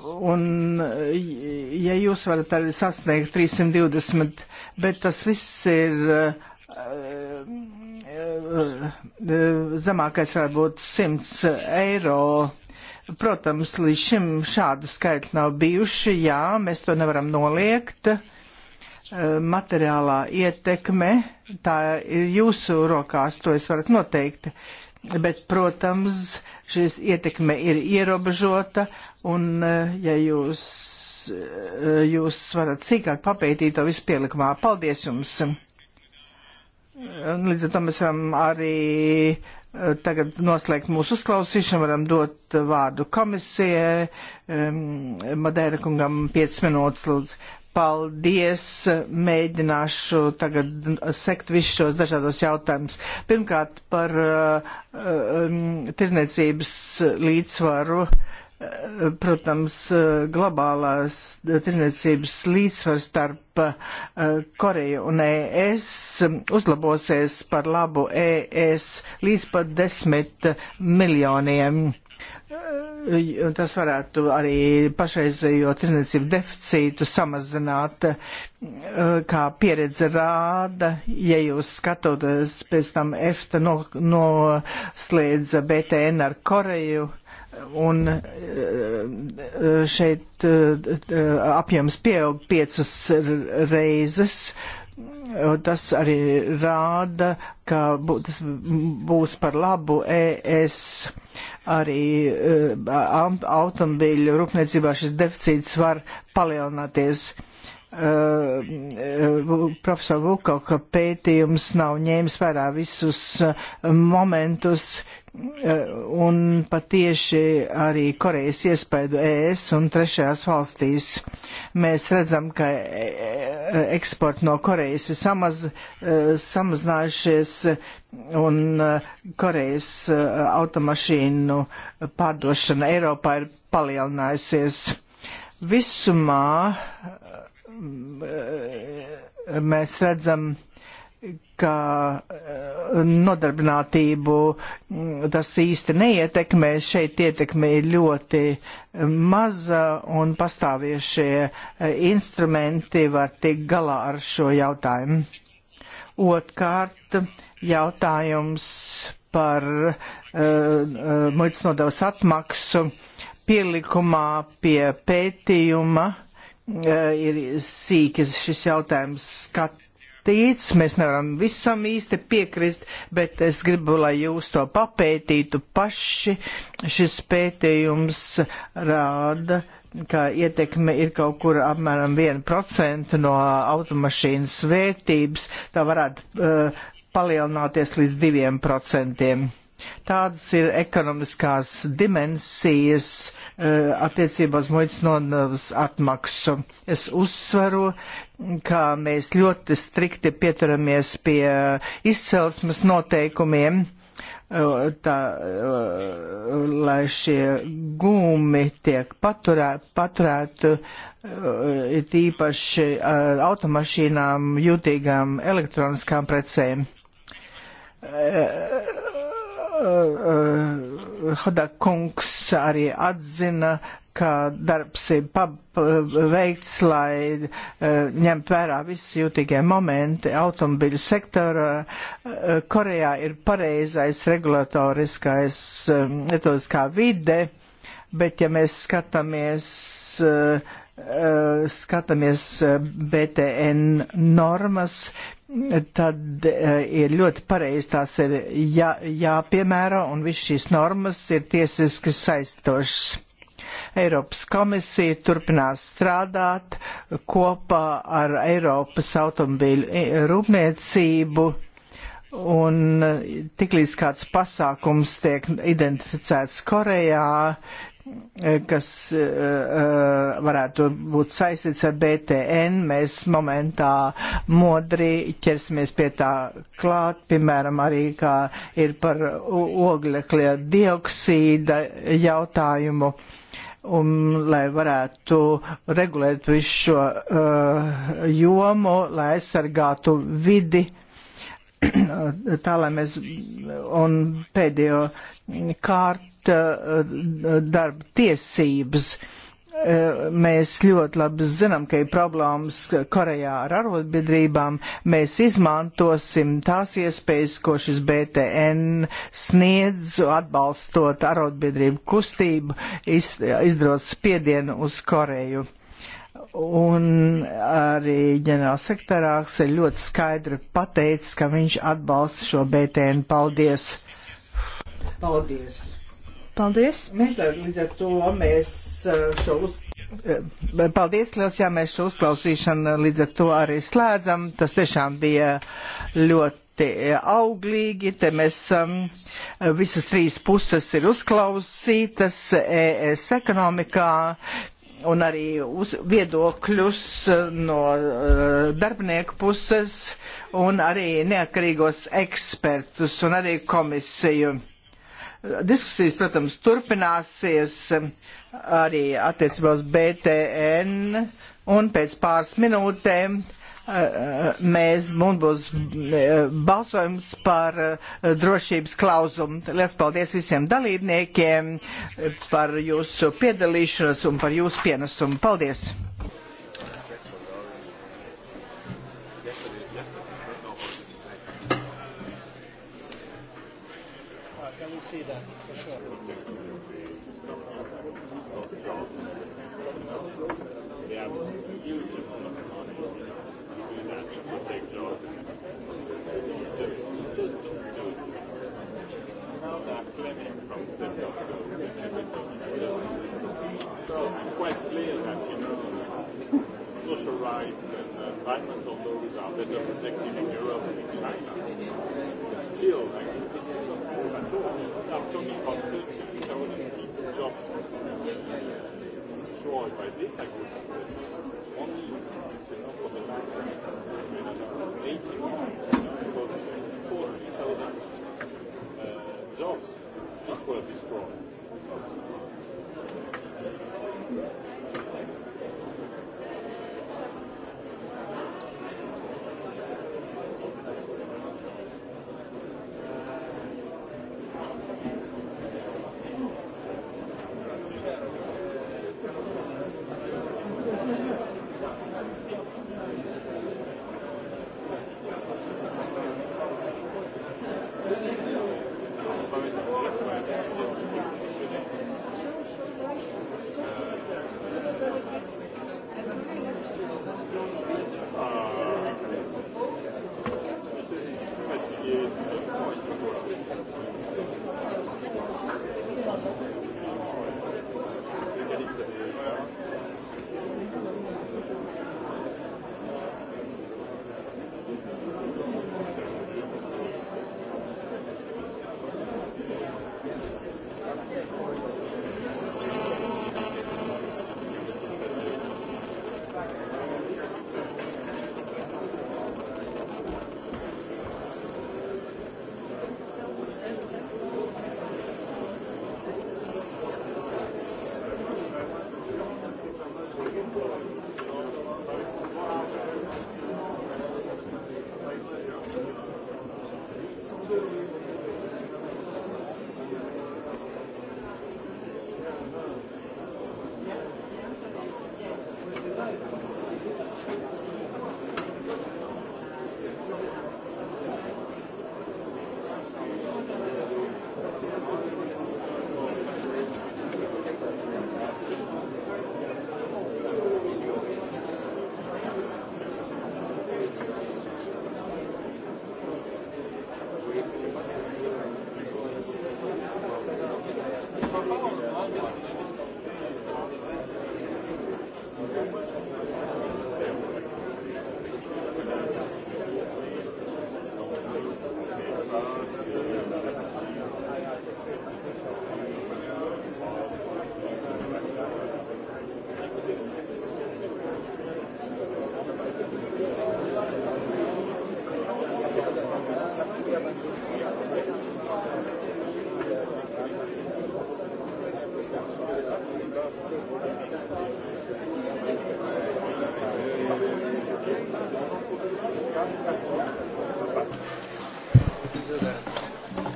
Un, eh, ja jūs varat arī sasniegt 320, bet tas viss ir uh, uh, uh, zemākais varētu būt 100 eiro. Protams, līdz šim šādu skaitu nav bijuši, jā, mēs to nevaram noliegt. Materiālā ietekme, tā ir jūsu rokās, to es varat noteikti. Uh, Bet, protams, šis ietekme ir ierobežota, un eh, ja jūs, eh, jūs varat sīkāk papētīt to visu pielikumā, paldies jums! Līdz ar to mēs varam arī eh, tagad noslēgt mūsu uzklausīšanu, varam dot vārdu komisijai. Madeira kungam 5 minūtes, lūdzu. Paldies! Mēģināšu tagad sekt visus šos dažādos jautājumus. Pirmkārt, par uh, um, tirzniecības līdzsvaru. Uh, protams, uh, globālās tirzniecības līdzsvars starp uh, Koreju un ES uzlabosies par labu ES līdz pat desmit miljoniem un tas varētu arī pašreizējo tirzniecību deficītu samazināt, eh, kā pieredze rāda, ja jūs skatoties pēc tam EFTA noslēdza no BTN ar Koreju. Un eh, šeit eh, apjoms pieaug piecas reizes, Tas arī rāda, ka būs, būs par labu ES arī eh, automobīļu rūpniecībā šis deficīts var palielināties. Uh, eh, eh, profesora Vukoka pētījums nav ņēmis vērā visus momentus, E, un pat tieši arī Korejas iespaidu ES un trešajās valstīs. Mēs redzam, ka e, eksporti no Korejas ir samaz, e, samazinājušies un Korejas automašīnu pārdošana Eiropā ir palielinājusies. Visumā mēs redzam, ka eh, nodarbinātību mm, tas īsti neietekmē. Šeit ietekme ir ļoti eh, maza un pastāviešie eh, instrumenti var tikt galā ar šo jautājumu. Otkārt, jautājums par uh, uh, muitas nodevas atmaksu pielikumā pie pētījuma uh, ir sīkis šis jautājums skat pētīts, mēs nevaram visam īsti piekrist, bet es gribu, lai jūs to papētītu paši. Šis pētījums rāda, ka ietekme ir kaut kur apmēram 1% no automašīnas vērtības, tā varētu uh, palielināties līdz 2%. Tādas ir ekonomiskās dimensijas, Eh, attiecībā uz muitas nodevas atmaksu. Es uzsveru, ka mēs ļoti strikti pieturamies pie izcelsmes noteikumiem eh, tā, eh, lai šie gumi tiek paturē, paturētu it īpaši automašīnām jūtīgām elektroniskām precēm. Eh, eh, Hoda kungs arī atzina, ka darbs ir paveikts, eh, lai uh, ņemt vērā visi jūtīgie momenti. Automobiļu sektora uh, Korejā ir pareizais regulatoriskais um, etotiskā vide, bet ja mēs skatāmies. Uh, skatāmies BTN normas, tad eh, ir ļoti pareizi tās ir jā, jāpiemēro un viss šīs normas ir tiesiski saistošas. Eiropas komisija turpinās strādāt kopā ar Eiropas automobīļu eh, rūpniecību un eh, tiklīdz kāds pasākums tiek identificēts Korejā, Eh, kas eh, eh, varētu būt saistīts ar BTN. Mēs momentā modri ķersimies pie tā klāt, piemēram, arī kā ir par oglekļa dioksīda jautājumu. Un, lai varētu regulēt visu šo uh, jomu, lai aizsargātu vidi, tā lai mēs un pēdējo kārtu Eh, eh, darba tiesības. Eh, mēs ļoti labi zinām, ka ir problēmas Korejā ar arotbiedrībām. Mēs izmantosim tās iespējas, ko šis BTN sniedz, atbalstot arotbiedrību kustību, izdarot spiedienu uz Koreju. Un arī ģenerālsekretārāks ir ļoti skaidri pateicis, ka viņš atbalsta šo BTN. Paldies! Paldies! Paldies! Mēs līdz ar to mēs šo uz. Paldies, liels, jā, mēs šo uzklausīšanu līdz ar to arī slēdzam. Tas tiešām bija ļoti ļoti auglīgi. Te mēs um, visas trīs puses ir uzklausītas ES ekonomikā. Un arī uz viedokļus no uh, darbinieku puses, un arī neatkarīgos ekspertus, un arī komisiju. Diskusijas, protams, turpināsies arī attiecībā uz BTN, un pēc pāris minūtēm eh, eh, mēs, mums būs eh, balsojums par drošības klauzumu. Lielas paldies visiem dalībniekiem par jūsu piedalīšanos un par jūsu pienesumu. Paldies! So I'm quite clear that, you know, social rights and uh, environmental laws are better protected in Europe than in China. But still, I mean, at all, I'm talking about 30,000 people jobs destroyed by this agreement. Only, you know, for the last 18 months, it was 40,000 uh, jobs ancora più scuola.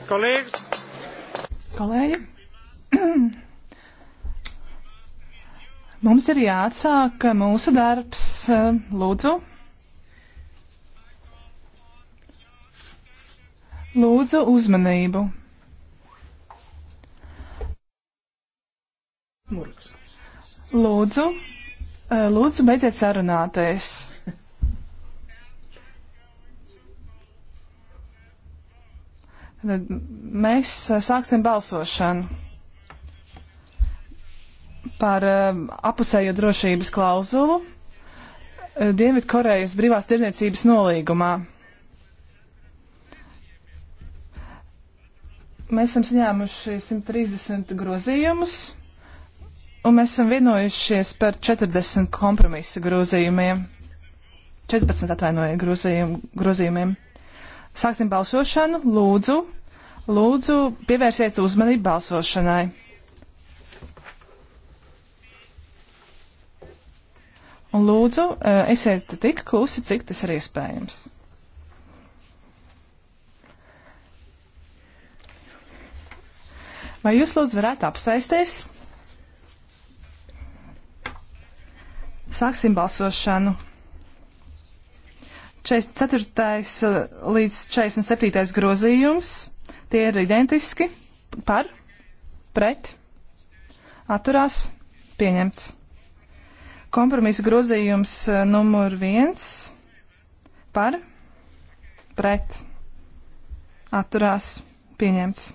Kolēģis. Kolēģi. Mums ir jāatsāk mūsu darbs. Lūdzu. Lūdzu uzmanību. Lūdzu, lūdzu, beidziet sarunāties. Tad mēs eh, sāksim balsošanu par eh, apusējo drošības klauzulu eh, Dienvidkorejas brīvās tirniecības nolīgumā. Mēs esam saņēmuši 130 grozījumus, un mēs esam vienojušies par 40 kompromisa grozījumiem. 14 atvainojiet grozījumu, grozījumiem. Sāksim balsošanu. Lūdzu, lūdzu pievērsiet uzmanību balsošanai. Un lūdzu, eh, esiet tik klusi, cik tas ir iespējams. Vai jūs lūdzu varētu apsaisties? Sāksim balsošanu. 44. Uh, līdz 47. grozījums. Tie ir identiski par, pret, atturās, pieņemts. Kompromisa grozījums uh, numur 1 par, pret, atturās, pieņemts.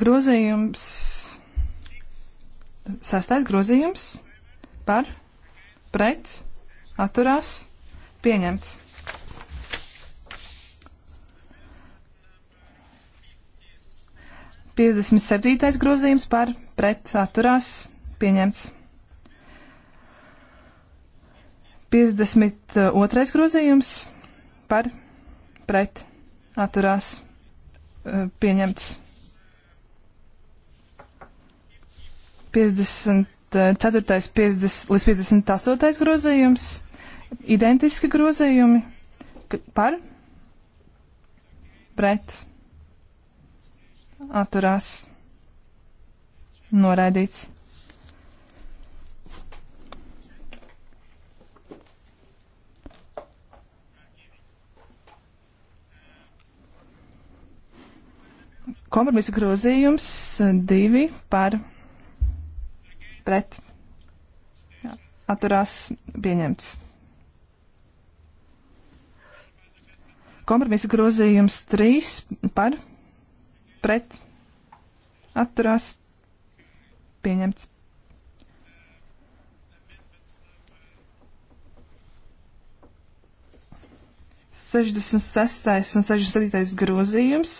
Grozījums, sastais grozījums par, pret, atturās, pieņemts. Piecdesmit septītais grozījums par, pret, atturās, pieņemts. Piecdesmit otrais grozījums par, pret, atturās, eh, pieņemts. 50. 54. 50, eh, līdz 58. grozījums, identiski grozījumi par, pret, atturās, noraidīts. Kompromisa grozījums eh, divi par pret atturās pieņemts. Kompromisa grozījums 3 par pret atturās pieņemts. Sešdesmit sestais un sešdesmit septītais grozījums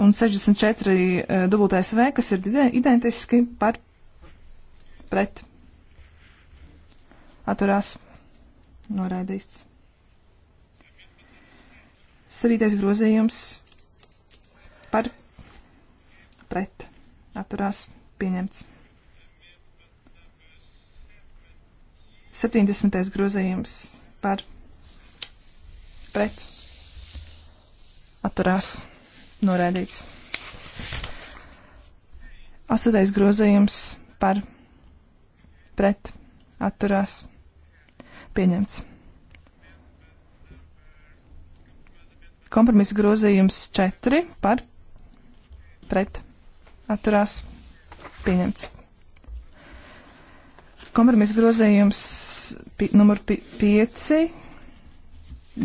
un 64 uh, eh, dubultais V, kas ir identiski par pret atturās noraidīts. Savītais grozījums par pret atturās pieņemts. 70. grozījums par pret atturās noraidīts. 8. grozījums par pret pret atturās pieņemts. Kompromisa grozījums 4 par pret atturās pieņemts. Kompromisa grozījums pi, numur 5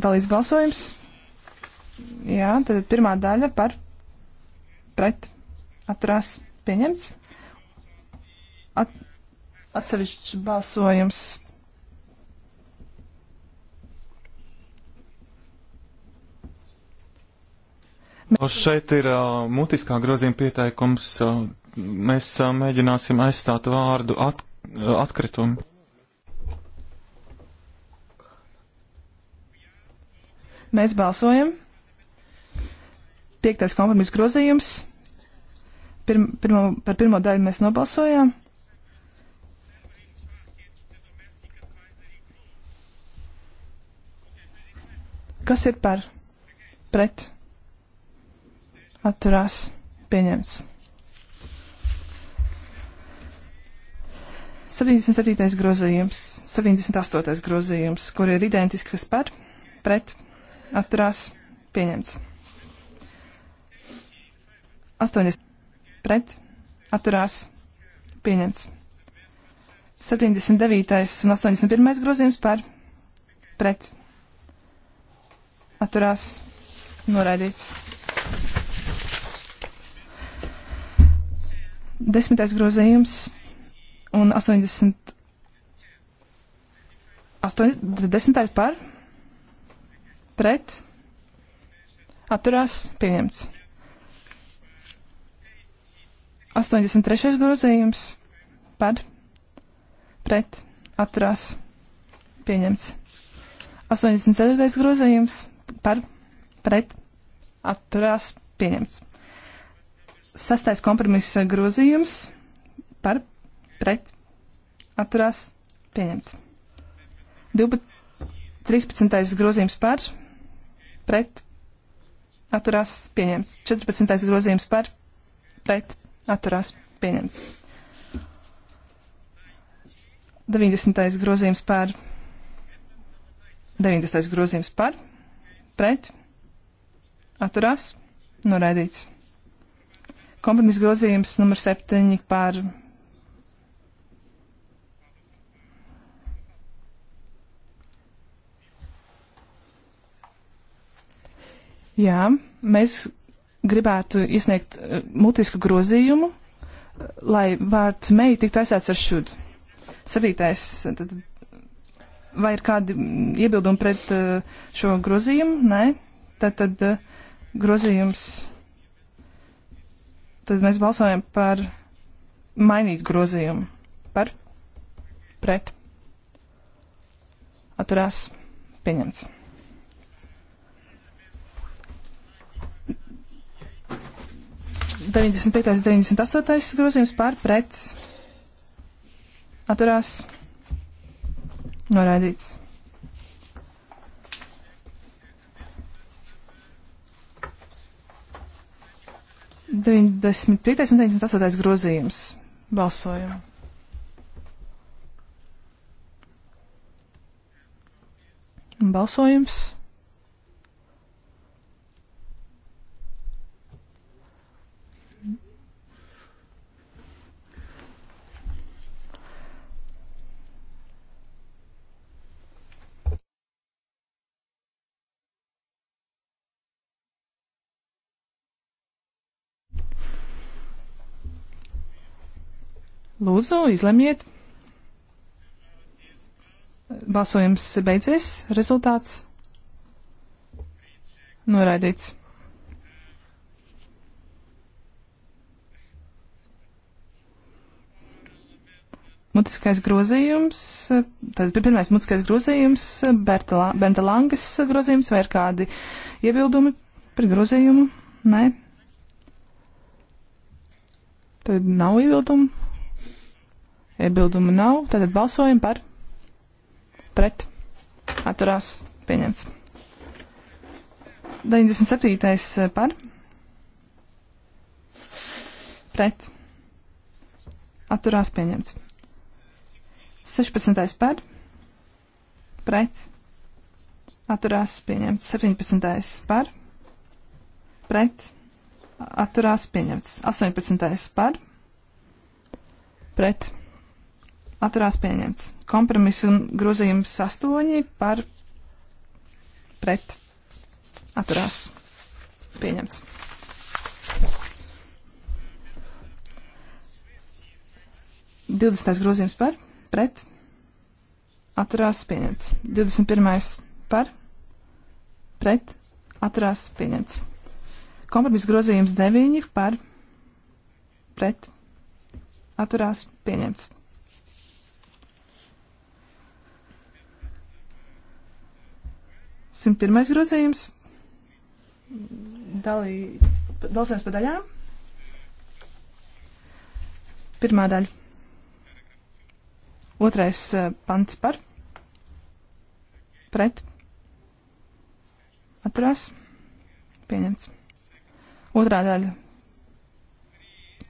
dalīts balsojums. Jā, tad pirmā daļa par pret atturās pieņemts. Atsevišķs balsojums. O šeit ir uh, mutiskā grozījuma pieteikums. Uh, mēs uh, mēģināsim aizstāt vārdu at, uh, atkritumu. Mēs balsojam. Piektais kompromiss grozījums. Pirm, pirmo, par pirmo daļu mēs nobalsojām. Kas ir par? Pret. Atturās. Pieņemts. 77. grozījums, 78. grozījums, kur ir identiski, kas par, pret, atturās, pieņemts. 80. pret, atturās, pieņemts. 79. un 81. grozījums par, pret, atturās atturās noraidīts. Desmitais grozījums un 80. 8, 10. par pret atturās pieņemts. 83. grozījums par pret atturās pieņemts. 84. grozījums par pret atturās pieņemts. Sastais kompromiss grozījums par pret atturās pieņemts. 12, 13. grozījums par pret atturās pieņemts. 14. grozījums par pret atturās pieņemts. 90. grozījums par 90. grozījums par pret, atturās, noraidīts. Kompromiss grozījums numur 7 par Jā, mēs gribētu iesniegt uh, mutisku grozījumu, lai vārds mei tiktu aizsāts ar šudu. Savītais Vai ir kādi iebildumi pret uh, šo grozījumu? Nē. Tad, tad uh, grozījums. Tad mēs balsojam par mainīt grozījumu. Par? Pret. Atturās. Pieņemts. Deviņdesmit piektais, deviņdesmit astotais grozījums par pret. Atturās. Noraidīts. Deviņdesmit piektais un deviņdesmit astotais grozījums. Balsojam. Balsojums. Lūdzu, izlemiet. Balsojums beidzies, rezultāts noraidīts. mutiskais grozījums, tad pirmais mutiskais grozījums, Berta, Benta Langas grozījums, vai ir kādi iebildumi par grozījumu? Nē. Tad nav iebildumu. Iebildumu nav, tātad balsojam par pret atturās pieņemts. 97. Eh, par pret atturās pieņemts. 16. par pret atturās pieņemts. 17. par pret atturās pieņemts. 18. par pret atturās pieņemts. Kompromiss un grozījums astoņi par pret atturās pieņemts. Divdesmitais grozījums par pret atturās pieņemts. Divdesmit pirmais par pret atturās pieņemts. Kompromiss grozījums deviņi par pret atturās pieņemts. 101. grozījums. Dalī, dalsimies pa daļām. Pirmā daļa. Otrais eh, pants par. Pret. Atturās. Pieņemts. Otrā daļa.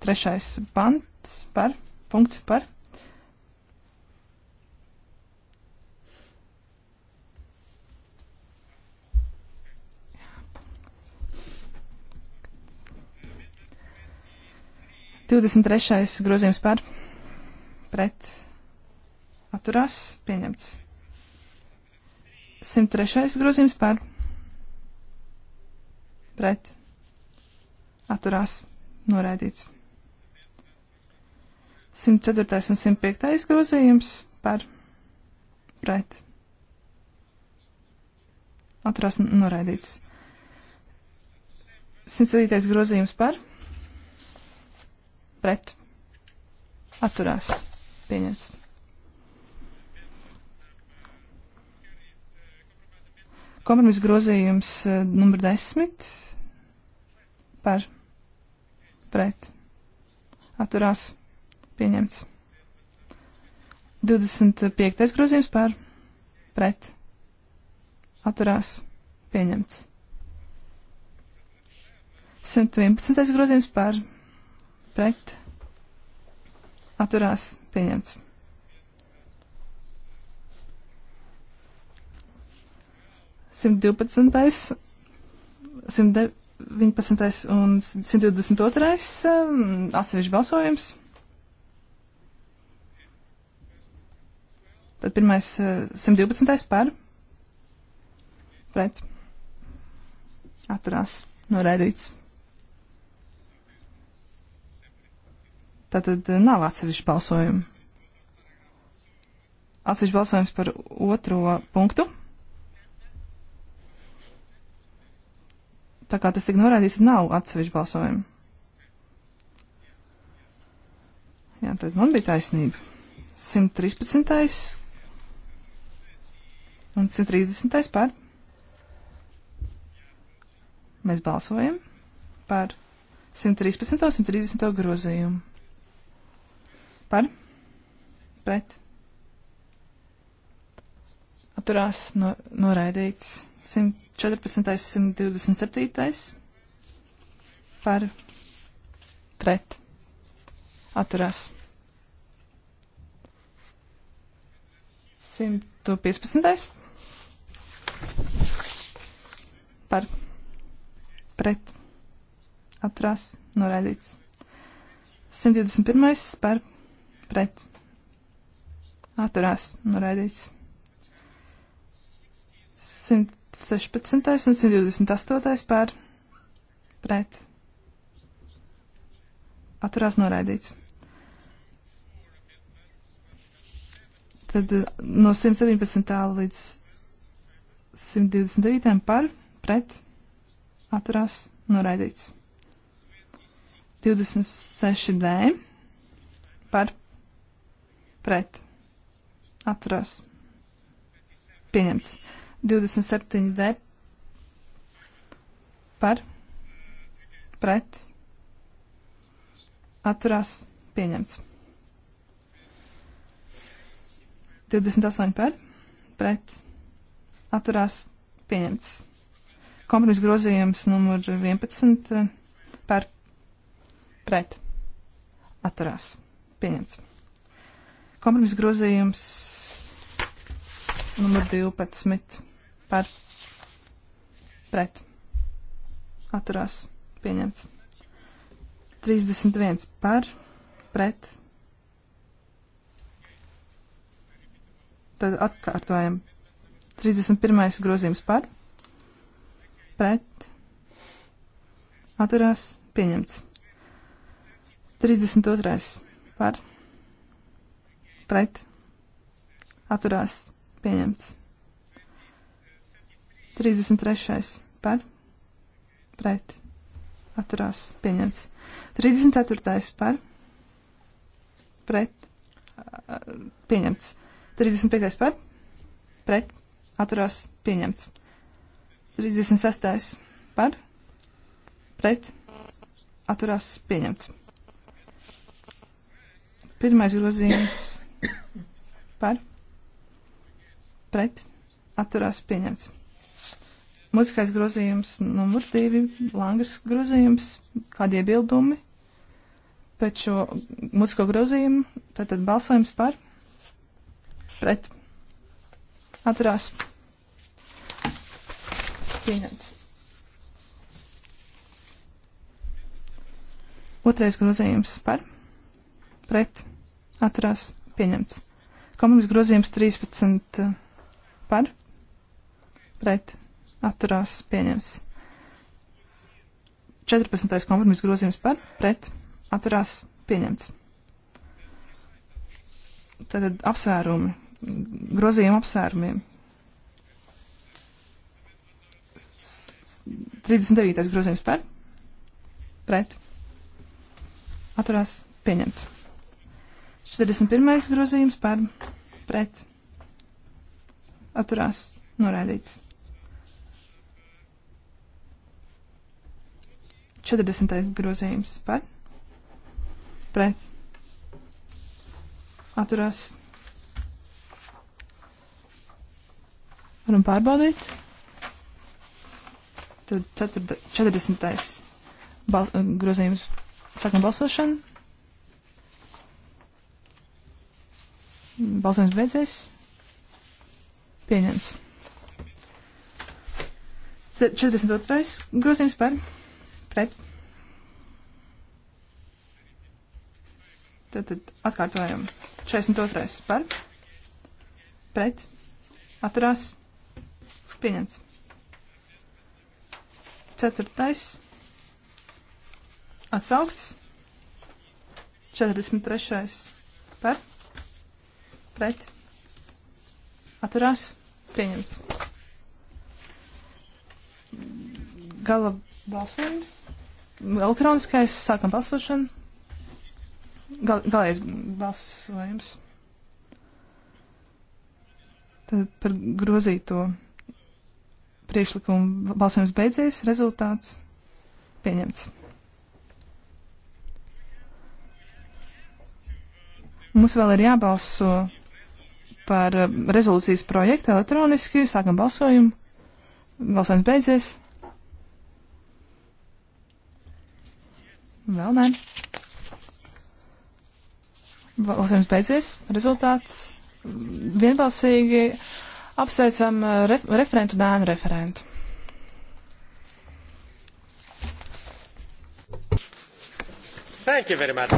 Trešais pants par. Punkts par. 23. grozījums par pret atturās pieņemts. 103. grozījums par pret atturās noraidīts. 104. un 105. grozījums par pret atturās noraidīts. 107. grozījums par pret pret atturās pieņems. Kompromisa grozījums eh, numur desmit par pret atturās pieņemts. 25. grozījums par pret atturās pieņemts. 111. grozījums par pret pret atturās pieņemts. Simt divpadsmitais, simt deviņpadsmitais un simt divdesmit otrais um, atsevišķi balsojums. Tad pirmais uh, simt divpadsmitais par pret atturās noraidīts. Tātad eh, nav atsevišķi balsojumi. Atsevišķi balsojums par otro punktu. Tā kā tas tik norādīts, nav atsevišķi balsojumi. Jā, tad man bija taisnība. 113. un 130. par. Mēs balsojam par 113. un 130. grozījumu par pret atturās no, noraidīts 114. 127. par pret atturās 115. par pret atturās noraidīts 121. par pret pret atturās noraidīts. 116. un 128. pār pret atturās noraidīts. Tad eh, no 117. līdz 129. par pret atturās noraidīts. 26D par pret pret atturās pieņemts. 27 D par pret atturās pieņemts. 28 par pret atturās pieņemts. Kompromis grozījums numur 11 eh, par pret atturās pieņemts. Kompromiss grozījums numur 12 par pret. Atturās. Pieņemts. 31 par pret. Tad atkārtojam. 31. grozījums par pret. Atturās. Pieņemts. 32. par pret pret, atturās, pieņemts. 33. par, pret, atturās, pieņemts. 34. par, pret, pieņemts. 35. par, pret, atturās, pieņemts. 36. par, pret, atturās, pieņemts. Pirmais grozījums par pret atturās pieņemts. Mūzikais grozījums numur divi, langas grozījums, kādi iebildumi pēc šo mūziko grozījumu, tātad balsojums par pret atturās pieņemts. Otrais grozījums par pret atturās pieņemts. Kompromis grozījums 13 eh, par, pret, atturās, pieņems. 14. kompromis grozījums par, pret, atturās, pieņemts. Tātad apsvērumi, grozījuma apsvērumiem. 39. grozījums par, pret, atturās, pieņemts. 41. grozījums par pret. Atturās. Noraidīts. 40. grozījums par pret. Atturās. Varam pārbaudīt. Tad 40. Bal grozījums sākam balsošanu. Balsojums beidzies. Pieņems. 42. grozījums par pret. Tad, tad atkārtojam. 42. par pret. Atturās. Pieņems. 4. atsaukts. 43. par pret pret atturās pieņemts. Gala balsojums. Elektroniskais. Sākam balsošanu. Gal, galējais balsojums. Tad par grozīto priekšlikumu balsojums beidzies. Rezultāts pieņemts. Mums vēl ir jābalso par eh, rezolūcijas projektu elektroniski. Sākam balsojumu. Balsojums beidzies. Vēl nē. Balsojums beidzies. Rezultāts vienbalsīgi apsveicam eh, re referentu dēnu referentu. Thank you very much.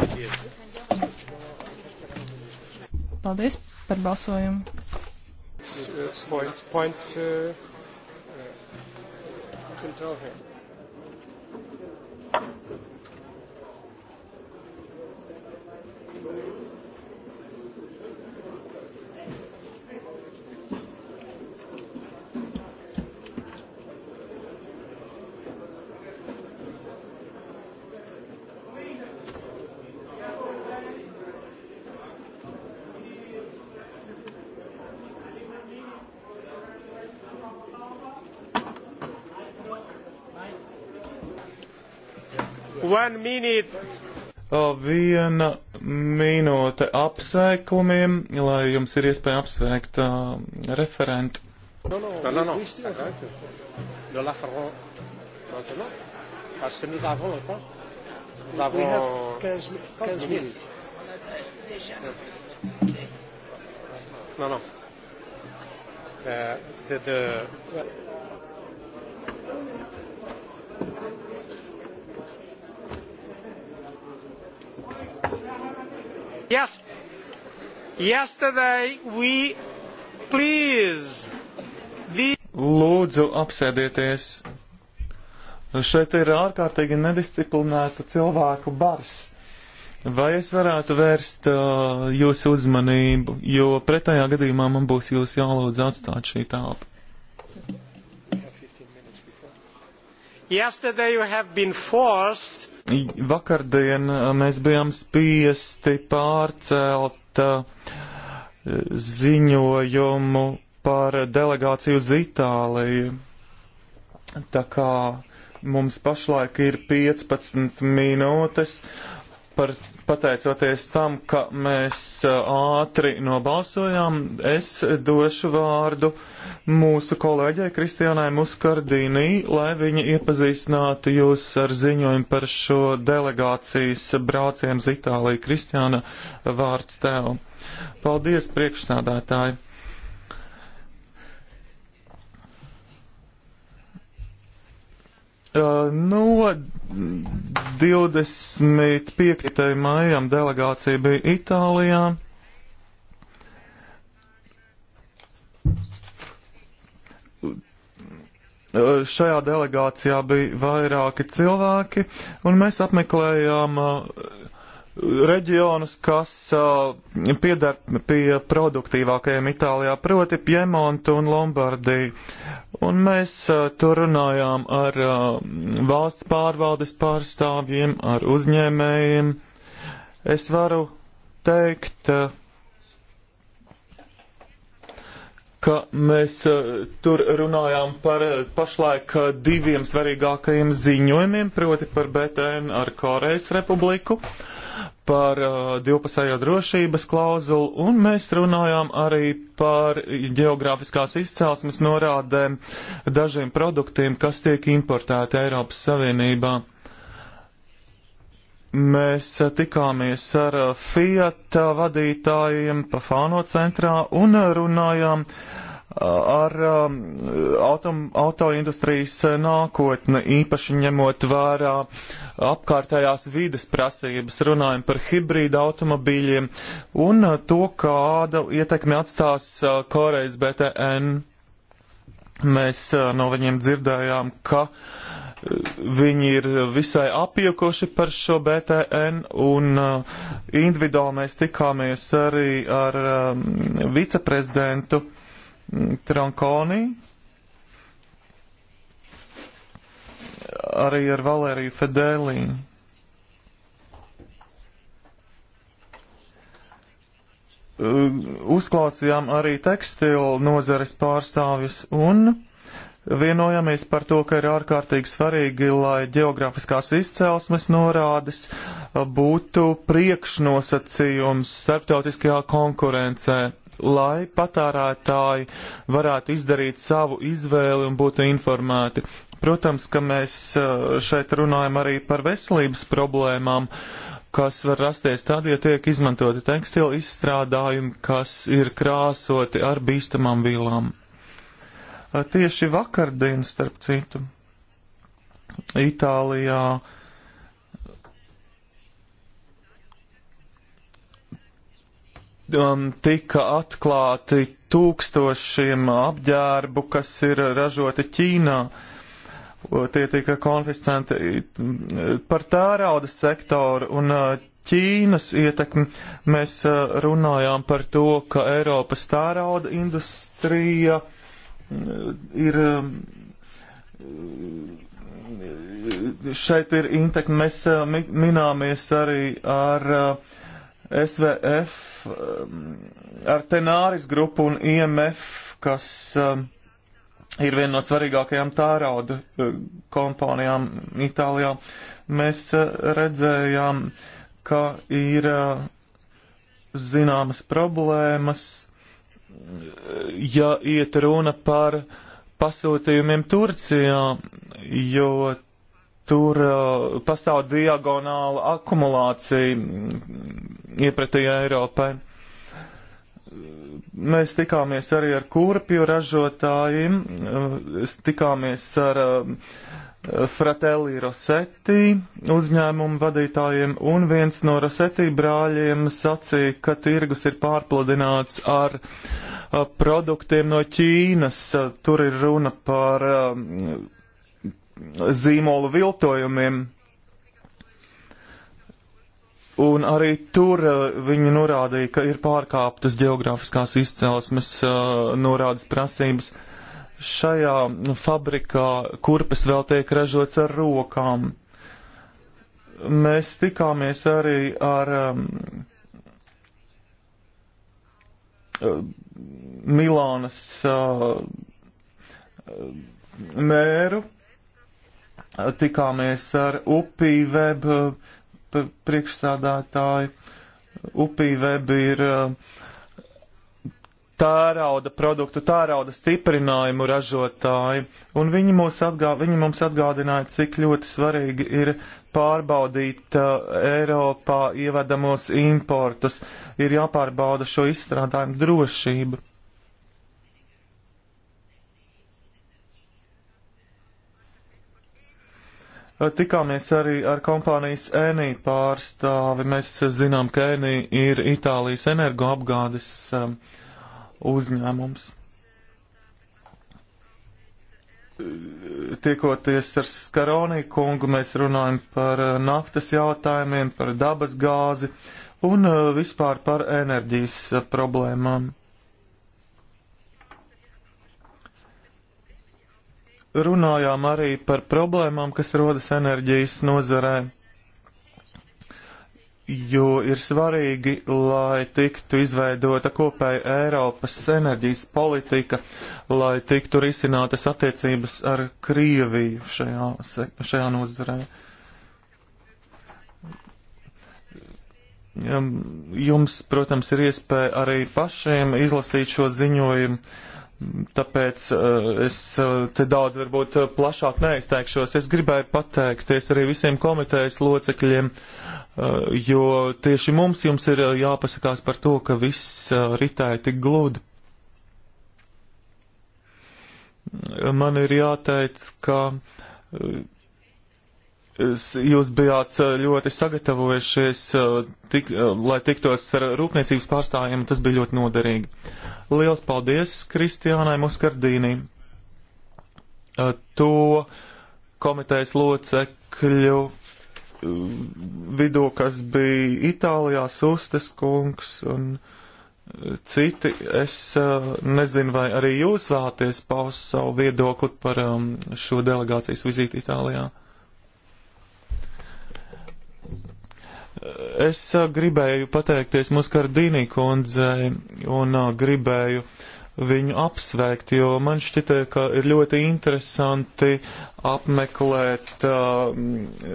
Paldies par balsojumu. Points, points, uh, uh, uh one minute. Viena minūte apsveikumiem, lai jums ir iespēja apsveikt uh, referentu. No, no, no, no, no. De la Ferrand. Maintenant. Parce que nous avons le temps. Nous avons. We have 15, 15 minutes. Déjà. Non, non. Euh, de, de... Ouais. Yes. Yesterday we please. The... Lūdzu, apsēdieties. Šeit ir ārkārtīgi nedisciplinēta cilvēku bars. Vai es varētu vērst uh, jūsu uzmanību, jo pretējā gadījumā man būs jūs jālūdz atstāt šī tālpa? Vakardien uh, mēs bijām spiesti pārcelt uh, ziņojumu par delegāciju uz Itāliju. Tā kā mums pašlaik ir 15 minūtes, uh, par, pateicoties tam, ka mēs uh, ātri nobalsojām, es došu vārdu mūsu kolēģei Kristiānai Muskardīnī, lai viņa iepazīstinātu jūs ar ziņojumu par šo delegācijas braucienu uz Itāliju. Kristiāna, vārds tev. Paldies, priekšsādātāji! No 25. maijam delegācija bija Itālijā. Šajā delegācijā bija vairāki cilvēki, un mēs apmeklējām uh, reģionus, kas piedar pie produktīvākajiem Itālijā, proti Piemontu un Lombardiju. Un mēs tur runājām ar valsts pārvaldes pārstāvjiem, ar uzņēmējiem. Es varu teikt, ka mēs uh, tur runājām par uh, pašlaik uh, diviem svarīgākajiem ziņojumiem, proti par BTN ar Korejas republiku. Uh, par uh, divpusējo drošības klauzulu, un mēs runājām arī par geogrāfiskās izcelsmes norādēm dažiem produktiem, kas tiek importēti Eiropas Savienībā. Mēs uh, tikāmies ar uh, Fiat uh, vadītājiem Pafāno centrā un uh, runājām uh, ar um, autom, autoindustrijas nākotni, īpaši ņemot vērā apkārtējās vides prasības, runājam par hibrīda automobīļiem un uh, to, kāda ietekme atstās uh, Korejas BTN. Mēs uh, no viņiem dzirdējām, ka uh, viņi ir visai apjukuši par šo BTN, un individuāli mēs tikāmies arī ar um, viceprezidentu Mm, Tronkonī, arī ar Valēriju Fedēlī. Mm, uzklausījām arī tekstilu nozares pārstāvjus un Vienojamies par to, ka ir ārkārtīgi svarīgi, lai geogrāfiskās izcelsmes norādes būtu priekšnosacījums starptautiskajā konkurencē lai patārētāji varētu izdarīt savu izvēli un būtu informēti. Protams, ka mēs eh, šeit runājam arī par veselības problēmām, kas var rasties tad, ja tiek izmantoti tekstila izstrādājumi, kas ir krāsoti ar bīstamām vielām. Eh, tieši vakardien, starp citu, Itālijā uh, um, tika atklāti tūkstošiem apģērbu, kas ir ražoti Ķīnā. Tie tika konfiscenti par tērauda sektoru un Ķīnas ietekmi. Mēs runājām par to, ka Eiropas tērauda industrija ir šeit ir intekmi. Mēs minēmies arī ar uh, SVF um, ar Tenāris grupu un IMF, kas um, ir viena no svarīgākajām tārauda uh, kompānijām Itālijā, mēs uh, redzējām, ka ir uh, zināmas problēmas, ja iet runa par pasūtījumiem Turcijā, jo tur uh, pastāv diagonāla akumulācija iepretīja Eiropai. Mēs tikāmies arī ar kurpju ražotājiem, uh, tikāmies ar uh, Fratelli Rosetti uzņēmumu vadītājiem, un viens no Rosetti brāļiem sacīja, ka tirgus ir pārpludināts ar uh, produktiem no Ķīnas. Tur ir runa par uh, zīmolu viltojumiem. Un arī tur eh, viņi norādīja, ka ir pārkāptas geogrāfiskās izcelsmes eh, norādes prasības. Šajā nu, fabrikā kurpes vēl tiek ražots ar rokām. Mēs tikāmies arī ar um, Milānas uh, mēru tikāmies ar UPI web eh, priekšsādātāju. UPI web ir eh, tērauda produktu, tērauda stiprinājumu ražotāji, un viņi, atgā, viņi mums atgādināja, cik ļoti svarīgi ir pārbaudīt uh, Eiropā ievedamos importus, ir jāpārbauda šo izstrādājumu drošību. Tikāmies arī ar kompānijas ENI pārstāvi. Mēs zinām, ka ENI ir Itālijas energoapgādes um, uzņēmums. Tiekoties ar Skaronī kungu, mēs runājam par naftas jautājumiem, par dabas gāzi un uh, vispār par enerģijas problēmām. runājām arī par problēmām, kas rodas enerģijas nozarē, jo ir svarīgi, lai tiktu izveidota kopēja Eiropas enerģijas politika, lai tiktu risinātas attiecības ar Krieviju šajā, šajā nozarē. Jums, protams, ir iespēja arī pašiem izlasīt šo ziņojumu Tāpēc eh, es eh, te daudz varbūt eh, plašāk neizteikšos. Es gribēju pateikties arī visiem komitejas locekļiem, jo tieši mums jums ir jāpasakās par to, ka viss ritēja tik gludi. Man ir jāteic, ka jūs bijāt eh, ļoti sagatavojušies, eh, tik, eh, lai tiktos ar rūpniecības pārstāvjiem, tas bija ļoti noderīgi. Liels paldies Kristiānai Muskardīnī. To komitejas locekļu vidū, kas bija Itālijā, Sustes kungs un citi, es nezinu, vai arī jūs vēlaties paust savu viedokli par ehm, šo delegācijas vizīti Itālijā. Es uh, gribēju pateikties Muskardīnī kundzei un uh, gribēju viņu apsveikt, jo man šķita, ka ir ļoti interesanti apmeklēt uh,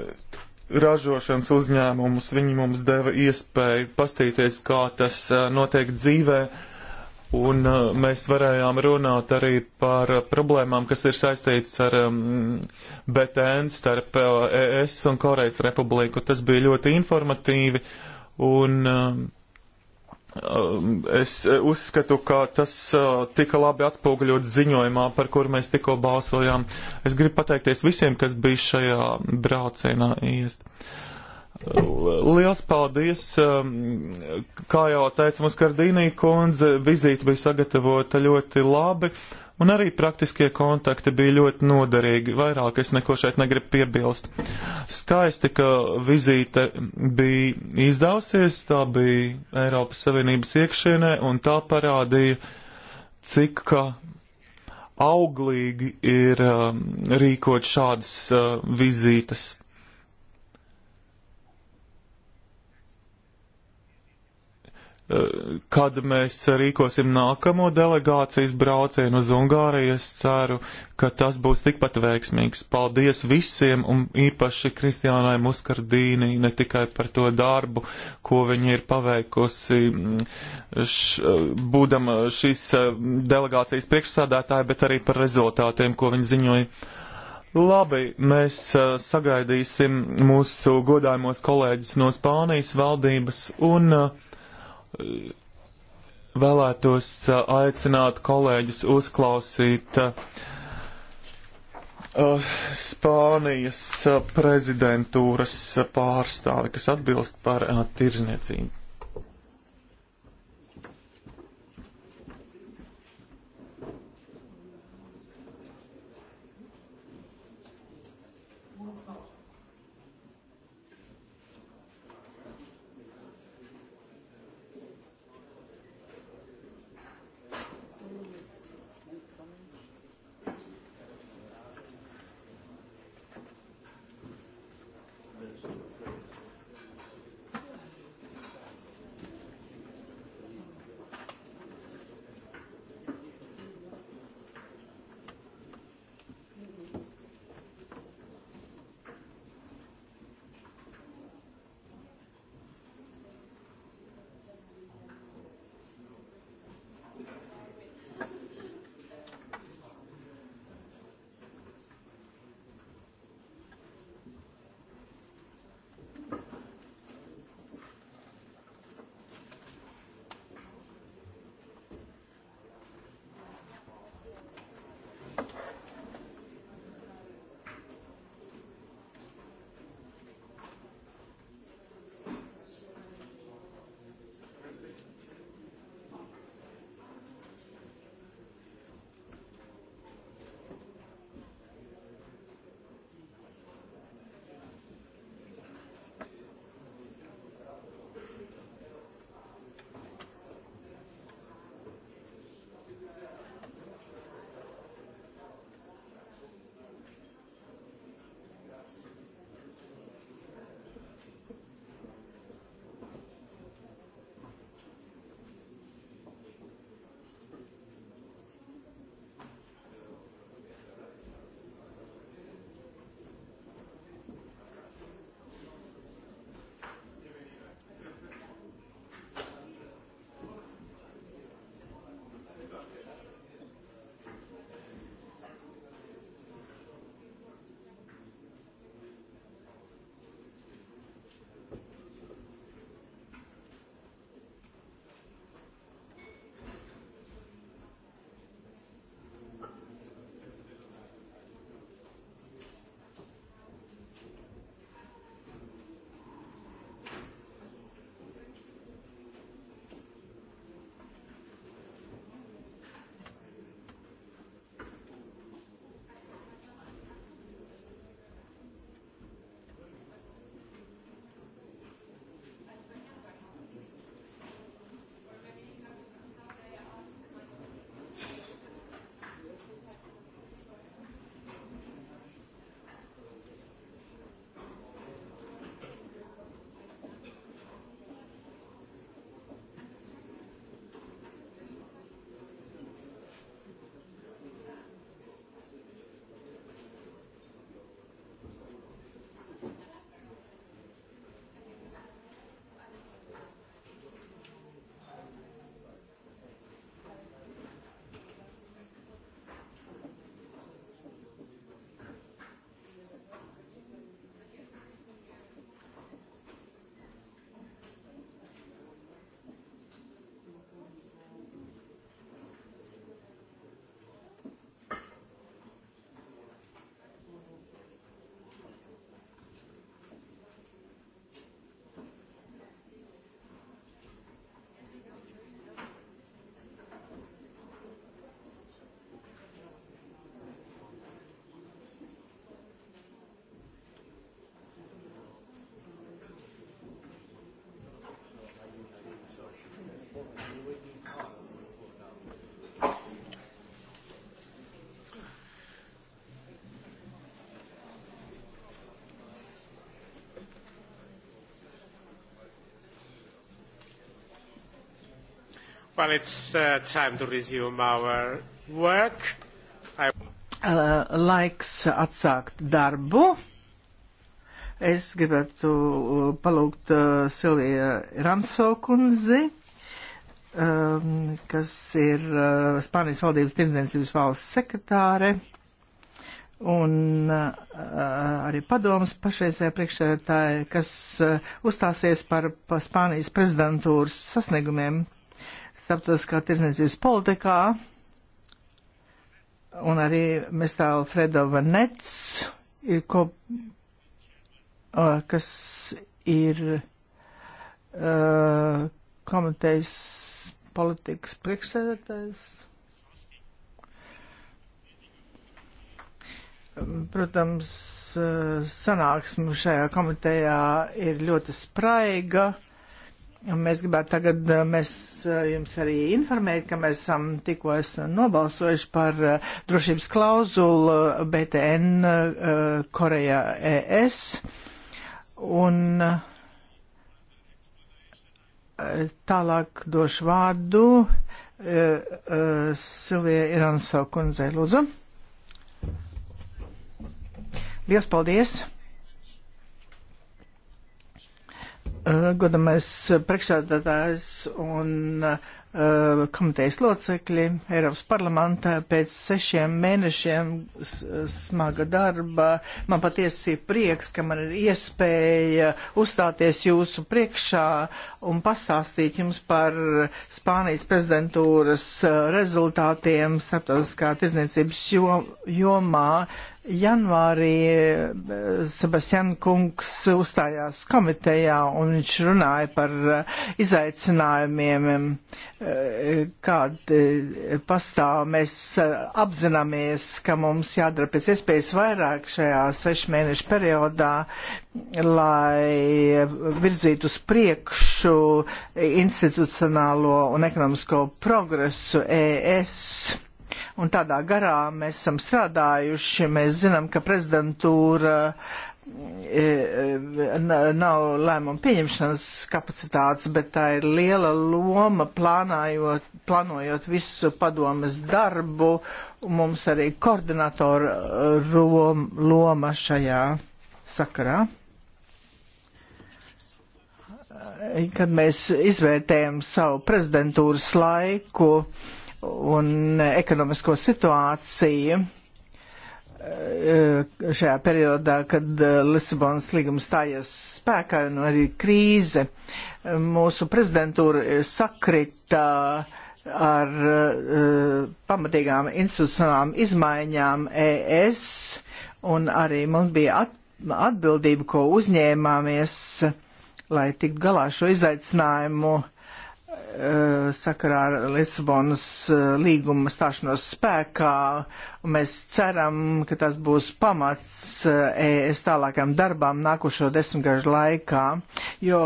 ražošanas uzņēmumus. Viņi mums deva iespēju pastīties, kā tas uh, notiek dzīvē. Uh, Un uh, mēs varējām runāt arī par problēmām, kas ir saistīts ar um, BTN starp uh, ES un Korejas republiku. Tas bija ļoti informatīvi, un um, um, es uzskatu, ka tas uh, tika labi atspoguļots ziņojumā, par kur mēs tikko balsojām. Es gribu pateikties visiem, kas bija šajā braucienā iest. Uh, Liels paldies! Um, kā jau teica Muskardīnī kundze, vizīte bija sagatavota ļoti labi, un arī praktiskie kontakti bija ļoti noderīgi. Vairāk es neko šeit negribu piebilst. Skaisti, ka vizīte bija izdevusies, tā bija Eiropas Savienības iekšienē, un tā parādīja, cik auglīgi ir um, rīkot šādas uh, vizītes kad mēs rīkosim nākamo delegācijas braucienu uz Ungāriju, es ceru, ka tas būs tikpat veiksmīgs. Paldies visiem un īpaši Kristiānai Muskardīnī ne tikai par to darbu, ko viņa ir paveikusi, mm, š, būdama šīs eh, delegācijas priekšsādātāja, bet arī par rezultātiem, ko viņa ziņoja. Labi, mēs uh, sagaidīsim mūsu godājumos kolēģis no Spānijas valdības un uh, vēlētos uh, aicināt kolēģis uzklausīt uh, uh, Spānijas prezidentūras pārstāvi, kas atbilst par tirzniecību. Well, it's uh, time to resume our work. I... Uh, laiks atsākt darbu. Es gribētu uh, palūgt uh, Silvija Ranso kundzi, um, kas ir uh, Spānijas valdības tirdzniecības valsts sekretāre un uh, arī padomas pašreizējā priekšsēdētāja, kas uh, uzstāsies par, par Spānijas prezidentūras sasniegumiem starptautiskā tirzniecības politikā, un arī mēs tālu Fredova Nets, ir ko, kas ir uh, komitejas politikas priekšsēdētājs. Protams, sanāksme šajā komitejā ir ļoti spraiga. Uh, Un mēs gribētu tagad, eh, mēs eh, jums arī informēt, ka mēs esam tikko esam nobalsojuši par eh, drošības klauzulu BTN Korejā ES. Un tālāk došu vārdu Silvija Iranso kundzei, lūdzu. Liels paldies! Eh, Godamais priekšsēdētājs un uh, komitejas locekļi Eiropas parlamentā pēc sešiem mēnešiem smaga darba. Man patiesi ir prieks, ka man ir iespēja uzstāties jūsu priekšā un pastāstīt jums par Spānijas prezidentūras eh, rezultātiem starptautiskā tirzniecības jomā janvārī eh, Sebastian Kungs uzstājās komitejā un viņš runāja par eh, izaicinājumiem, eh, kādi pastāv. Mēs apzināmies, ka mums jādara pēc iespējas vairāk šajā sešu mēnešu periodā, lai virzītu uz priekšu institucionālo un ekonomisko progresu ES Un tādā garā mēs esam strādājuši. Mēs zinām, ka prezidentūra e, e, nav lēmuma pieņemšanas kapacitātes, bet tā ir liela loma plānājot, plānojot visu padomas darbu. Mums arī koordinatora e, loma šajā sakarā kad mēs izvērtējam savu prezidentūras laiku, uh, un ekonomisko situāciju eh, šajā periodā, kad eh, Lisabonas līgums stājies spēkā un arī krīze, mūsu prezidentūra sakrita ar uh, pamatīgām institucionālām izmaiņām ES, un arī mums bija at, atbildība, ko uzņēmāmies, lai tiktu galā šo izaicinājumu uh, Eh, sakarā ar Lisabonas eh, līguma stāšanos spēkā. Mēs ceram, ka tas būs pamats eh, ES tālākam darbām nākošo desmitgažu laikā, jo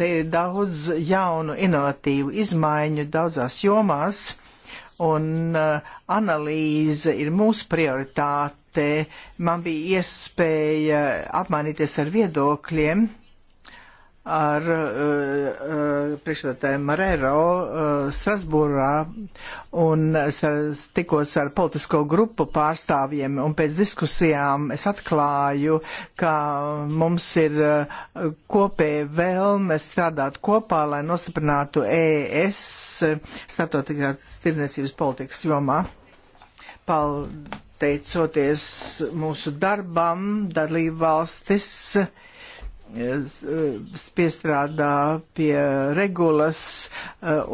te ir daudz jaunu, inovatīvu izmaiņu daudzās jomās, un analīze ir mūsu prioritāte. Man bija iespēja apmainīties ar viedokļiem ar uh, eh, eh, priekšstādātāju Marēro uh, eh, Strasbūrā un es ar, tikos ar politisko grupu pārstāvjiem un pēc diskusijām es atklāju, ka mums ir uh, kopēja vēlme strādāt kopā, lai nostiprinātu ES starptautiskās tirdzniecības politikas jomā. Paldies! Teicoties mūsu darbam, dalībvalstis uh, piestrādā pie regulas e,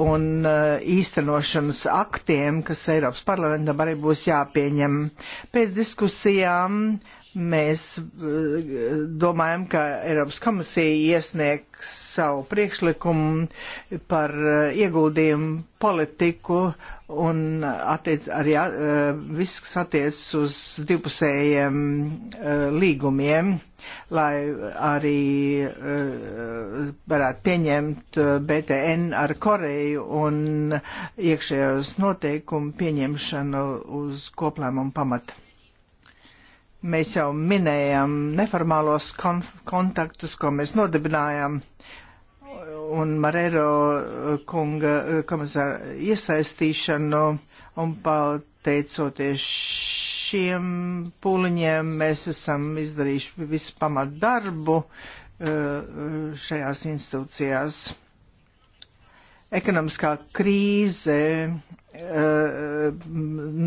un e, īstenošanas aktiem, kas Eiropas parlamentam arī būs jāpieņem. Pēc diskusijām Mēs eh, domājam, ka Eiropas komisija iesniegs savu priekšlikumu par eh, ieguldījumu politiku un attiec, arī eh, viss, kas attiec uz divpusējiem līgumiem, lai arī varētu pieņemt BTN ar Koreju un iekšējos noteikumu pieņemšanu uz koplēmumu pamata. Mēs jau minējam neformālos kontaktus, ko mēs nodibinājām, un Marero eh, kunga eh, komisāra iesaistīšanu, un pateicoties šiem pūliņiem mēs esam izdarījuši visu pamat darbu eh, šajās institūcijās. Ekonomiskā krīze Eh,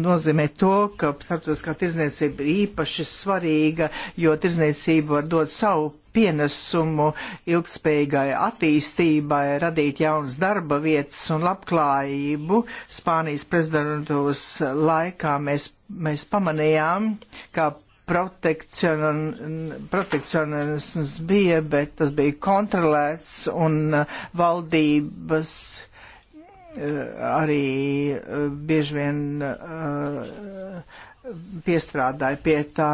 nozīmē to, ka starptautiskā tirzniecība ir īpaši svarīga, jo tirzniecība var dot savu pienesumu ilgspējīgai attīstībai, radīt jaunas darba vietas un labklājību. Spānijas prezidentūras laikā mēs, mēs pamanījām, ka protekcionisms bija, bet tas bija kontrolēts un valdības Eh, arī eh, bieži vien eh, piestrādāja pie tā.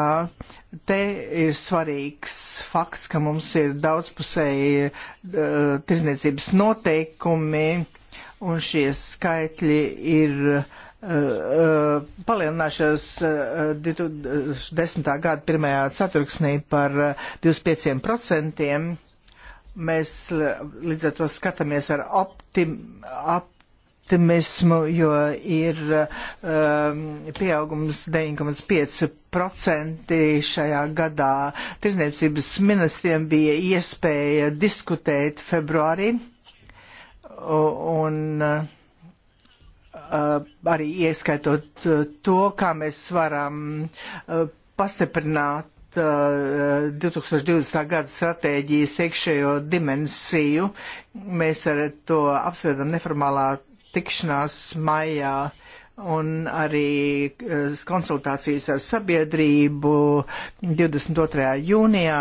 Te ir svarīgs fakts, ka mums ir daudzpusēji tirzniecības noteikumi, un šie skaitļi ir palielināšās 2010. gada pirmajā ceturksnī par 25%. Mēs līdz ar to skatāmies ar optim, op, optimismu, jo ir um, pieaugums 9,5% šajā gadā. Tirzniecības ministriem bija iespēja diskutēt februārī un uh, arī ieskaitot uh, to, kā mēs varam uh, pastiprināt uh, 2020. gada stratēģijas iekšējo dimensiju. Mēs ar to apsvedam neformālā tikšanās maijā un arī eh, konsultācijas ar sabiedrību 22. jūnijā,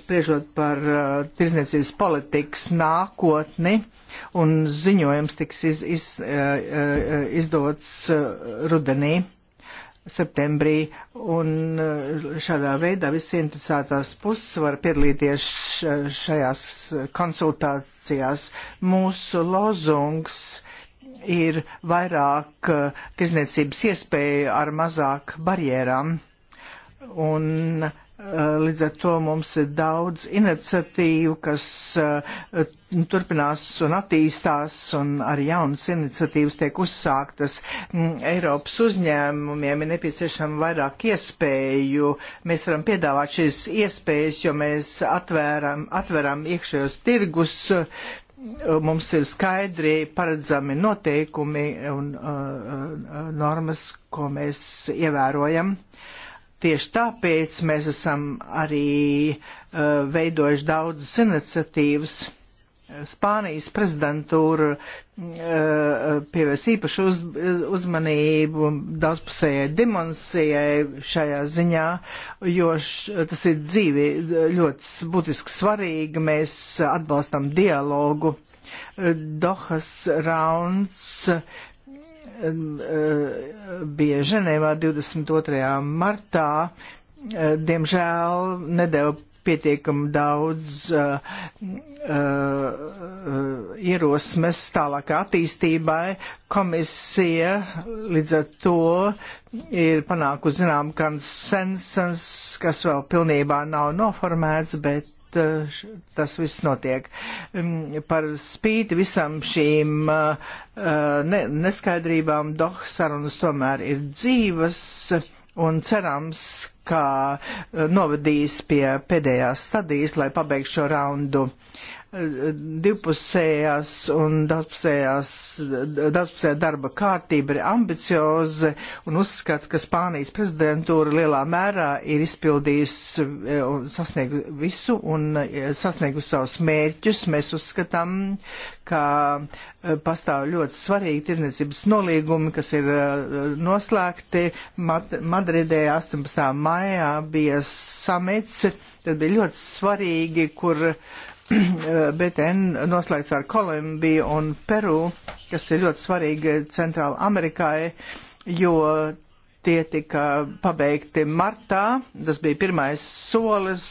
spriežot par eh, tirzniecības politikas nākotni, un ziņojums tiks iz, iz, eh, izdots rudenī septembrī, un eh, šādā veidā visi interesētās puses var piedalīties šajās konsultācijās. Mūsu lozungs ir vairāk eh, tirzniecības iespēju ar mazāk barjerām, un uh, Eh, līdz ar to mums ir daudz iniciatīvu, kas eh, nu, turpinās un attīstās, un arī jaunas iniciatīvas tiek uzsāktas. Mm, Eiropas uzņēmumiem ir nepieciešama vairāk iespēju. Mēs varam piedāvāt šīs iespējas, jo mēs atvēram, atveram iekšējos tirgus. Eh, mums ir skaidri paredzami noteikumi un uh, normas, ko mēs ievērojam. Uh, Tieši tāpēc mēs esam arī uh, veidojuši daudzas iniciatīvas. Spānijas prezidentūra uh, pievērs īpašu uz, uzmanību daudzpusējai dimensijai šajā ziņā, jo š, tas ir dzīvi ļoti būtiski svarīgi. Mēs atbalstam dialogu. Dohas rauns uh, E, bija Ženēvā 22. martā, e, diemžēl nedēļa pietiekami daudz uh, uh, ierosmes tālākai attīstībai. Komisija līdz ar to ir panākusi zinām konsensus, kas vēl pilnībā nav noformēts, bet Eh, tas viss notiek. Mm, par spīti visam šīm eh, eh, ne, neskaidrībām Dohas sarunas tomēr ir dzīvas un cerams, ka novedīs pie pēdējās stadijas, lai pabeigtu šo raundu divpusējās un daudzpusējās, daudzpusējā darba kārtība ir ambicioze un uzskata, ka Spānijas prezidentūra lielā mērā ir izpildījusi e, un sasniegusi visu un e, sasniegusi savus mērķus. Mēs uzskatām, ka e, pastāv ļoti svarīgi tirniecības nolīgumi, kas ir noslēgti. Madridē 18. maijā bija samits tad bija ļoti svarīgi, kur uh, Eh, BTN noslēgts ar Kolumbiju un Peru, kas ir ļoti svarīgi Centrāla Amerikai, jo tie tika pabeigti martā. Tas bija pirmais solis,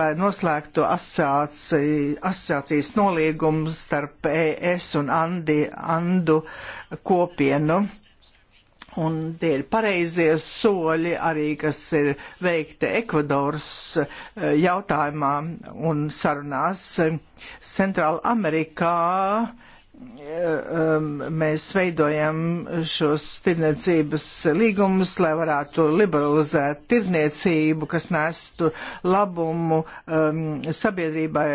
lai noslēgtu asociācijas nolīgumu starp ES un Andi, Andu kopienu. Un tie ir pareizie soļi arī, kas ir veikti Ekvadoras eh, jautājumā un sarunās eh, Centrāla Amerikā Um, mēs veidojam šos tirniecības līgumus, lai varētu liberalizēt tirniecību, kas nestu labumu um, sabiedrībai,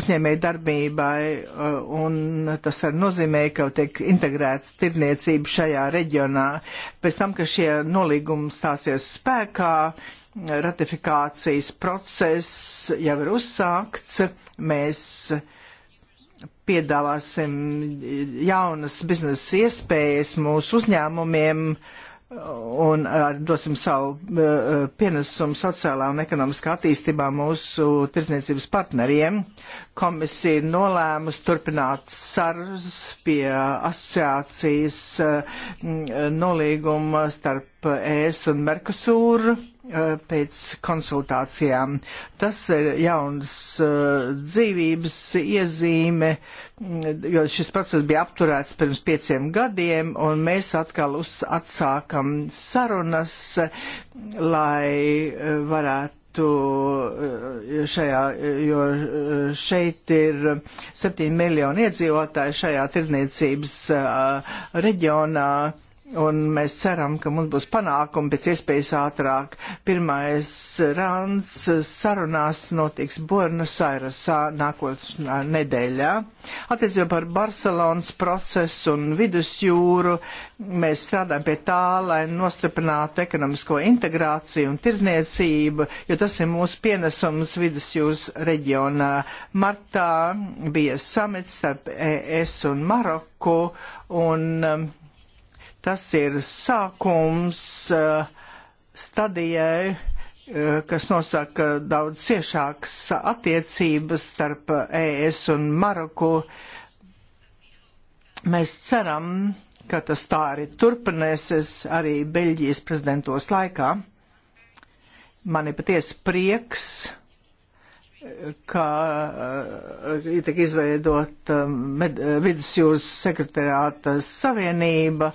uzņēmēji darbībai, uh, un tas arī nozīmē, ka tiek integrēts tirniecība šajā reģionā. Pēc tam, ka šie nolīgumi stāsies spēkā, ratifikācijas process jau ir uzsākts, mēs uh, piedāvāsim jaunas biznesa iespējas mūsu uzņēmumiem un uh, dosim savu uh, uh, pienesumu sociālā un ekonomiskā attīstībā mūsu tirzniecības partneriem. Komisija ir nolēmusi turpināt sarunas pie asociācijas nolīguma starp ES un Merkusūru Eh, pēc konsultācijām. Tas ir jauns eh, dzīvības iezīme, mm, jo šis process bija apturēts pirms pieciem gadiem, un mēs atkal uz, atsākam sarunas, lai eh, varētu būtu šajā, jo šeit ir 7 miljoni iedzīvotāji šajā tirdzniecības reģionā, un mēs ceram, ka mums būs panākumi pēc iespējas ātrāk. Pirmais rāns sarunās notiks Buenos Airesā nākotnē nedēļā. Attiecībā par Barcelonas procesu un vidusjūru mēs strādājam pie tā, lai nostiprinātu ekonomisko integrāciju un tirzniecību, jo tas ir mūsu pienesums vidusjūras reģionā. Martā bija samits starp ES un Maroku un um, Tas ir sākums eh, stadijai, eh, kas nosaka daudz ciešākas attiecības starp ES un Maroku. Mēs ceram, ka tas tā arī turpināsies arī Beļģijas prezidentos laikā. Man ir patiesi prieks kā eh, tiek izveidot eh, med, eh, vidusjūras sekretariāta savienība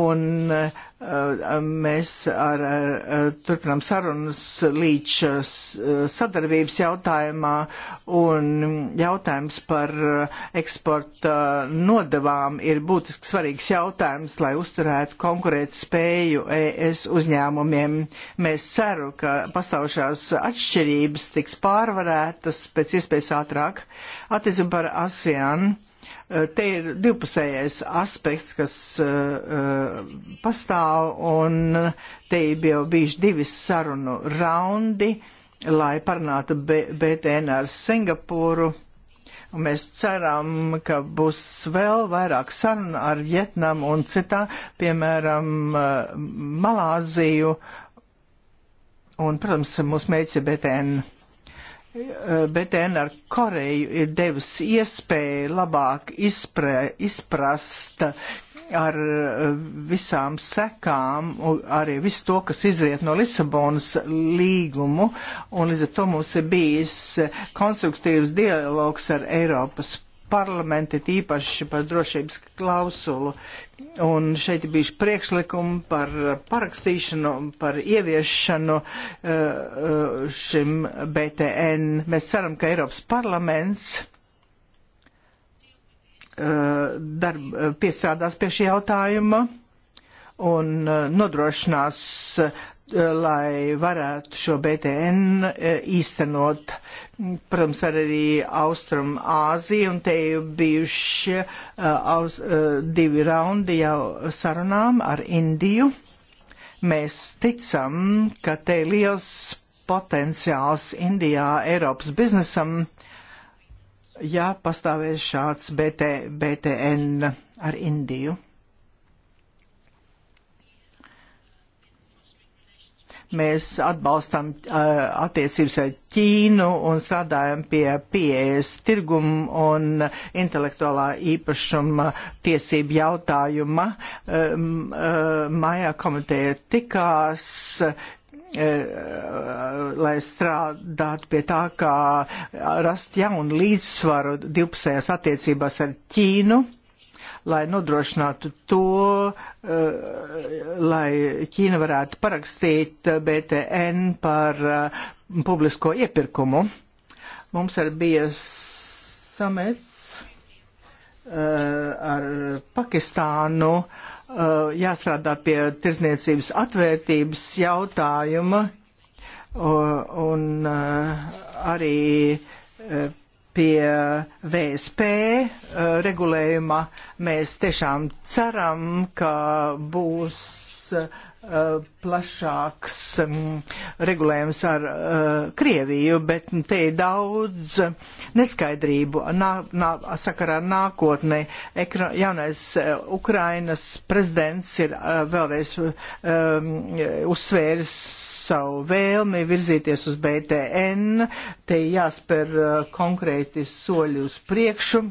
un uh, Eh, mēs ar, ar, eh, turpinām sarunas līdz eh, sadarbības jautājumā un jautājums par eksporta nodevām ir būtiski svarīgs jautājums, lai uzturētu konkurēt spēju ES uzņēmumiem. Mēs ceru, ka pasaušās atšķirības tiks pārvarētas pēc iespējas ātrāk. Attiecībā par ASEAN. Uh, Eh, te ir divpusējais aspekts, kas uh, pastāv, un te jau bijuši divi sarunu raundi, lai parunātu BTN ar Singapūru. Un mēs ceram, ka būs vēl vairāk saruna ar Vietnamu un citā, piemēram, eh, Malāziju. Un, protams, mūsu mērķis ir BTN bet N ar Koreju ir devusi iespēju labāk izpre, izprast ar eh, visām sekām, arī visu to, kas izriet no Lisabonas līgumu, un līdz ar to mums ir bijis konstruktīvs dialogs ar Eiropas parlamenti, tīpaši par drošības klausulu. Un šeit ir bijuši priekšlikumi par parakstīšanu, par ieviešanu eh, eh, šim BTN. Mēs ceram, ka Eiropas parlaments eh, darb, piestrādās pie šī jautājuma un nodrošinās lai varētu šo BTN eh, īstenot. Protams, var arī Austrum Āzija, un te ir bijuši eh, aus, eh, divi raundi jau sarunām ar Indiju. Mēs ticam, ka te ir liels potenciāls Indijā Eiropas biznesam, ja pastāvēs šāds BT, BTN ar Indiju. Mēs atbalstam eh, attiecības ar Ķīnu un strādājam pie pieejas tirgumu un intelektuālā īpašuma tiesību jautājuma. Eh, Mājā komiteja tikās eh, lai strādātu pie tā, kā rast jaunu līdzsvaru divpusējās attiecībās ar Ķīnu lai nodrošinātu to, eh, lai Ķīna varētu parakstīt eh, BTN par eh, publisko iepirkumu. Mums arī bija samets ar Pakistānu jāstrādā pie tirzniecības atvērtības jautājuma un arī pie eh, VSP eh, regulējuma. Mēs tiešām ceram, ka būs eh, Eh, plašāks mm, regulējums ar eh, Krieviju, bet te ir daudz neskaidrību nā, nā, sakarā ar nākotnē. Ekra, jaunais eh, Ukrainas prezidents ir vēlreiz um, uzsvēris savu vēlmi virzīties uz BTN. Te jāspēr konkrēti soļi uz priekšu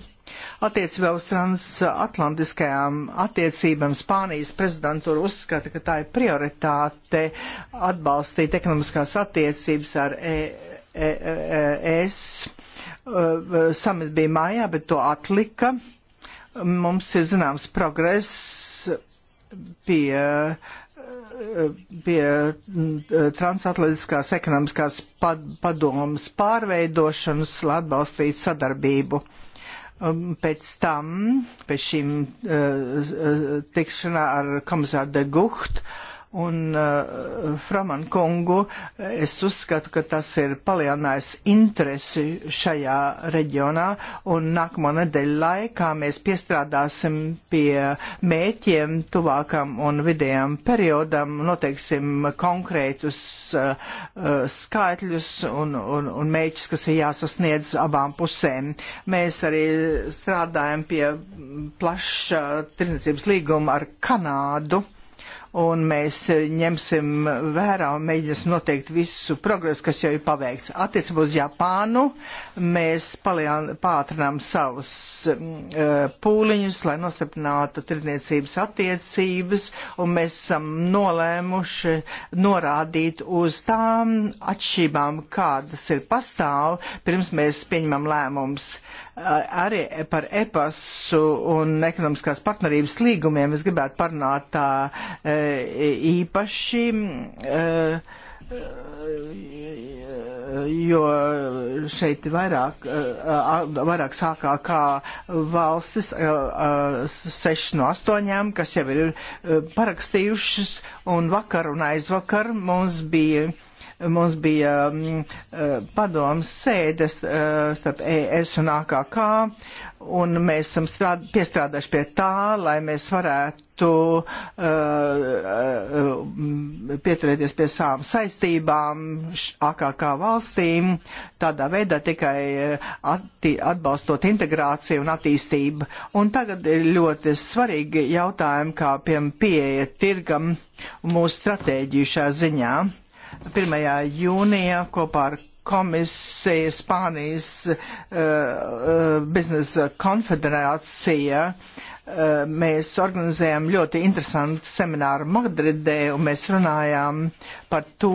Attiecībā uz transatlantiskajām attiecībām Spānijas prezidentūra uzskata, ka tā ir prioritāte atbalstīt ekonomiskās attiecības ar ES. E, e, e, e Samits uh, bija mājā, bet to atlika. Mums ir zināms progress pie pie uh, transatlantiskās ekonomiskās padomas pārveidošanas, lai atbalstītu sadarbību. Uh, Um, pēc tam, pēc šīm uh, uh, tikšanā ar komisāru de Guhtu, un uh, Framan kungu. Es uzskatu, ka tas ir palielinājis interesi šajā reģionā, un nākamo nedēļu laikā mēs piestrādāsim pie mēķiem tuvākam un vidējam periodam, noteiksim konkrētus uh, uh, skaitļus un, un, un mēķus, kas ir jāsasniedz abām pusēm. Mēs arī strādājam pie plaša tirdzniecības līguma ar Kanādu un mēs e, ņemsim vērā un mēģināsim noteikt visu progresu, kas jau ir paveikts. Attiecībā uz Japānu mēs pātrinām savus uh, pūliņus, lai nostiprinātu tirdzniecības attiecības, un mēs esam nolēmuši norādīt uz tām atšķībām, kādas ir pastāv, pirms mēs pieņemam lēmums. Uh, arī par EPAS un ekonomiskās partnerības līgumiem es gribētu parunāt tā. Uh, Eh, īpaši, eh, jo šeit vairāk, eh, vairāk sākā kā valstis, seši no astoņām, kas jau ir parakstījušas, un vakar un aizvakar mums bija mums bija um, padomas sēdes uh, starp ES un AKK, un mēs esam strād, piestrādājuši pie tā, lai mēs varētu uh, uh, pieturēties pie savām saistībām AKK valstīm, tādā veidā tikai uh, atti, atbalstot integrāciju un attīstību. Un tagad ir ļoti svarīgi jautājumi, kā piemēram pieeja tirgam mūsu stratēģiju šajā ziņā. 1. jūnijā kopā ar komisija, Spānijas uh, eh, eh, biznesa konfederācija. Uh, mēs organizējām ļoti interesantu semināru Madridē un mēs runājām par to,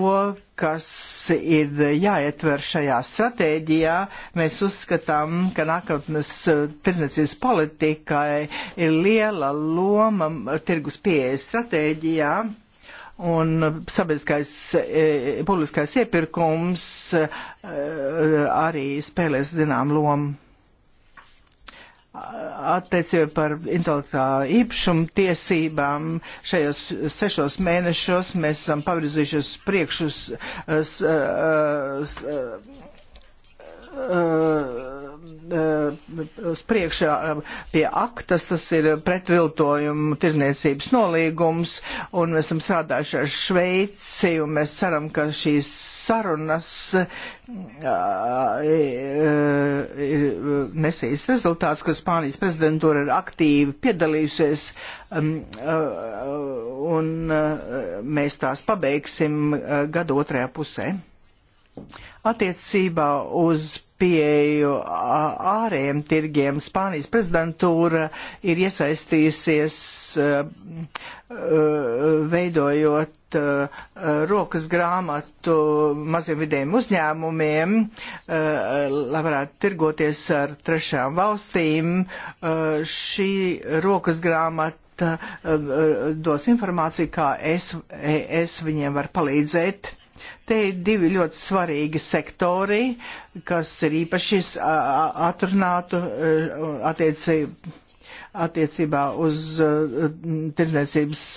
kas ir jāietver šajā stratēģijā. Mēs uzskatām, ka nākotnes tirdzniecības politikai ir liela loma tirgus pieejas stratēģijā un sabiedriskais e, publiskais iepirkums e, arī spēlēs zinām lomu. Attiecībā par intelektuālā īpašuma tiesībām šajos sešos mēnešos mēs esam pavirzījušies priekšus. S, s, s, s, s, s, s, s, Eh, uz priekšu eh, pie aktas, tas ir pretviltojumu tirzniecības nolīgums, un mēs esam strādājuši ar Šveici, un mēs ceram, ka šīs sarunas eh, nesīs rezultāts, kur Spānijas prezidentūra ir aktīvi piedalījusies, um, un mēs tās pabeigsim gada otrajā pusē. Attiecībā uz pieeju ārējiem tirgiem Spānijas prezidentūra ir iesaistījusies veidojot rokas grāmatu maziem vidējiem uzņēmumiem, lai varētu tirgoties ar trešām valstīm. Šī rokas grāmata Eh, eh, dos informāciju, kā es, es viņiem var palīdzēt. Te ir divi ļoti svarīgi sektori, kas ir īpaši eh, atrunātu attiecībā uz tirdzniecības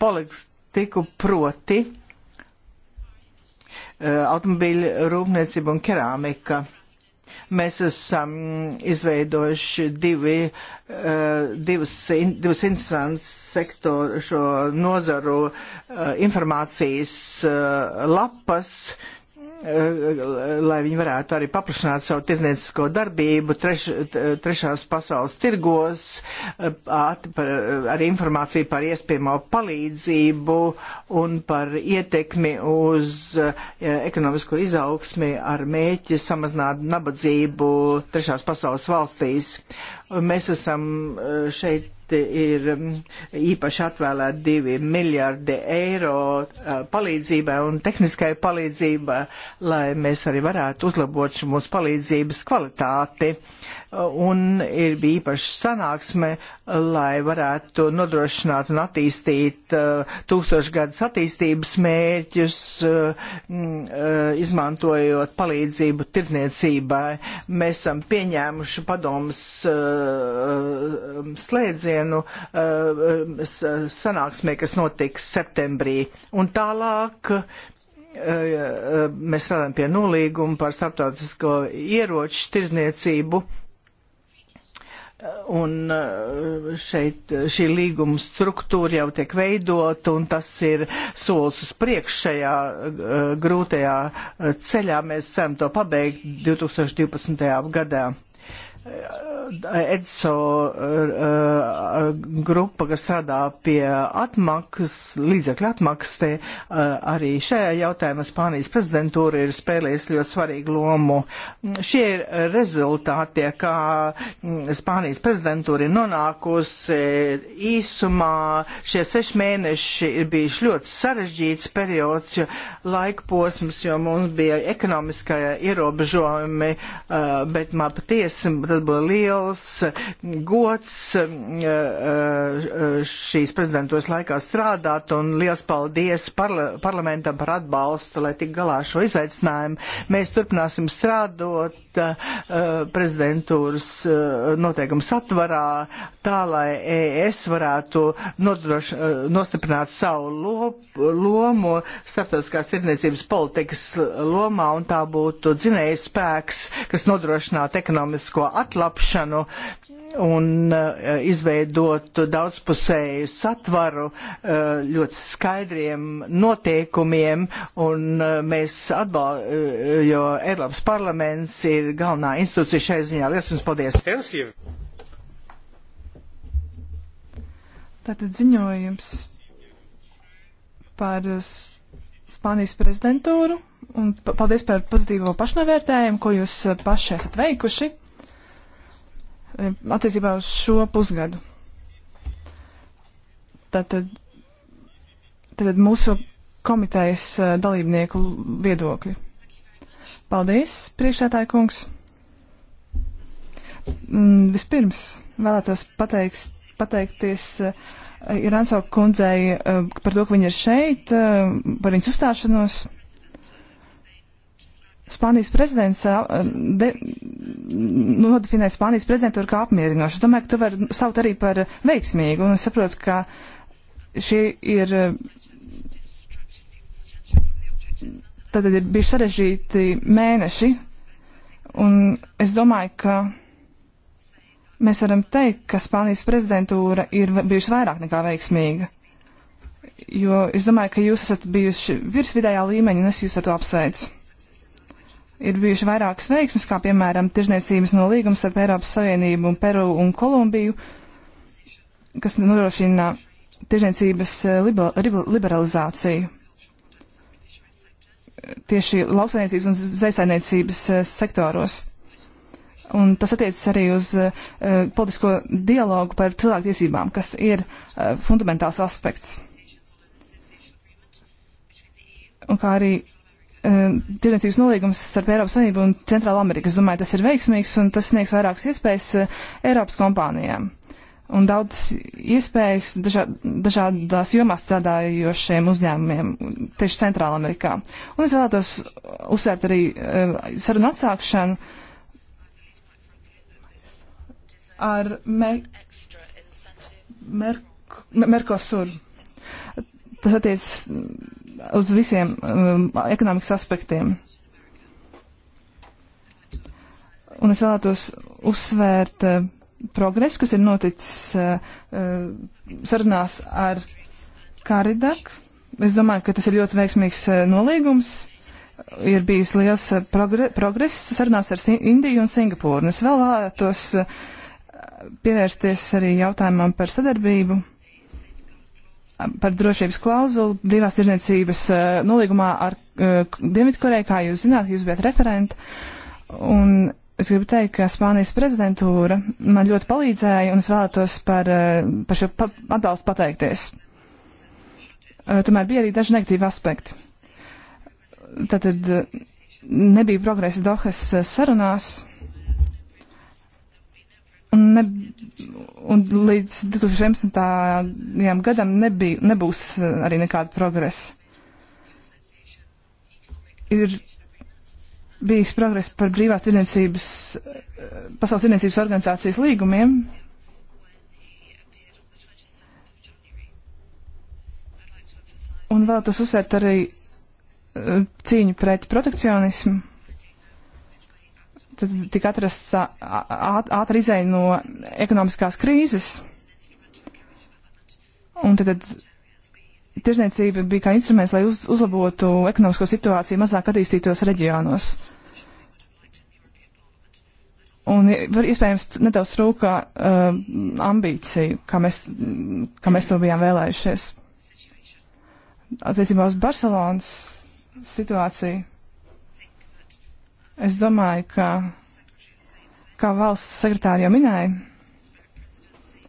politiku proti automobīļu rūpniecību un kerāmika. Mēs esam izveidojuši divi, divas, eh, divas interesants sektoru šo nozaru eh, informācijas eh, lapas, lai viņi varētu arī paplašināt savu tirzniecīsko darbību treš, trešās pasaules tirgos, at, par, ar informāciju par iespējamo palīdzību un par ietekmi uz ja, e, ekonomisko izaugsmi ar mēķi samazināt nabadzību trešās pasaules valstīs. Mēs esam e, šeit parasti ir mm, īpaši atvēlēti divi miljardi eiro uh, palīdzībai un tehniskai palīdzībai, lai mēs arī varētu uzlabot šo mūsu palīdzības kvalitāti. Uh, un ir bija īpaši sanāksme, lai varētu nodrošināt un attīstīt uh, tūkstošgadus attīstības mērķus, mm, izmantojot palīdzību tirdzniecībai. Mēs esam pieņēmuši padomus um, slēdzienu dienu eh, sanāksmē, kas notiks septembrī. Un tālāk eh, mēs strādājam pie nolīguma par starptautisko ieroču tirzniecību. Un eh, šeit šī līguma struktūra jau tiek veidota, un tas ir solis uz priekšu šajā grūtajā ceļā. Mēs ceram to pabeigt 2012. gadā. EDSO er, er, grupa, kas strādā pie atmaksas, līdzekļu atmaksas, te e, arī šajā jautājumā Spānijas prezidentūra ir spēlējusi ļoti svarīgu lomu. Šie ir rezultāti, kā Spānijas prezidentūra ir nonākusi īsumā. Šie seši mēneši ir bijuši ļoti sarežģīts periods, laika posms, jo mums bija ekonomiskajā ierobežojumi, e, bet man patiesi Tātad bija liels gods eh, eh, šīs prezidentos laikā strādāt un liels paldies parla parlamentam par atbalstu, lai tik galā šo izaicinājumu. Mēs turpināsim strādot cita uh, eh, prezidentūras uh, eh, noteikuma satvarā, tā lai ES varētu nodroš, uh, nostiprināt savu lop, lomu starptautiskās tirdzniecības politikas lomā un tā būtu dzinējs spēks, kas nodrošinātu ekonomisko atlapšanu un eh, izveidot daudzpusēju satvaru eh, ļoti skaidriem noteikumiem, un eh, mēs atbalstam, jo Eiropas parlaments ir galvenā institūcija šai ziņā. Lielas jums paldies! Tātad ziņojums par Spānijas prezidentūru, un paldies par pozitīvo pašnavērtējumu, ko jūs paši esat veikuši. E, attiecībā uz šo pusgadu. Tātad, tātad mūsu komitejas e, dalībnieku viedokļi. Paldies, priekšētāja kungs. Vispirms vēlētos pateikt, pateikties e, Irānsau kundzei par to, ka viņa ir šeit, par viņas uzstāšanos. Spānijas prezidents de, nu, nodefinē Spānijas prezidentūru kā apmierinošu. Es domāju, ka to var saukt arī par veiksmīgu, un es saprotu, ka šie ir. Tad ir bijuši sarežģīti mēneši, un es domāju, ka mēs varam teikt, ka Spānijas prezidentūra ir bijusi vairāk nekā veiksmīga. Jo es domāju, ka jūs esat bijuši virsvidējā līmeņa, un es jūs ar to apsveicu ir bijuši vairākas veiksmes, kā piemēram tirzniecības nolīgums ar Eiropas Savienību un Peru un Kolumbiju, kas nodrošina tirzniecības eh, liberalizāciju. Tieši lauksainiecības un zaisainiecības eh, sektoros. Un tas attiecas arī uz uh, politisko dialogu par cilvēktiesībām, kas ir uh, fundamentāls aspekts. Un kā arī Um, tirdzniecības nolīgums starp Eiropas Savienību un Centrālu Ameriku. Es domāju, tas ir veiksmīgs un tas sniegs vairākas iespējas uh, Eiropas kompānijām. Un daudz iespējas dažā, dažādās jomās strādājošiem uzņēmumiem tieši Centrāla Amerikā. Un es vēlētos uzsvērt arī uh, sarunu atsākšanu ar me, mer, Merkosur. Tas attiecas uz visiem um, ekonomikas aspektiem. Un es vēlētos uzsvērt uh, progresu, kas ir noticis uh, uh, sarunās ar Karidak. Es domāju, ka tas ir ļoti veiksmīgs uh, nolīgums. Ir bijis liels uh, progre progress sarunās ar Sin Indiju un Singapūru. Un es vēl vēlētos uh, pievērsties arī jautājumam par sadarbību par drošības klauzulu brīvās tirdzniecības uh, eh, nolīgumā ar uh, Dienvidkoreju, kā jūs zināt, jūs bijat referenti. Un es gribu teikt, ka Spānijas prezidentūra man ļoti palīdzēja un es vēlētos par, uh, par šo pa atbalstu pateikties. Uh, tomēr bija arī daži negatīvi aspekti. Tātad uh, nebija progresa Dohas uh, sarunās. Un, ne, un līdz 2011. gadam nebija, nebūs eh, arī nekāda progresa. Ir bijis progress par brīvās tirdzniecības, eh, pasaules tirdzniecības organizācijas līgumiem. Un vēlētos uzsvērt arī eh, cīņu pret protekcionismu tad tika atrasta ātra izēja no ekonomiskās krīzes. Un tad, tad tirzniecība bija kā instruments, lai uz, uzlabotu ekonomisko situāciju mazāk attīstītos reģionos. Un var, iespējams nedaudz trūka uh, ambīciju, kā mēs, kā mēs to bijām vēlējušies. Attiecībā uz Barcelonas situāciju. Es domāju, ka, kā valsts sekretāri jau minēja,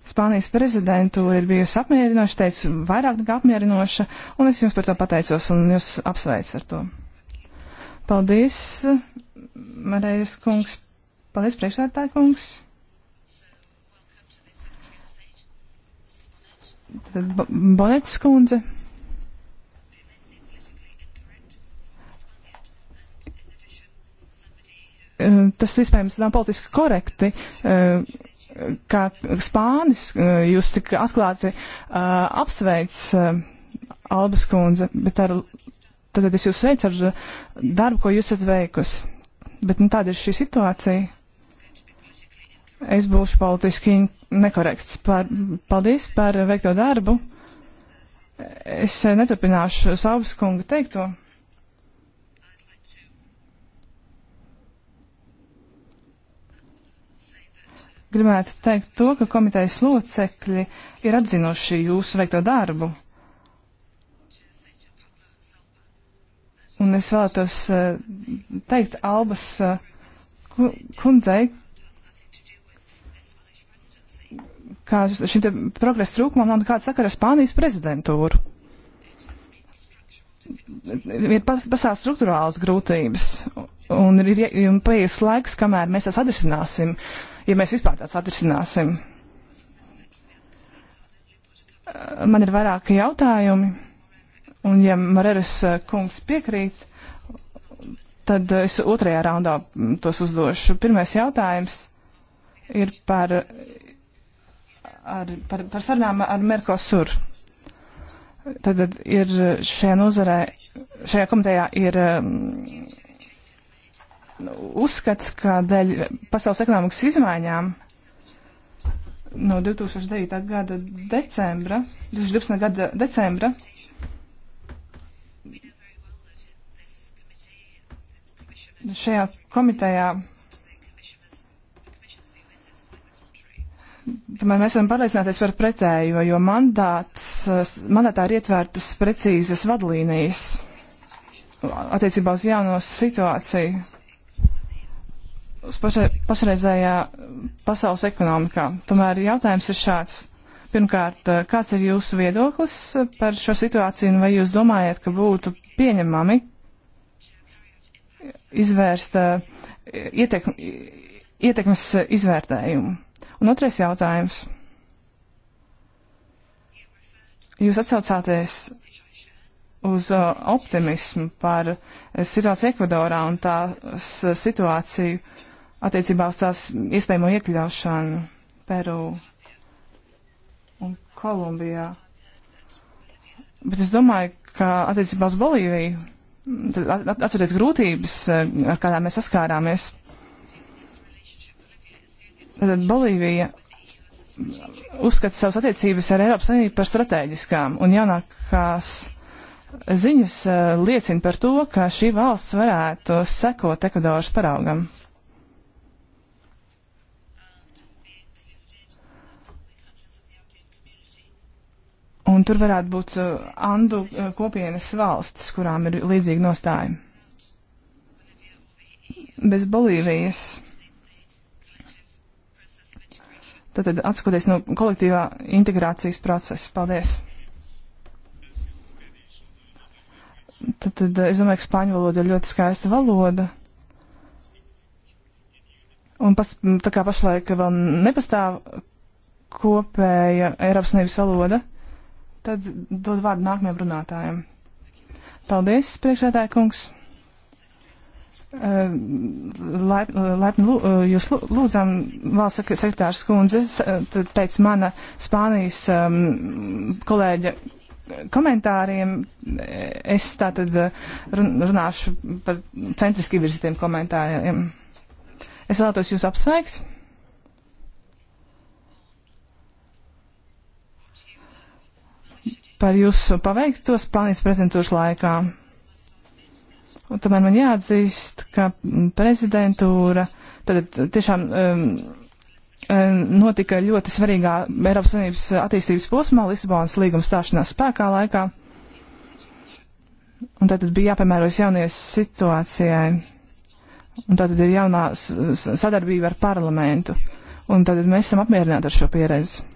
Spānijas prezidentūra ir bijusi apmierinoša, teicu, vairāk nekā apmierinoša, un es jums par to pateicos un jūs apsveicu ar to. Paldies, Marējas kungs. Paldies, priekšsētāja kungs. Tad Bonets kundze. Eh, tas iespējams nav politiski korekti, eh, kā spānis eh, jūs tik atklāti apsveic Albas kundze, bet ar, tad es jūs sveicu ar darbu, ko jūs esat veikusi. Bet nu, tāda ir šī situācija. Es būšu politiski nekorekts. Par, paldies par veikto darbu. Es neturpināšu Saubas kunga teikto. gribētu teikt to, ka komitejas locekļi ir atzinuši jūsu veikto darbu. Un es vēlētos eh, teikt Albas eh, kundzei, kā šim progresa trūkumam nav nekāda sakara ar Spānijas prezidentūru. Ir pas, pasās struktūrāls grūtības un ir, ir paies laiks, kamēr mēs tās atrisināsim. Uh, ja mēs vispār tāds atrisināsim. Man ir vairāki jautājumi, un ja Mareris eh, kungs piekrīt, tad es otrajā raundā tos uzdošu. Pirmais jautājums ir par, ar, par, par sarunām ar Merkosur. Tad ir šajā nozarē, šajā komitejā ir mm, uzskats, ka dēļ pasaules ekonomikas izmaiņām no 2009. gada decembra, 2012. gada decembra, šajā komitejā tomēr mēs varam pārliecināties par pretējo, jo mandāts, mandātā ir ietvērtas precīzas vadlīnijas attiecībā uz jauno situāciju uz pašreizējā pasaules ekonomikā. Tomēr jautājums ir šāds. Pirmkārt, eh, kāds ir jūsu viedoklis eh, par šo situāciju un vai jūs domājat, ka būtu pieņemami izvērst eh, ietek, ietekmes izvērtējumu? Un otrais jautājums. Jūs atsaucāties uz optimismu par situāciju Ekvadorā un tās situāciju attiecībā uz tās iespējamo iekļaušanu Peru un Kolumbijā. Bet es domāju, ka attiecībā uz Bolīviju, tad atceries grūtības, eh, ar kādām mēs saskārāmies. Tad Bolīvija uzskata savas attiecības ar Eiropas Savienību par strateģiskām, un jaunākās ziņas eh, liecina par to, ka šī valsts varētu sekot Ekvadoras paraugam. Un tur varētu būt uh, Andu uh, kopienas valstis, kurām ir līdzīga nostāja. Bez Bolīvijas. Tātad atskoties no kolektīvā integrācijas procesa. Paldies! Tad, tad uh, es domāju, ka spāņu valoda ir ļoti skaista valoda. Un pas, tā kā pašlaik vēl nepastāv kopēja Eiropas Savienības valoda, Tad dod vārdu nākamajam runātājam. Paldies, priekšētāja kungs. Eh, Laip, laipni nu, eh, lū, jūs lūdzām valsts sekretārs kundzes eh, pēc mana Spānijas um, kolēģa komentāriem. Es tātad runāšu par centriski virzītiem komentāriem. Es vēlētos jūs apsveikt. par jūsu paveikto Spānijas prezidentūras laikā. Un tomēr man jāatzīst, ka prezidentūra tad tiešām um, um, notika ļoti svarīgā Eiropas Savienības attīstības posmā, Lisabonas līguma stāšanās spēkā laikā. Un tātad bija jāpiemērojas jaunies situācijai. Un tātad ir jaunā sadarbība ar parlamentu. Un tātad mēs esam apmierināti ar šo pieredzi.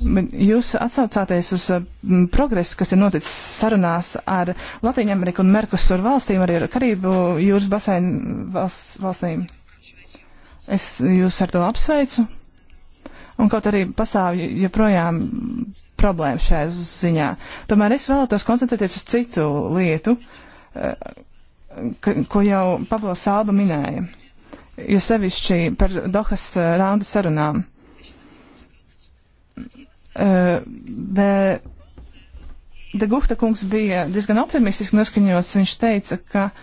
Jūs atsaucāties uz eh, progresu, kas ir noticis sarunās ar Latviju Ameriku un Merkusur valstīm, arī ar Karību jūras basēnu valsts, valstīm. Es jūs ar to apsveicu. Un kaut arī pastāv joprojām problēma šajā ziņā. Tomēr es vēlētos koncentrēties uz citu lietu, eh, ka, ko jau Pablo Sāba minēja. Jo sevišķi par Dohas eh, raundu sarunām. De, de Guhta kungs bija diezgan optimistiski noskaņots. Viņš teica, ka uh,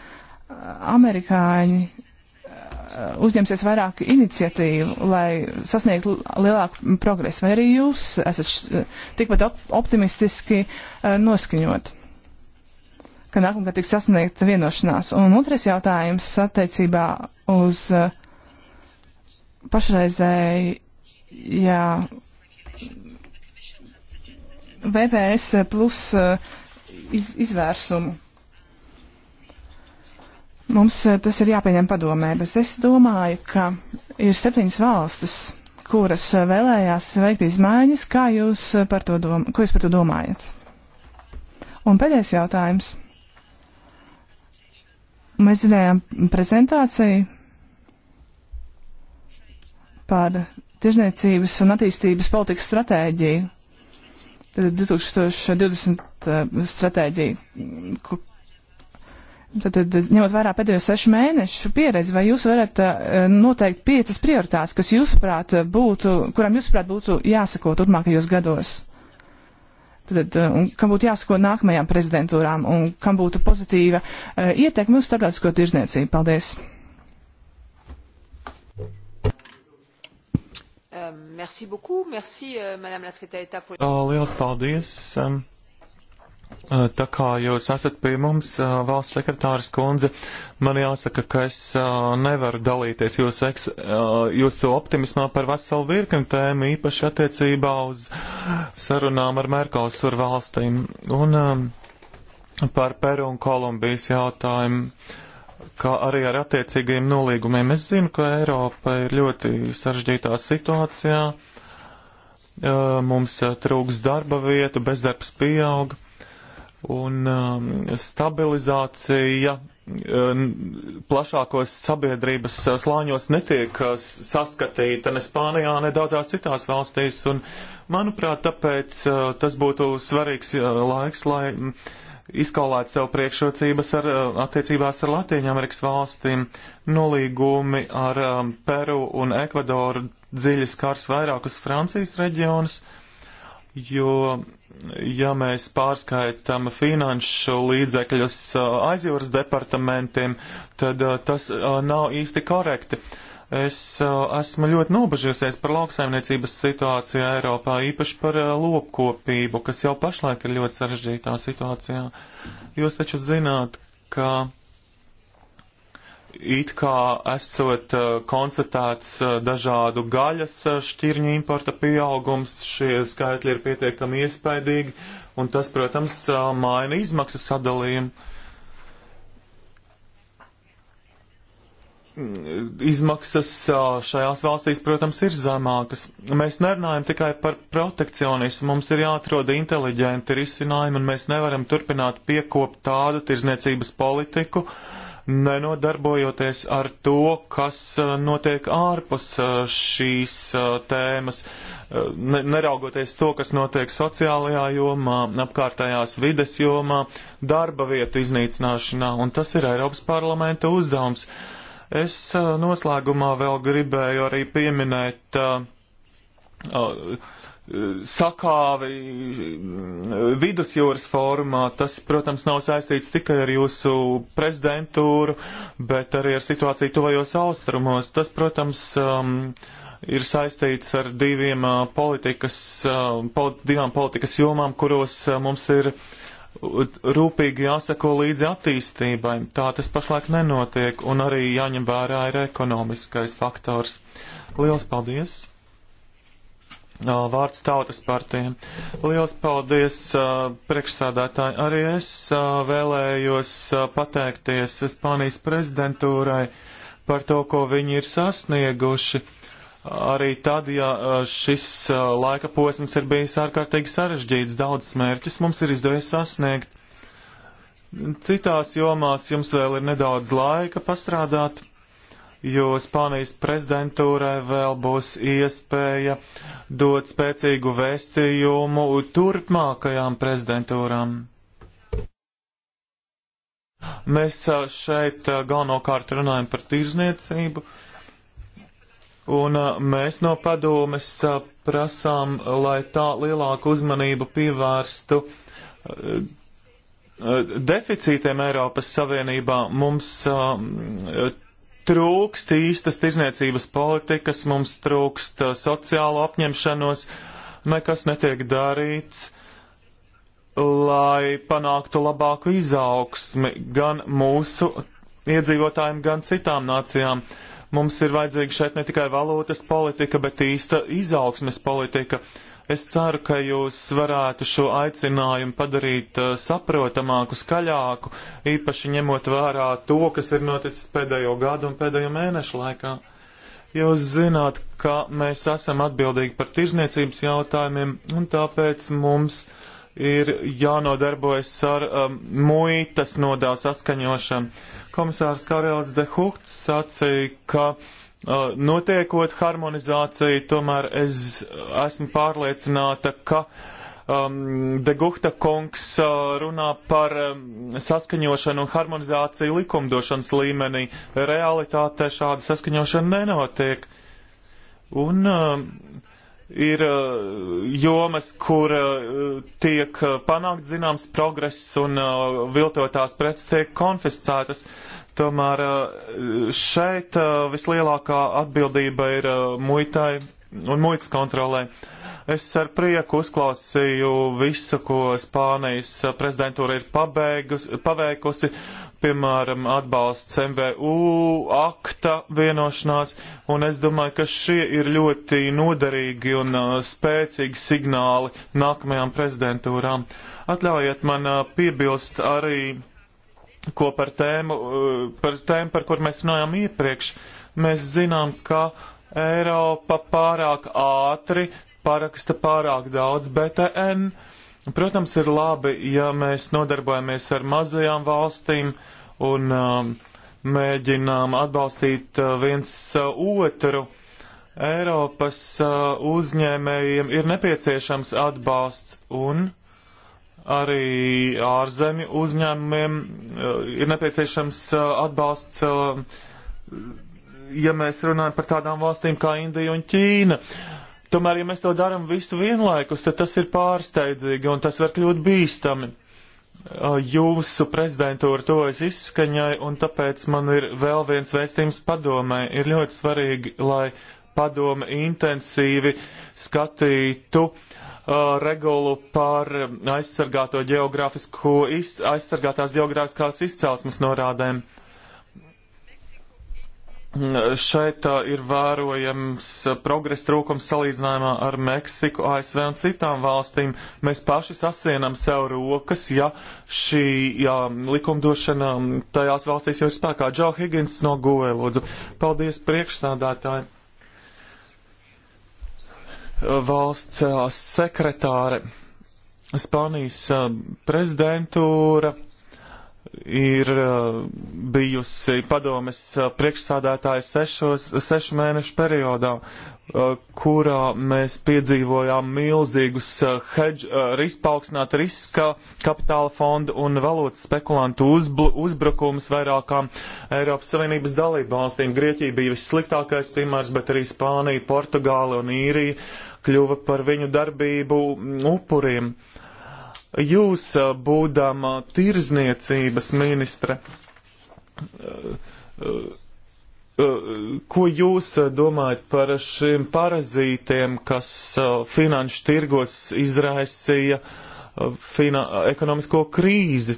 amerikāņi uh, uzņemsies vairāk iniciatīvu, lai sasniegtu lielāku progresu, vai arī jūs esat uh, tikpat op optimistiski uh, noskaņot, ka nākamgad tiks sasniegta vienošanās. Un otrais jautājums attiecībā uz uh, pašreizēju VPS plus eh, iz, izvērsumu. Mums eh, tas ir jāpieņem padomē, bet es domāju, ka ir septiņas valstis, kuras eh, vēlējās veikt izmaiņas. Kā jūs par to, dom Ko jūs par to domājat? Un pēdējais jautājums. Mēs zinājām prezentāciju par tirzniecības un attīstības politikas stratēģiju. 2020 eh, stratēģiju. Tātad, eh, ņemot vērā pēdējo sešu mēnešu pieredzi, vai jūs varat eh, noteikt piecas prioritātes, kas jūsuprāt būtu, kurām jūsuprāt būtu jāsako turpmākajos gados? Tad, un kam būtu jāsako nākamajām prezidentūrām un kam būtu pozitīva uh, ietekme uz starptautisko tirzniecību? Paldies! Um merci beaucoup, merci, uh, madame la sekretārītā. Pour... Liels paldies. Um, tā kā jūs esat pie mums, uh, valsts sekretāras kundze, man jāsaka, ka es uh, nevaru dalīties jūsu, eks, uh, jūsu optimismā par veselu virkni tēmu, īpaši attiecībā uz sarunām ar Merkausur valstīm un um, par Peru un Kolumbijas jautājumu. Uh, kā arī ar attiecīgiem nolīgumiem. Es zinu, ka Eiropa ir ļoti sarežģītā situācijā, mums eh, trūks darba vietu, bezdarbs pieaug, un um, stabilizācija eh, plašākos sabiedrības eh, slāņos netiek saskatīta ne Spānijā, ne daudzās citās valstīs, un manuprāt, tāpēc tas būtu svarīgs laiks, lai izkaulēt sev priekšrocības ar, uh, attiecībās ar Latviju-Amerikas valstīm. Nolīgumi ar um, Peru un Ekvadoru dziļi skars vairākus Francijas reģionus, jo, ja mēs pārskaitam finanšu līdzekļus uh, aizjūras departamentiem, tad uh, tas uh, nav īsti korekti. Uh, Es uh, esmu ļoti nobežījusies par lauksaimniecības situāciju Eiropā, īpaši par uh, lopkopību, kas jau pašlaik ir ļoti sarežģītā situācijā. Jūs taču zināt, ka it kā esot uh, konstatēts uh, dažādu gaļas uh, šķirņu importa pieaugums, šie skaitļi ir pietiekami iespaidīgi, un tas, protams, uh, maina izmaksu sadalījumu. izmaksas šajās valstīs, protams, ir zemākas. Mēs nerunājam tikai par protekcionismu, mums ir jāatrod inteliģenti risinājumi, un mēs nevaram turpināt piekopt tādu tirzniecības politiku, nenodarbojoties ar to, kas notiek ārpus šīs tēmas, neraugoties to, kas notiek sociālajā jomā, apkārtējās vides jomā, darba vietu iznīcināšanā, un tas ir Eiropas parlamenta uzdevums. Uh, Es noslēgumā vēl gribēju arī pieminēt uh, sakāvi vidusjūras fórumā. Tas, protams, nav saistīts tikai ar jūsu prezidentūru, bet arī ar situāciju tuvajos austrumos. Tas, protams, um, ir saistīts ar diviem, uh, politikas, uh, polit divām politikas jomām, kuros uh, mums ir uh, rūpīgi jāsako līdzi attīstībai. Tā tas pašlaik nenotiek, un arī jāņem vērā ir ekonomiskais faktors. Liels paldies! Vārds tautas partijiem. Liels paldies priekšsādātāji. Arī es vēlējos pateikties Spānijas prezidentūrai par to, ko viņi ir sasnieguši Arī tad, ja šis laika posms ir bijis ārkārtīgi sarežģīts, daudz smērķis mums ir izdevies sasniegt. Citās jomās jums vēl ir nedaudz laika pastrādāt, jo Spānijas prezidentūrai vēl būs iespēja dot spēcīgu vēstījumu turpmākajām prezidentūrām. Mēs šeit galvenokārt runājam par tirzniecību, Un mēs no padomes prasām, lai tā lielāku uzmanību pievērstu deficītiem Eiropas Savienībā. Mums trūkst īstas tirzniecības politikas, mums trūkst sociālo apņemšanos, nekas netiek darīts, lai panāktu labāku izaugsmi gan mūsu iedzīvotājiem, gan citām nācijām. Uh, Mums ir vajadzīga šeit ne tikai valūtas politika, bet īsta izaugsmes politika. Es ceru, ka jūs varētu šo aicinājumu padarīt uh, saprotamāku, skaļāku, īpaši ņemot vērā to, kas ir noticis pēdējo gadu un pēdējo mēnešu laikā. Jūs zināt, ka mēs esam atbildīgi par tirzniecības jautājumiem, un tāpēc mums ir jānodarbojas ar um, muitas nodēlu saskaņošanu. Komisārs Karels de Hukts sacīja, ka uh, notiekot harmonizāciju, tomēr es esmu pārliecināta, ka um, de Guhta kungs uh, runā par um, saskaņošanu un harmonizāciju likumdošanas līmenī. Realitātē šāda saskaņošana nenotiek. Un uh, ir eh, jomas, kur eh, tiek eh, panākt zināms progress un viltotās preces tiek konfiscētas. Tomēr šeit vislielākā atbildība ir muitai un muitas kontrolē. Es ar prieku uzklausīju visu, ko Spānijas prezidentūra ir pabeigus, paveikusi, piemēram, atbalsts MVU akta vienošanās, un es domāju, ka šie ir ļoti noderīgi un uh, spēcīgi signāli nākamajām prezidentūrām. Atļaujiet man uh, piebilst arī, ko par tēmu, uh, par tēmu, par kur mēs runājām iepriekš. Mēs zinām, ka Eiropa pārāk ātri paraksta pārāk daudz BTN. Uh, Protams, ir labi, ja mēs nodarbojamies ar mazajām valstīm un um, mēģinām atbalstīt uh, viens uh, otru. Eiropas uh, uzņēmējiem ir nepieciešams atbalsts un arī ārzemju uzņēmumiem uh, ir nepieciešams uh, atbalsts, uh, ja mēs runājam par tādām valstīm kā Indija un Ķīna. Uh, Tomēr, ja mēs to darām visu vienlaikus, tad tas ir pārsteidzīgi un tas var kļūt bīstami. Jūsu prezidentūra tojas izskaņai, un tāpēc man ir vēl viens vēstījums padomē. Ir ļoti svarīgi, lai padome intensīvi skatītu uh, regulu par aizsargāto geogrāfisko, iz, aizsargātās geogrāfiskās izcelsmes norādēm. Uh, Šeit uh, ir vērojams uh, progresa trūkums salīdzinājumā ar Meksiku, ASV un citām valstīm. Mēs paši sasienam sev rokas, ja šī jā, likumdošana um, tajās valstīs jau ir spēkā. Džo Higgins no Goe, lūdzu. Paldies priekšsādātāji. Valsts uh, sekretāre, Spānijas uh, prezidentūra ir bijusi padomes priekšsādātāja sešos, sešu mēnešu periodā, kurā mēs piedzīvojām milzīgus hedž, risk, paaugstināt riska kapitāla fondu un valūtas spekulantu uzbl, uzbrukumus vairākām Eiropas Savienības dalību valstīm. Grieķija bija vissliktākais piemērs, bet arī Spānija, Portugāla un Īrija kļuva par viņu darbību upuriem jūs, būdama tirzniecības ministre, ko jūs domājat par šiem parazītiem, kas finanšu tirgos izraisīja fina ekonomisko krīzi?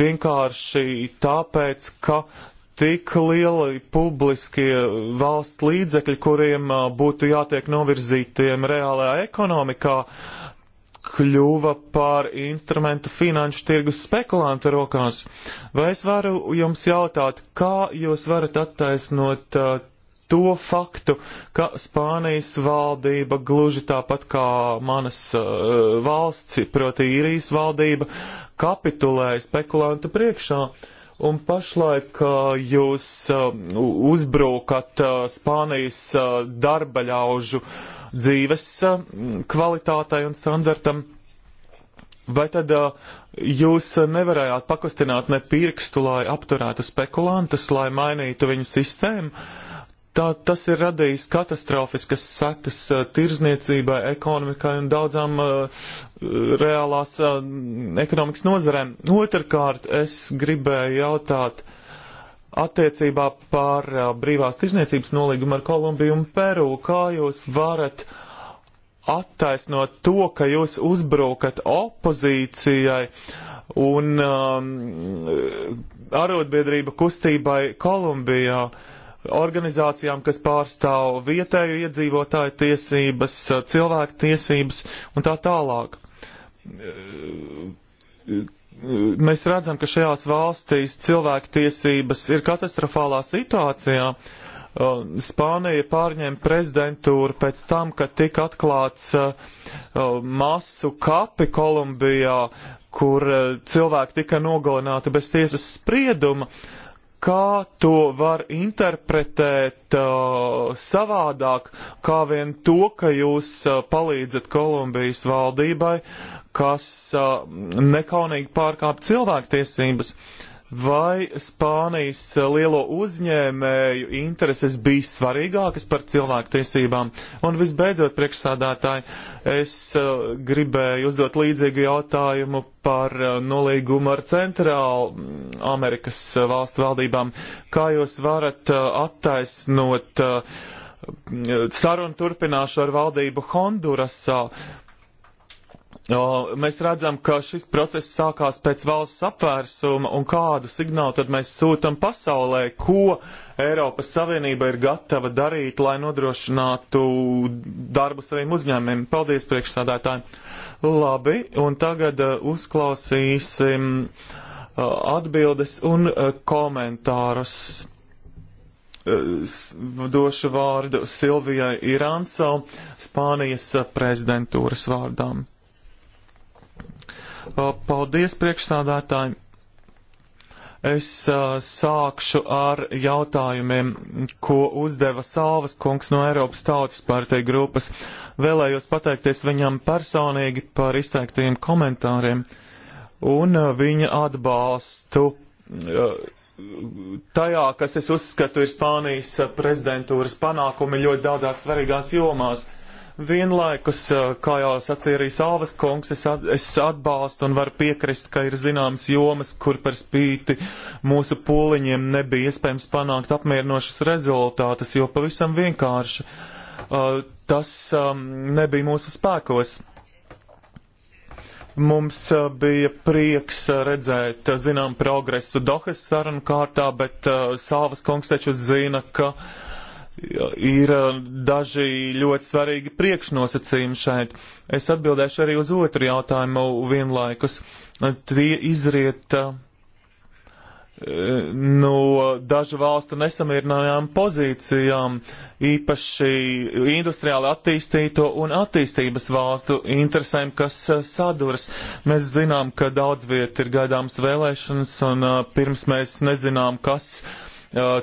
Vienkārši tāpēc, ka tik lieli publiskie valsts līdzekļi, kuriem būtu jātiek novirzītiem reālajā ekonomikā, uh, kļuva par instrumentu finanšu tirgus spekulantu rokās. Vai es varu jums jautāt, kā jūs varat attaisnot uh, to faktu, ka Spānijas valdība gluži tāpat kā manas uh, valsts, proti īrijas valdība, kapitulēja spekulantu priekšā? Un pašlaik uh, jūs uh, uzbrukat uh, Spānijas uh, darbaļaužu uh, dzīves kvalitātei un standartam. Vai tad jūs nevarējāt pakustināt ne pirkstu, lai apturētu spekulantus, lai mainītu viņu sistēmu? Tā, tas ir radījis katastrofiskas sekas tirzniecībai, ekonomikai un daudzām uh, reālās uh, ekonomikas nozarēm. Otrakārt, es gribēju jautāt, uh, attiecībā par brīvās tirzniecības nolīgumu ar Kolumbiju un Peru. Kā jūs varat attaisnot to, ka jūs uzbrukat opozīcijai un um, arotbiedrība kustībai Kolumbijā? organizācijām, kas pārstāv vietēju iedzīvotāju tiesības, cilvēku tiesības un tā tālāk mēs redzam, ka šajās valstīs cilvēktiesības ir katastrofālā situācijā. Uh, Spānija pārņēma prezidentūru pēc tam, kad tika atklāts uh, uh, masu kapi Kolumbijā, kur cilvēki tika nogalināti bez tiesas sprieduma. Uh, kā to var interpretēt uh, savādāk, kā vien to, ka jūs uh, palīdzat Kolumbijas valdībai, kas uh, nekaunīgi pārkāp cilvēktiesības. Uh, vai Spānijas eh, lielo uzņēmēju intereses bija svarīgākas par cilvēktiesībām? Un visbeidzot, priekšsādātāji, es eh, gribēju uzdot līdzīgu jautājumu par eh, nolīgumu ar Centrālu mm, Amerikas valstu valdībām. Kā jūs varat attaisnot mm, sarunu turpināšu ar valdību Hondurasā? O, mēs redzam, ka šis process sākās pēc valsts apvērsuma un kādu signālu tad mēs sūtam pasaulē, ko Eiropas Savienība ir gatava darīt, lai nodrošinātu darbu saviem uzņēmumiem. Paldies, priekšsādātāji! Labi, un tagad uh, uzklausīsim uh, atbildes un uh, komentārus. Došu vārdu Silvijai Irānsau, Spānijas uh, prezidentūras vārdām. Paldies priekšsādātājiem! Es uh, sākšu ar jautājumiem, ko uzdeva Salvas kungs no Eiropas Tautas partija grupas. Vēlējos pateikties viņam personīgi par izteiktajiem komentāriem un uh, viņa atbalstu uh, tajā, kas es uzskatu ir Spānijas prezidentūras panākumi ļoti daudzās svarīgās jomās. Vienlaikus, kā jau sacīja arī Sāvas kungs, es, at, es atbalstu un varu piekrist, ka ir zināmas jomas, kur par spīti mūsu pūliņiem nebija iespējams panākt apmierinošas rezultātus, jo pavisam vienkārši tas nebija mūsu spēkos mums bija prieks redzēt, zinām, progresu Dohas sarunu kārtā, bet uh, Sāvas kungs taču zina, ka uh, ir eh, daži ļoti svarīgi priekšnosacījumi šeit. Es atbildēšu arī uz otru jautājumu vienlaikus. Tie izriet eh, no dažu valstu nesamierinājām pozīcijām, īpaši industriāli attīstīto un attīstības valstu interesēm, kas eh, saduras. Mēs zinām, ka daudz viet ir gaidāms vēlēšanas, un pirms mēs nezinām, kas uh,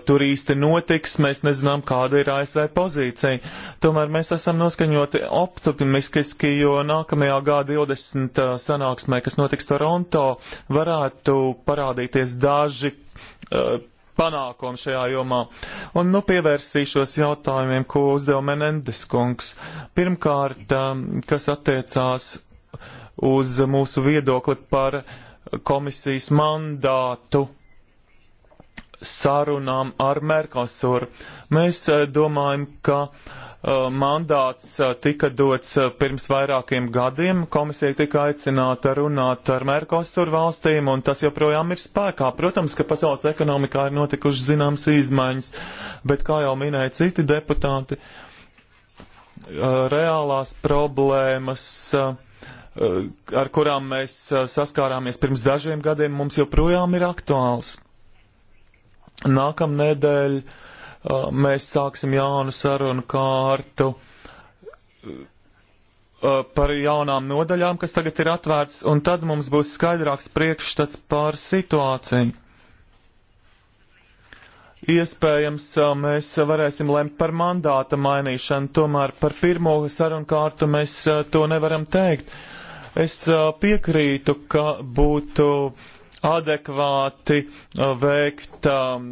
tur īsti notiks, mēs nezinām, kāda ir ASV pozīcija. Tomēr mēs esam noskaņoti optimistiski, jo nākamajā G20 sanāksmē, kas notiks Toronto, varētu parādīties daži uh, panākumu šajā jomā. Un nu pievērsīšos jautājumiem, ko uzdeva Menendes kungs. Pirmkārt, kas attiecās uz mūsu viedokli par komisijas mandātu sarunām ar Merkosuru. Mēs eh, domājam, ka eh, mandāts eh, tika dots pirms vairākiem gadiem. Komisija tika aicināta runāt ar Merkosur valstīm, un tas joprojām ir spēkā. Protams, ka pasaules ekonomikā ir notikušas zināmas izmaiņas, bet, kā jau minēja citi deputāti, reālās problēmas, ar kurām mēs saskārāmies pirms dažiem gadiem, mums joprojām ir aktuāls. Nākamnedēļ uh, mēs sāksim jaunu sarunu kārtu uh, par jaunām nodaļām, kas tagad ir atvērts, un tad mums būs skaidrāks priekšstats par situāciju. Iespējams, uh, mēs varēsim lemt par mandāta mainīšanu, tomēr par pirmo sarunu kārtu mēs to nevaram teikt. Es piekrītu, ka būtu uh, adekvāti uh, veikt um,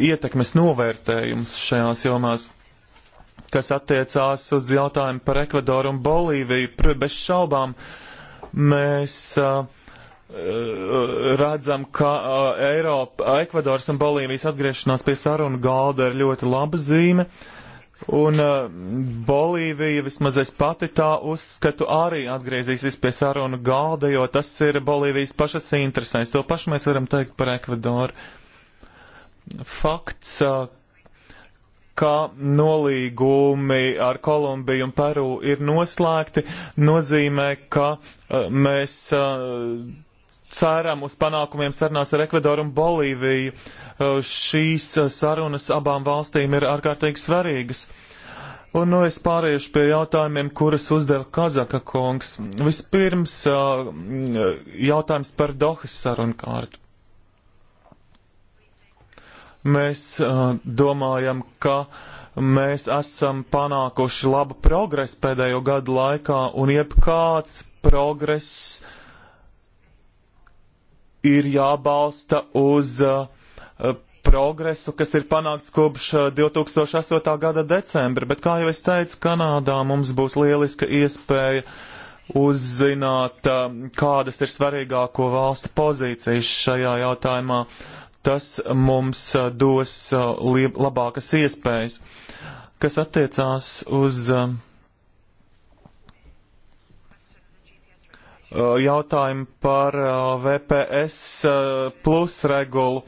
ietekmes novērtējumus šajās jomās, kas attiecās uz jautājumu par Ekvadoru un Bolīviju. Bez šaubām mēs uh, uh, redzam, ka uh, Eiropa, Ekvadors un Bolīvijas atgriešanās pie sarunu galda ir ļoti laba zīme. Uh, Un uh, Bolīvija, vismaz es pati tā uzskatu, arī atgriezīsies pie sarunu galda, jo tas ir Bolīvijas pašas interesēs. To pašu mēs varam teikt par Ekvadoru. Fakts, uh, ka nolīgumi ar Kolumbiju un Peru ir noslēgti, nozīmē, ka uh, mēs. Uh, ceram uz panākumiem sarunās ar Ekvadoru un Bolīviju. Uh, šīs sarunas abām valstīm ir ārkārtīgi svarīgas. Un nu es pāriešu pie jautājumiem, kurus uzdeva Kazaka kungs. Vispirms uh, jautājums par Dohas sarunu kārtu. Mēs uh, domājam, ka mēs esam panākuši labu progresu pēdējo gadu laikā, un jebkāds progress ir jābalsta uz uh, uh, progresu, kas ir panākts kopš 2008. Uh, gada decembra, bet kā jau es teicu, Kanādā mums būs lieliska iespēja uzzināt, um, kādas ir svarīgāko valstu pozīcijas šajā jautājumā. Tas mums dos labākas iespējas, kas attiecās uz uh, Eh, jautājumu par eh, VPS eh, plus regulu.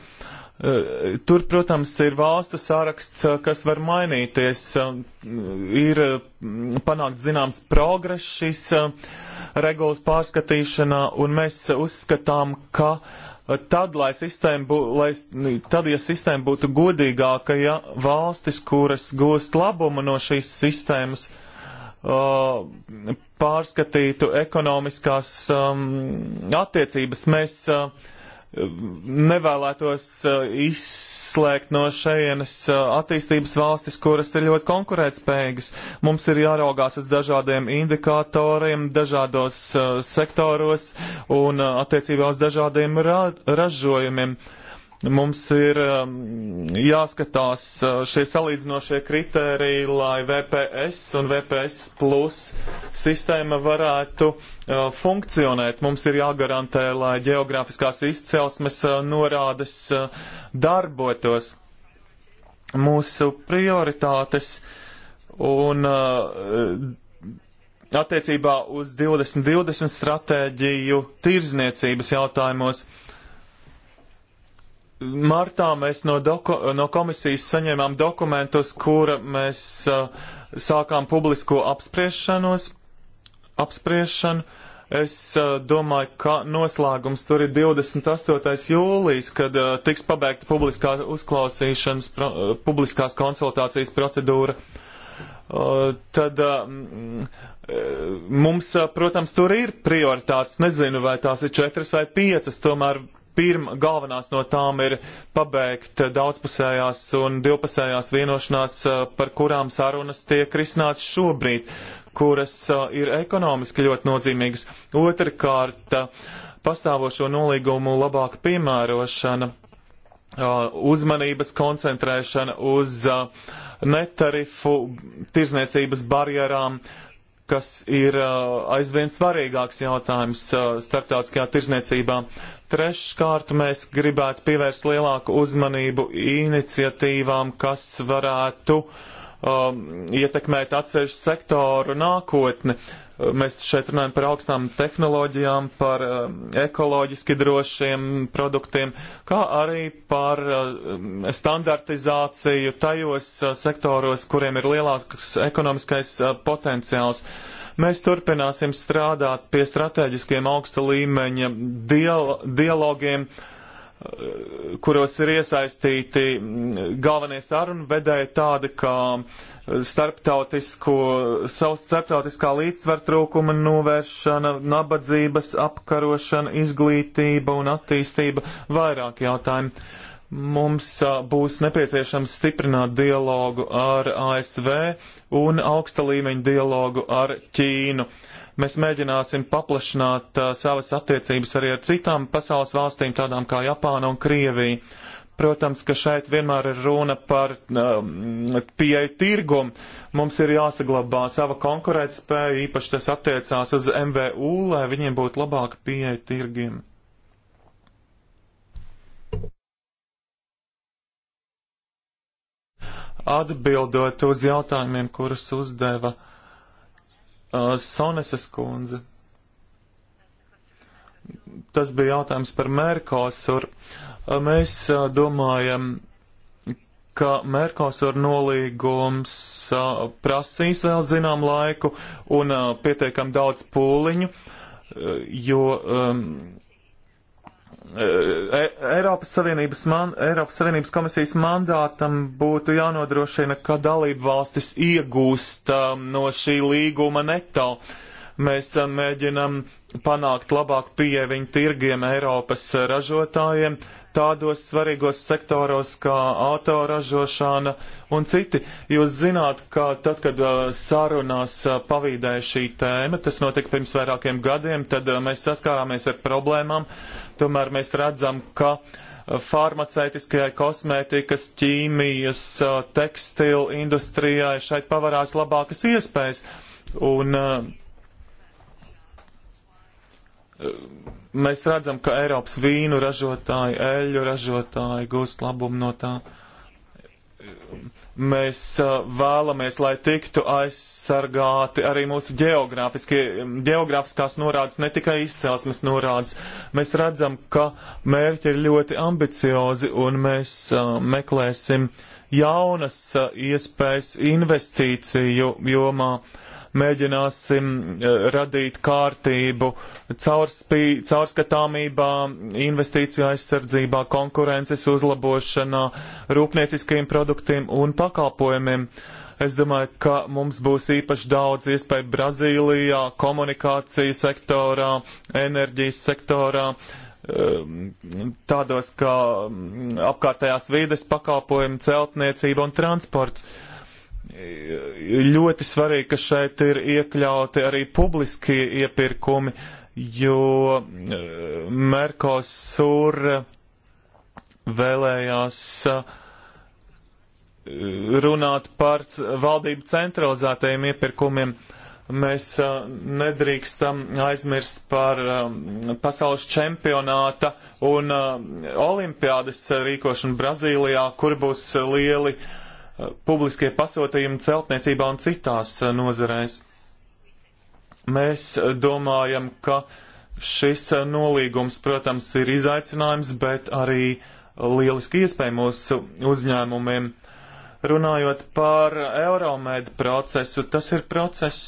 Tur, protams, ir valstu saraksts, kas var mainīties. Ir mm, panākt zināms progress šīs regulas pārskatīšanā, un mēs uzskatām, ka tad, lai sistēma, bū, lai, tad ja sistēma būtu godīgāka, ja valstis, kuras gūst labumu no šīs sistēmas, uh, uh, pārskatītu ekonomiskās um, attiecības. Mēs uh, nevēlētos uh, izslēgt no šejienes uh, attīstības valstis, kuras ir ļoti konkurētspējīgas. Mums ir jāraugās uz dažādiem indikatoriem, dažādos uh, sektoros un attiecībā uz dažādiem ra ražojumiem. Uh, Mums ir um, jāskatās uh, šie salīdzinošie kritēriji, lai VPS un VPS plus sistēma varētu uh, funkcionēt. Mums ir jāgarantē, lai geogrāfiskās izcelsmes uh, norādes darbotos. Mūsu prioritātes un attiecībā uz 2020 stratēģiju tirzniecības jautājumos Martā mēs no, doku, no komisijas saņēmām dokumentus, kura mēs uh, sākām publisko apspriešanos, apspriešanu. Es uh, domāju, ka noslēgums tur ir 28. jūlijas, kad uh, tiks pabeigta publiskā uzklausīšanas, pro, uh, publiskās konsultācijas procedūra. Uh, tad uh, mums, uh, protams, tur ir prioritātes. Nezinu, vai tās ir četras vai piecas, tomēr Pirmā galvenās no tām ir pabeigt daudzpusējās un divpusējās vienošanās, eh, par kurām sarunas tiek risināts šobrīd, kuras eh, ir ekonomiski ļoti nozīmīgas. Otrakārt, eh, pastāvošo nolīgumu labāka piemērošana uzmanības koncentrēšana uz netarifu tirzniecības barjerām, kas ir aizvien svarīgāks jautājums starptautiskajā tirzniecībā. Treškārt, mēs gribētu pievērst lielāku uzmanību iniciatīvām, kas varētu um, ietekmēt atsevišķu sektoru nākotni. Uh, Mēs šeit runājam par augstām tehnoloģijām, par eh, ekoloģiski drošiem produktiem, kā arī par eh, standartizāciju tajos eh, sektoros, kuriem ir lielāks ekonomiskais potenciāls. Mēs turpināsim strādāt pie strateģiskiem augsta līmeņa dial dialogiem. Uh, kuros ir iesaistīti galvenie sarunu vedēji tādi kā starptautisko, savs starptautiskā līdzsver trūkuma novēršana, nabadzības apkarošana, izglītība un attīstība, vairāk jautājumu. Mums būs nepieciešams stiprināt dialogu ar ASV un augsta līmeņa dialogu ar Ķīnu. Uh, Mēs mēģināsim paplašināt uh, savas attiecības arī ar citām pasaules valstīm, tādām kā Japāna un Krievija. Protams, ka šeit vienmēr ir runa par um, pieeju tirgumu. Mums ir jāsaglabā sava konkurētspēja, īpaši tas attiecās uz MVU, lai viņiem būtu labāka pieeja tirgiem. Atbildot uz jautājumiem, kurus uzdeva uh, Uh, Sonesas kundze. Tas bija jautājums par Mērkosur. Uh, mēs uh, domājam, ka Mērkosur nolīgums uh, prasīs vēl zinām laiku un uh, pietiekam daudz pūliņu, uh, jo. Um, Eh, e, Eiropas Savienības, man, Eiropas Savienības komisijas mandātam būtu jānodrošina, ka dalību valstis iegūst um, no šī līguma neto. Mēs um, mēģinam panākt labāku pieeju viņu tirgiem Eiropas ražotājiem tādos svarīgos sektoros kā autoražošana un citi. Jūs zināt, ka tad, kad uh, sarunās uh, pavīdēja šī tēma, tas notika pirms vairākiem gadiem, tad uh, mēs saskārāmies ar problēmām, Tomēr mēs redzam, ka uh, farmaceitiskajai kosmētikas, ķīmijas, uh, tekstilu industrijai šeit pavarās labākas iespējas. Un uh, mēs redzam, ka Eiropas vīnu ražotāji, eļļu ražotāji gūst labumu no tā Mēs vēlamies, lai tiktu aizsargāti arī mūsu geogrāfiskās norādes, ne tikai izcelsmes norādes. Mēs redzam, ka mērķi ir ļoti ambiciozi un mēs meklēsim jaunas iespējas investīciju jomā. Jo mēģināsim eh, radīt kārtību caurspī, caurskatāmībā, investīciju aizsardzībā, konkurences uzlabošanā, rūpnieciskajiem produktiem un pakalpojumiem. Es domāju, ka mums būs īpaši daudz iespēju Brazīlijā, komunikāciju sektorā, enerģijas sektorā, eh, tādos kā mm, apkārtējās vīdes pakalpojumi, celtniecība un transports ļoti svarīgi, ka šeit ir iekļauti arī publiski iepirkumi, jo e, Merkosur vēlējās e, runāt par valdību centralizētajiem iepirkumiem. Mēs e, nedrīkstam aizmirst par pasaules čempionāta un olimpiādes rīkošanu Brazīlijā, kur būs lieli uh, Eh, publiskie pasūtījumi celtniecībā un citās eh, nozarēs. Mēs eh, domājam, ka šis nolīgums, protams, ir izaicinājums, bet arī lieliski iespēja mūsu uzņēmumiem. Runājot par Euromēdu procesu, tas ir process,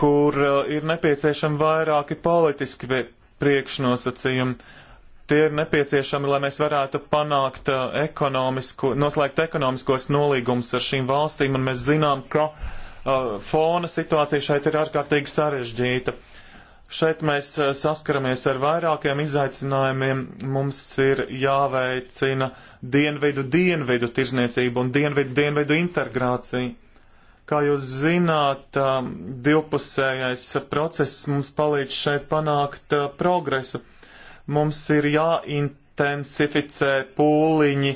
kur ir nepieciešami vairāki politiski priekšnosacījumi Tie ir nepieciešami, lai mēs varētu panākt uh, ekonomisku, noslēgt ekonomiskos nolīgumus ar šīm valstīm, un mēs zinām, ka uh, fona situācija šeit ir ārkārtīgi sarežģīta. Šeit mēs uh, saskaramies ar vairākiem izaicinājumiem. Mums ir jāveicina dienvidu dienvidu tirzniecību un dienvidu dienvidu integrāciju. Kā jūs zināt, um, divpusējais process mums palīdz šeit panākt uh, progresu. Mums ir jāintensificē pūliņi,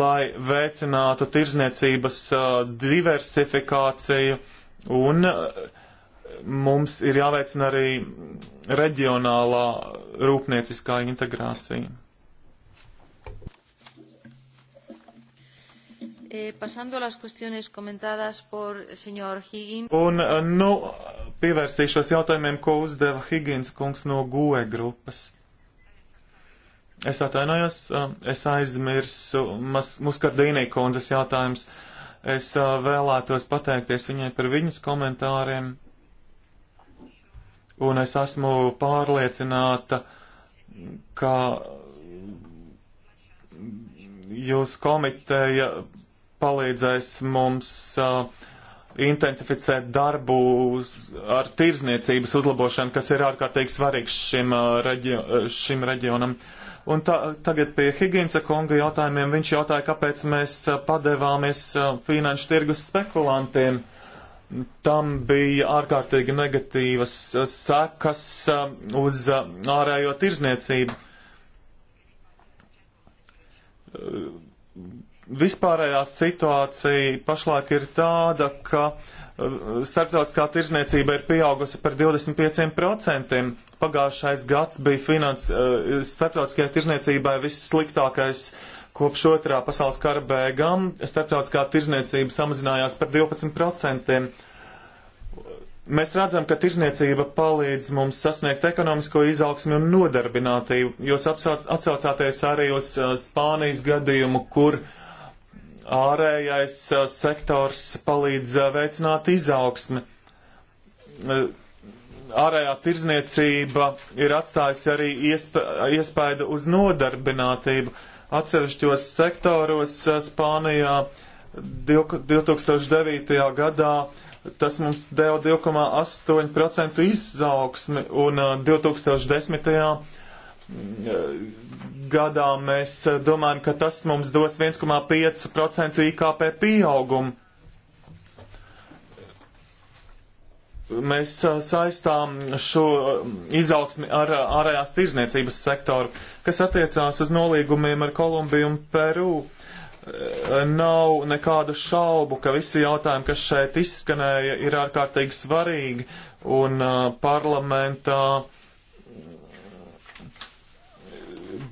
lai veicinātu tirzniecības diversifikāciju un mums ir jāveicina arī reģionālā rūpnieciskā integrācija. Eh, pasando a las cuestiones comentadas por el señor Higgins. Un nu pievērsīšos jautājumiem, ko uzdeva Higgins kungs no GUE grupas. Es atvainojos, um, es aizmirsu Muskardīnī kundzes jautājums. Es uh, vēlētos pateikties viņai par viņas komentāriem, un es esmu pārliecināta, ka jūs komiteja palīdzēs mums uh, identificēt darbu ar tirzniecības uzlabošanu, kas ir ārkārtīgi svarīgs šim, uh, reģio, šim reģionam. Uh, Un tā, tagad pie Higinsa kunga jautājumiem viņš jautāja, kāpēc mēs eh, padevāmies eh, finanšu tirgus spekulantiem. Tam bija ārkārtīgi negatīvas eh, sekas uz ārējo tirzniecību. Vispārējā situācija pašlaik ir tāda, ka starptautiskā tirzniecība ir pieaugusi par 25%, Pagājušais gads bija finans, eh, starptautiskajai tirzniecībai vissliktākais kopš otrā pasaules kara beigām. Starptautiskā tirzniecība samazinājās par 12%. Mēs redzam, ka tirzniecība palīdz mums sasniegt ekonomisko izaugsmi un nodarbinātību. Jūs atsaucāties arī uz eh, Spānijas gadījumu, kur ārējais eh, sektors palīdz veicināt izaugsmi ārējā tirzniecība ir atstājusi arī iespēju uz nodarbinātību. Atsevišķos sektoros eh, Spānijā 2009. gadā tas mums deva 2,8% izaugsmi un 2010. Eh, eh, gadā mēs domājam, ka tas mums dos 1,5% IKP pieaugumu. mēs saistām šo izaugsmi ar ārējās tirzniecības sektoru, kas attiecās uz nolīgumiem ar Kolumbiju un Peru. Nav nekādu šaubu, ka visi jautājumi, kas šeit izskanēja, ir ārkārtīgi svarīgi un parlamentā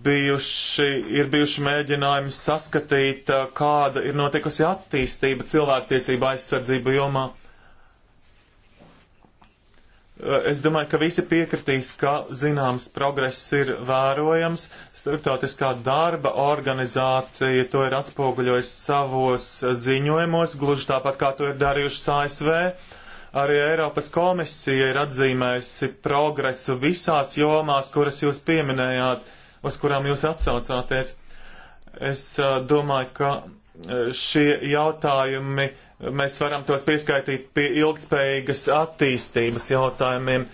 bijuši, ir bijuši mēģinājumi saskatīt, kāda ir notikusi attīstība cilvēktiesība aizsardzība jomā. Eh, es domāju, ka visi piekritīs, ka zināms progress ir vērojams. Starptautiskā darba organizācija to ir atspoguļojis savos ziņojumos, gluži tāpat kā to ir darījušas ASV. Arī Eiropas komisija ir atzīmējusi progresu visās jomās, kuras jūs pieminējāt, uz kurām jūs atsaucāties. Es eh, domāju, ka eh, šie jautājumi mēs varam tos pieskaitīt pie ilgspējīgas attīstības jautājumiem,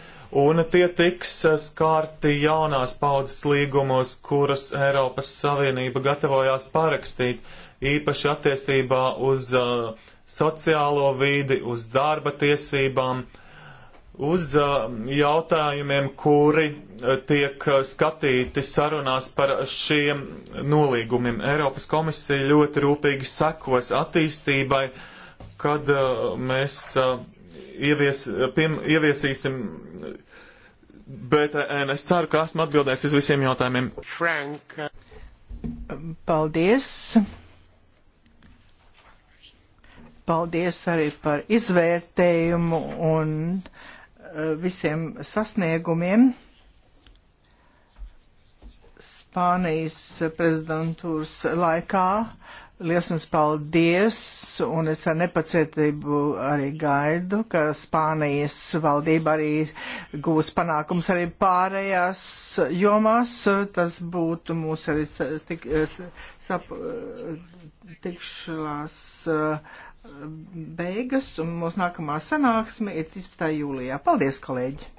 un tie tiks skārti jaunās paudzes līgumos, kuras Eiropas Savienība gatavojās parakstīt, īpaši attiestībā uz uh, sociālo vīdi, uz darba tiesībām, uz uh, jautājumiem, kuri uh, tiek skatīti sarunās par šiem nolīgumiem. Eiropas komisija ļoti rūpīgi sekos attīstībai, uh, kad uh, mēs uh, ievies, piem, ieviesīsim BTN. Es ceru, ka esmu atbildējis uz visiem jautājumiem. Franka. Paldies. Paldies arī par izvērtējumu un uh, visiem sasniegumiem. Spānijas prezidentūras laikā Liels jums paldies, un es ar nepacietību arī gaidu, ka Spānijas valdība arī gūs panākums arī pārējās jomās. Tas būtu mūsu arī tik, sap, tikšanās beigas, un mūsu nākamā sanāksme ir 13. jūlijā. Paldies, kolēģi!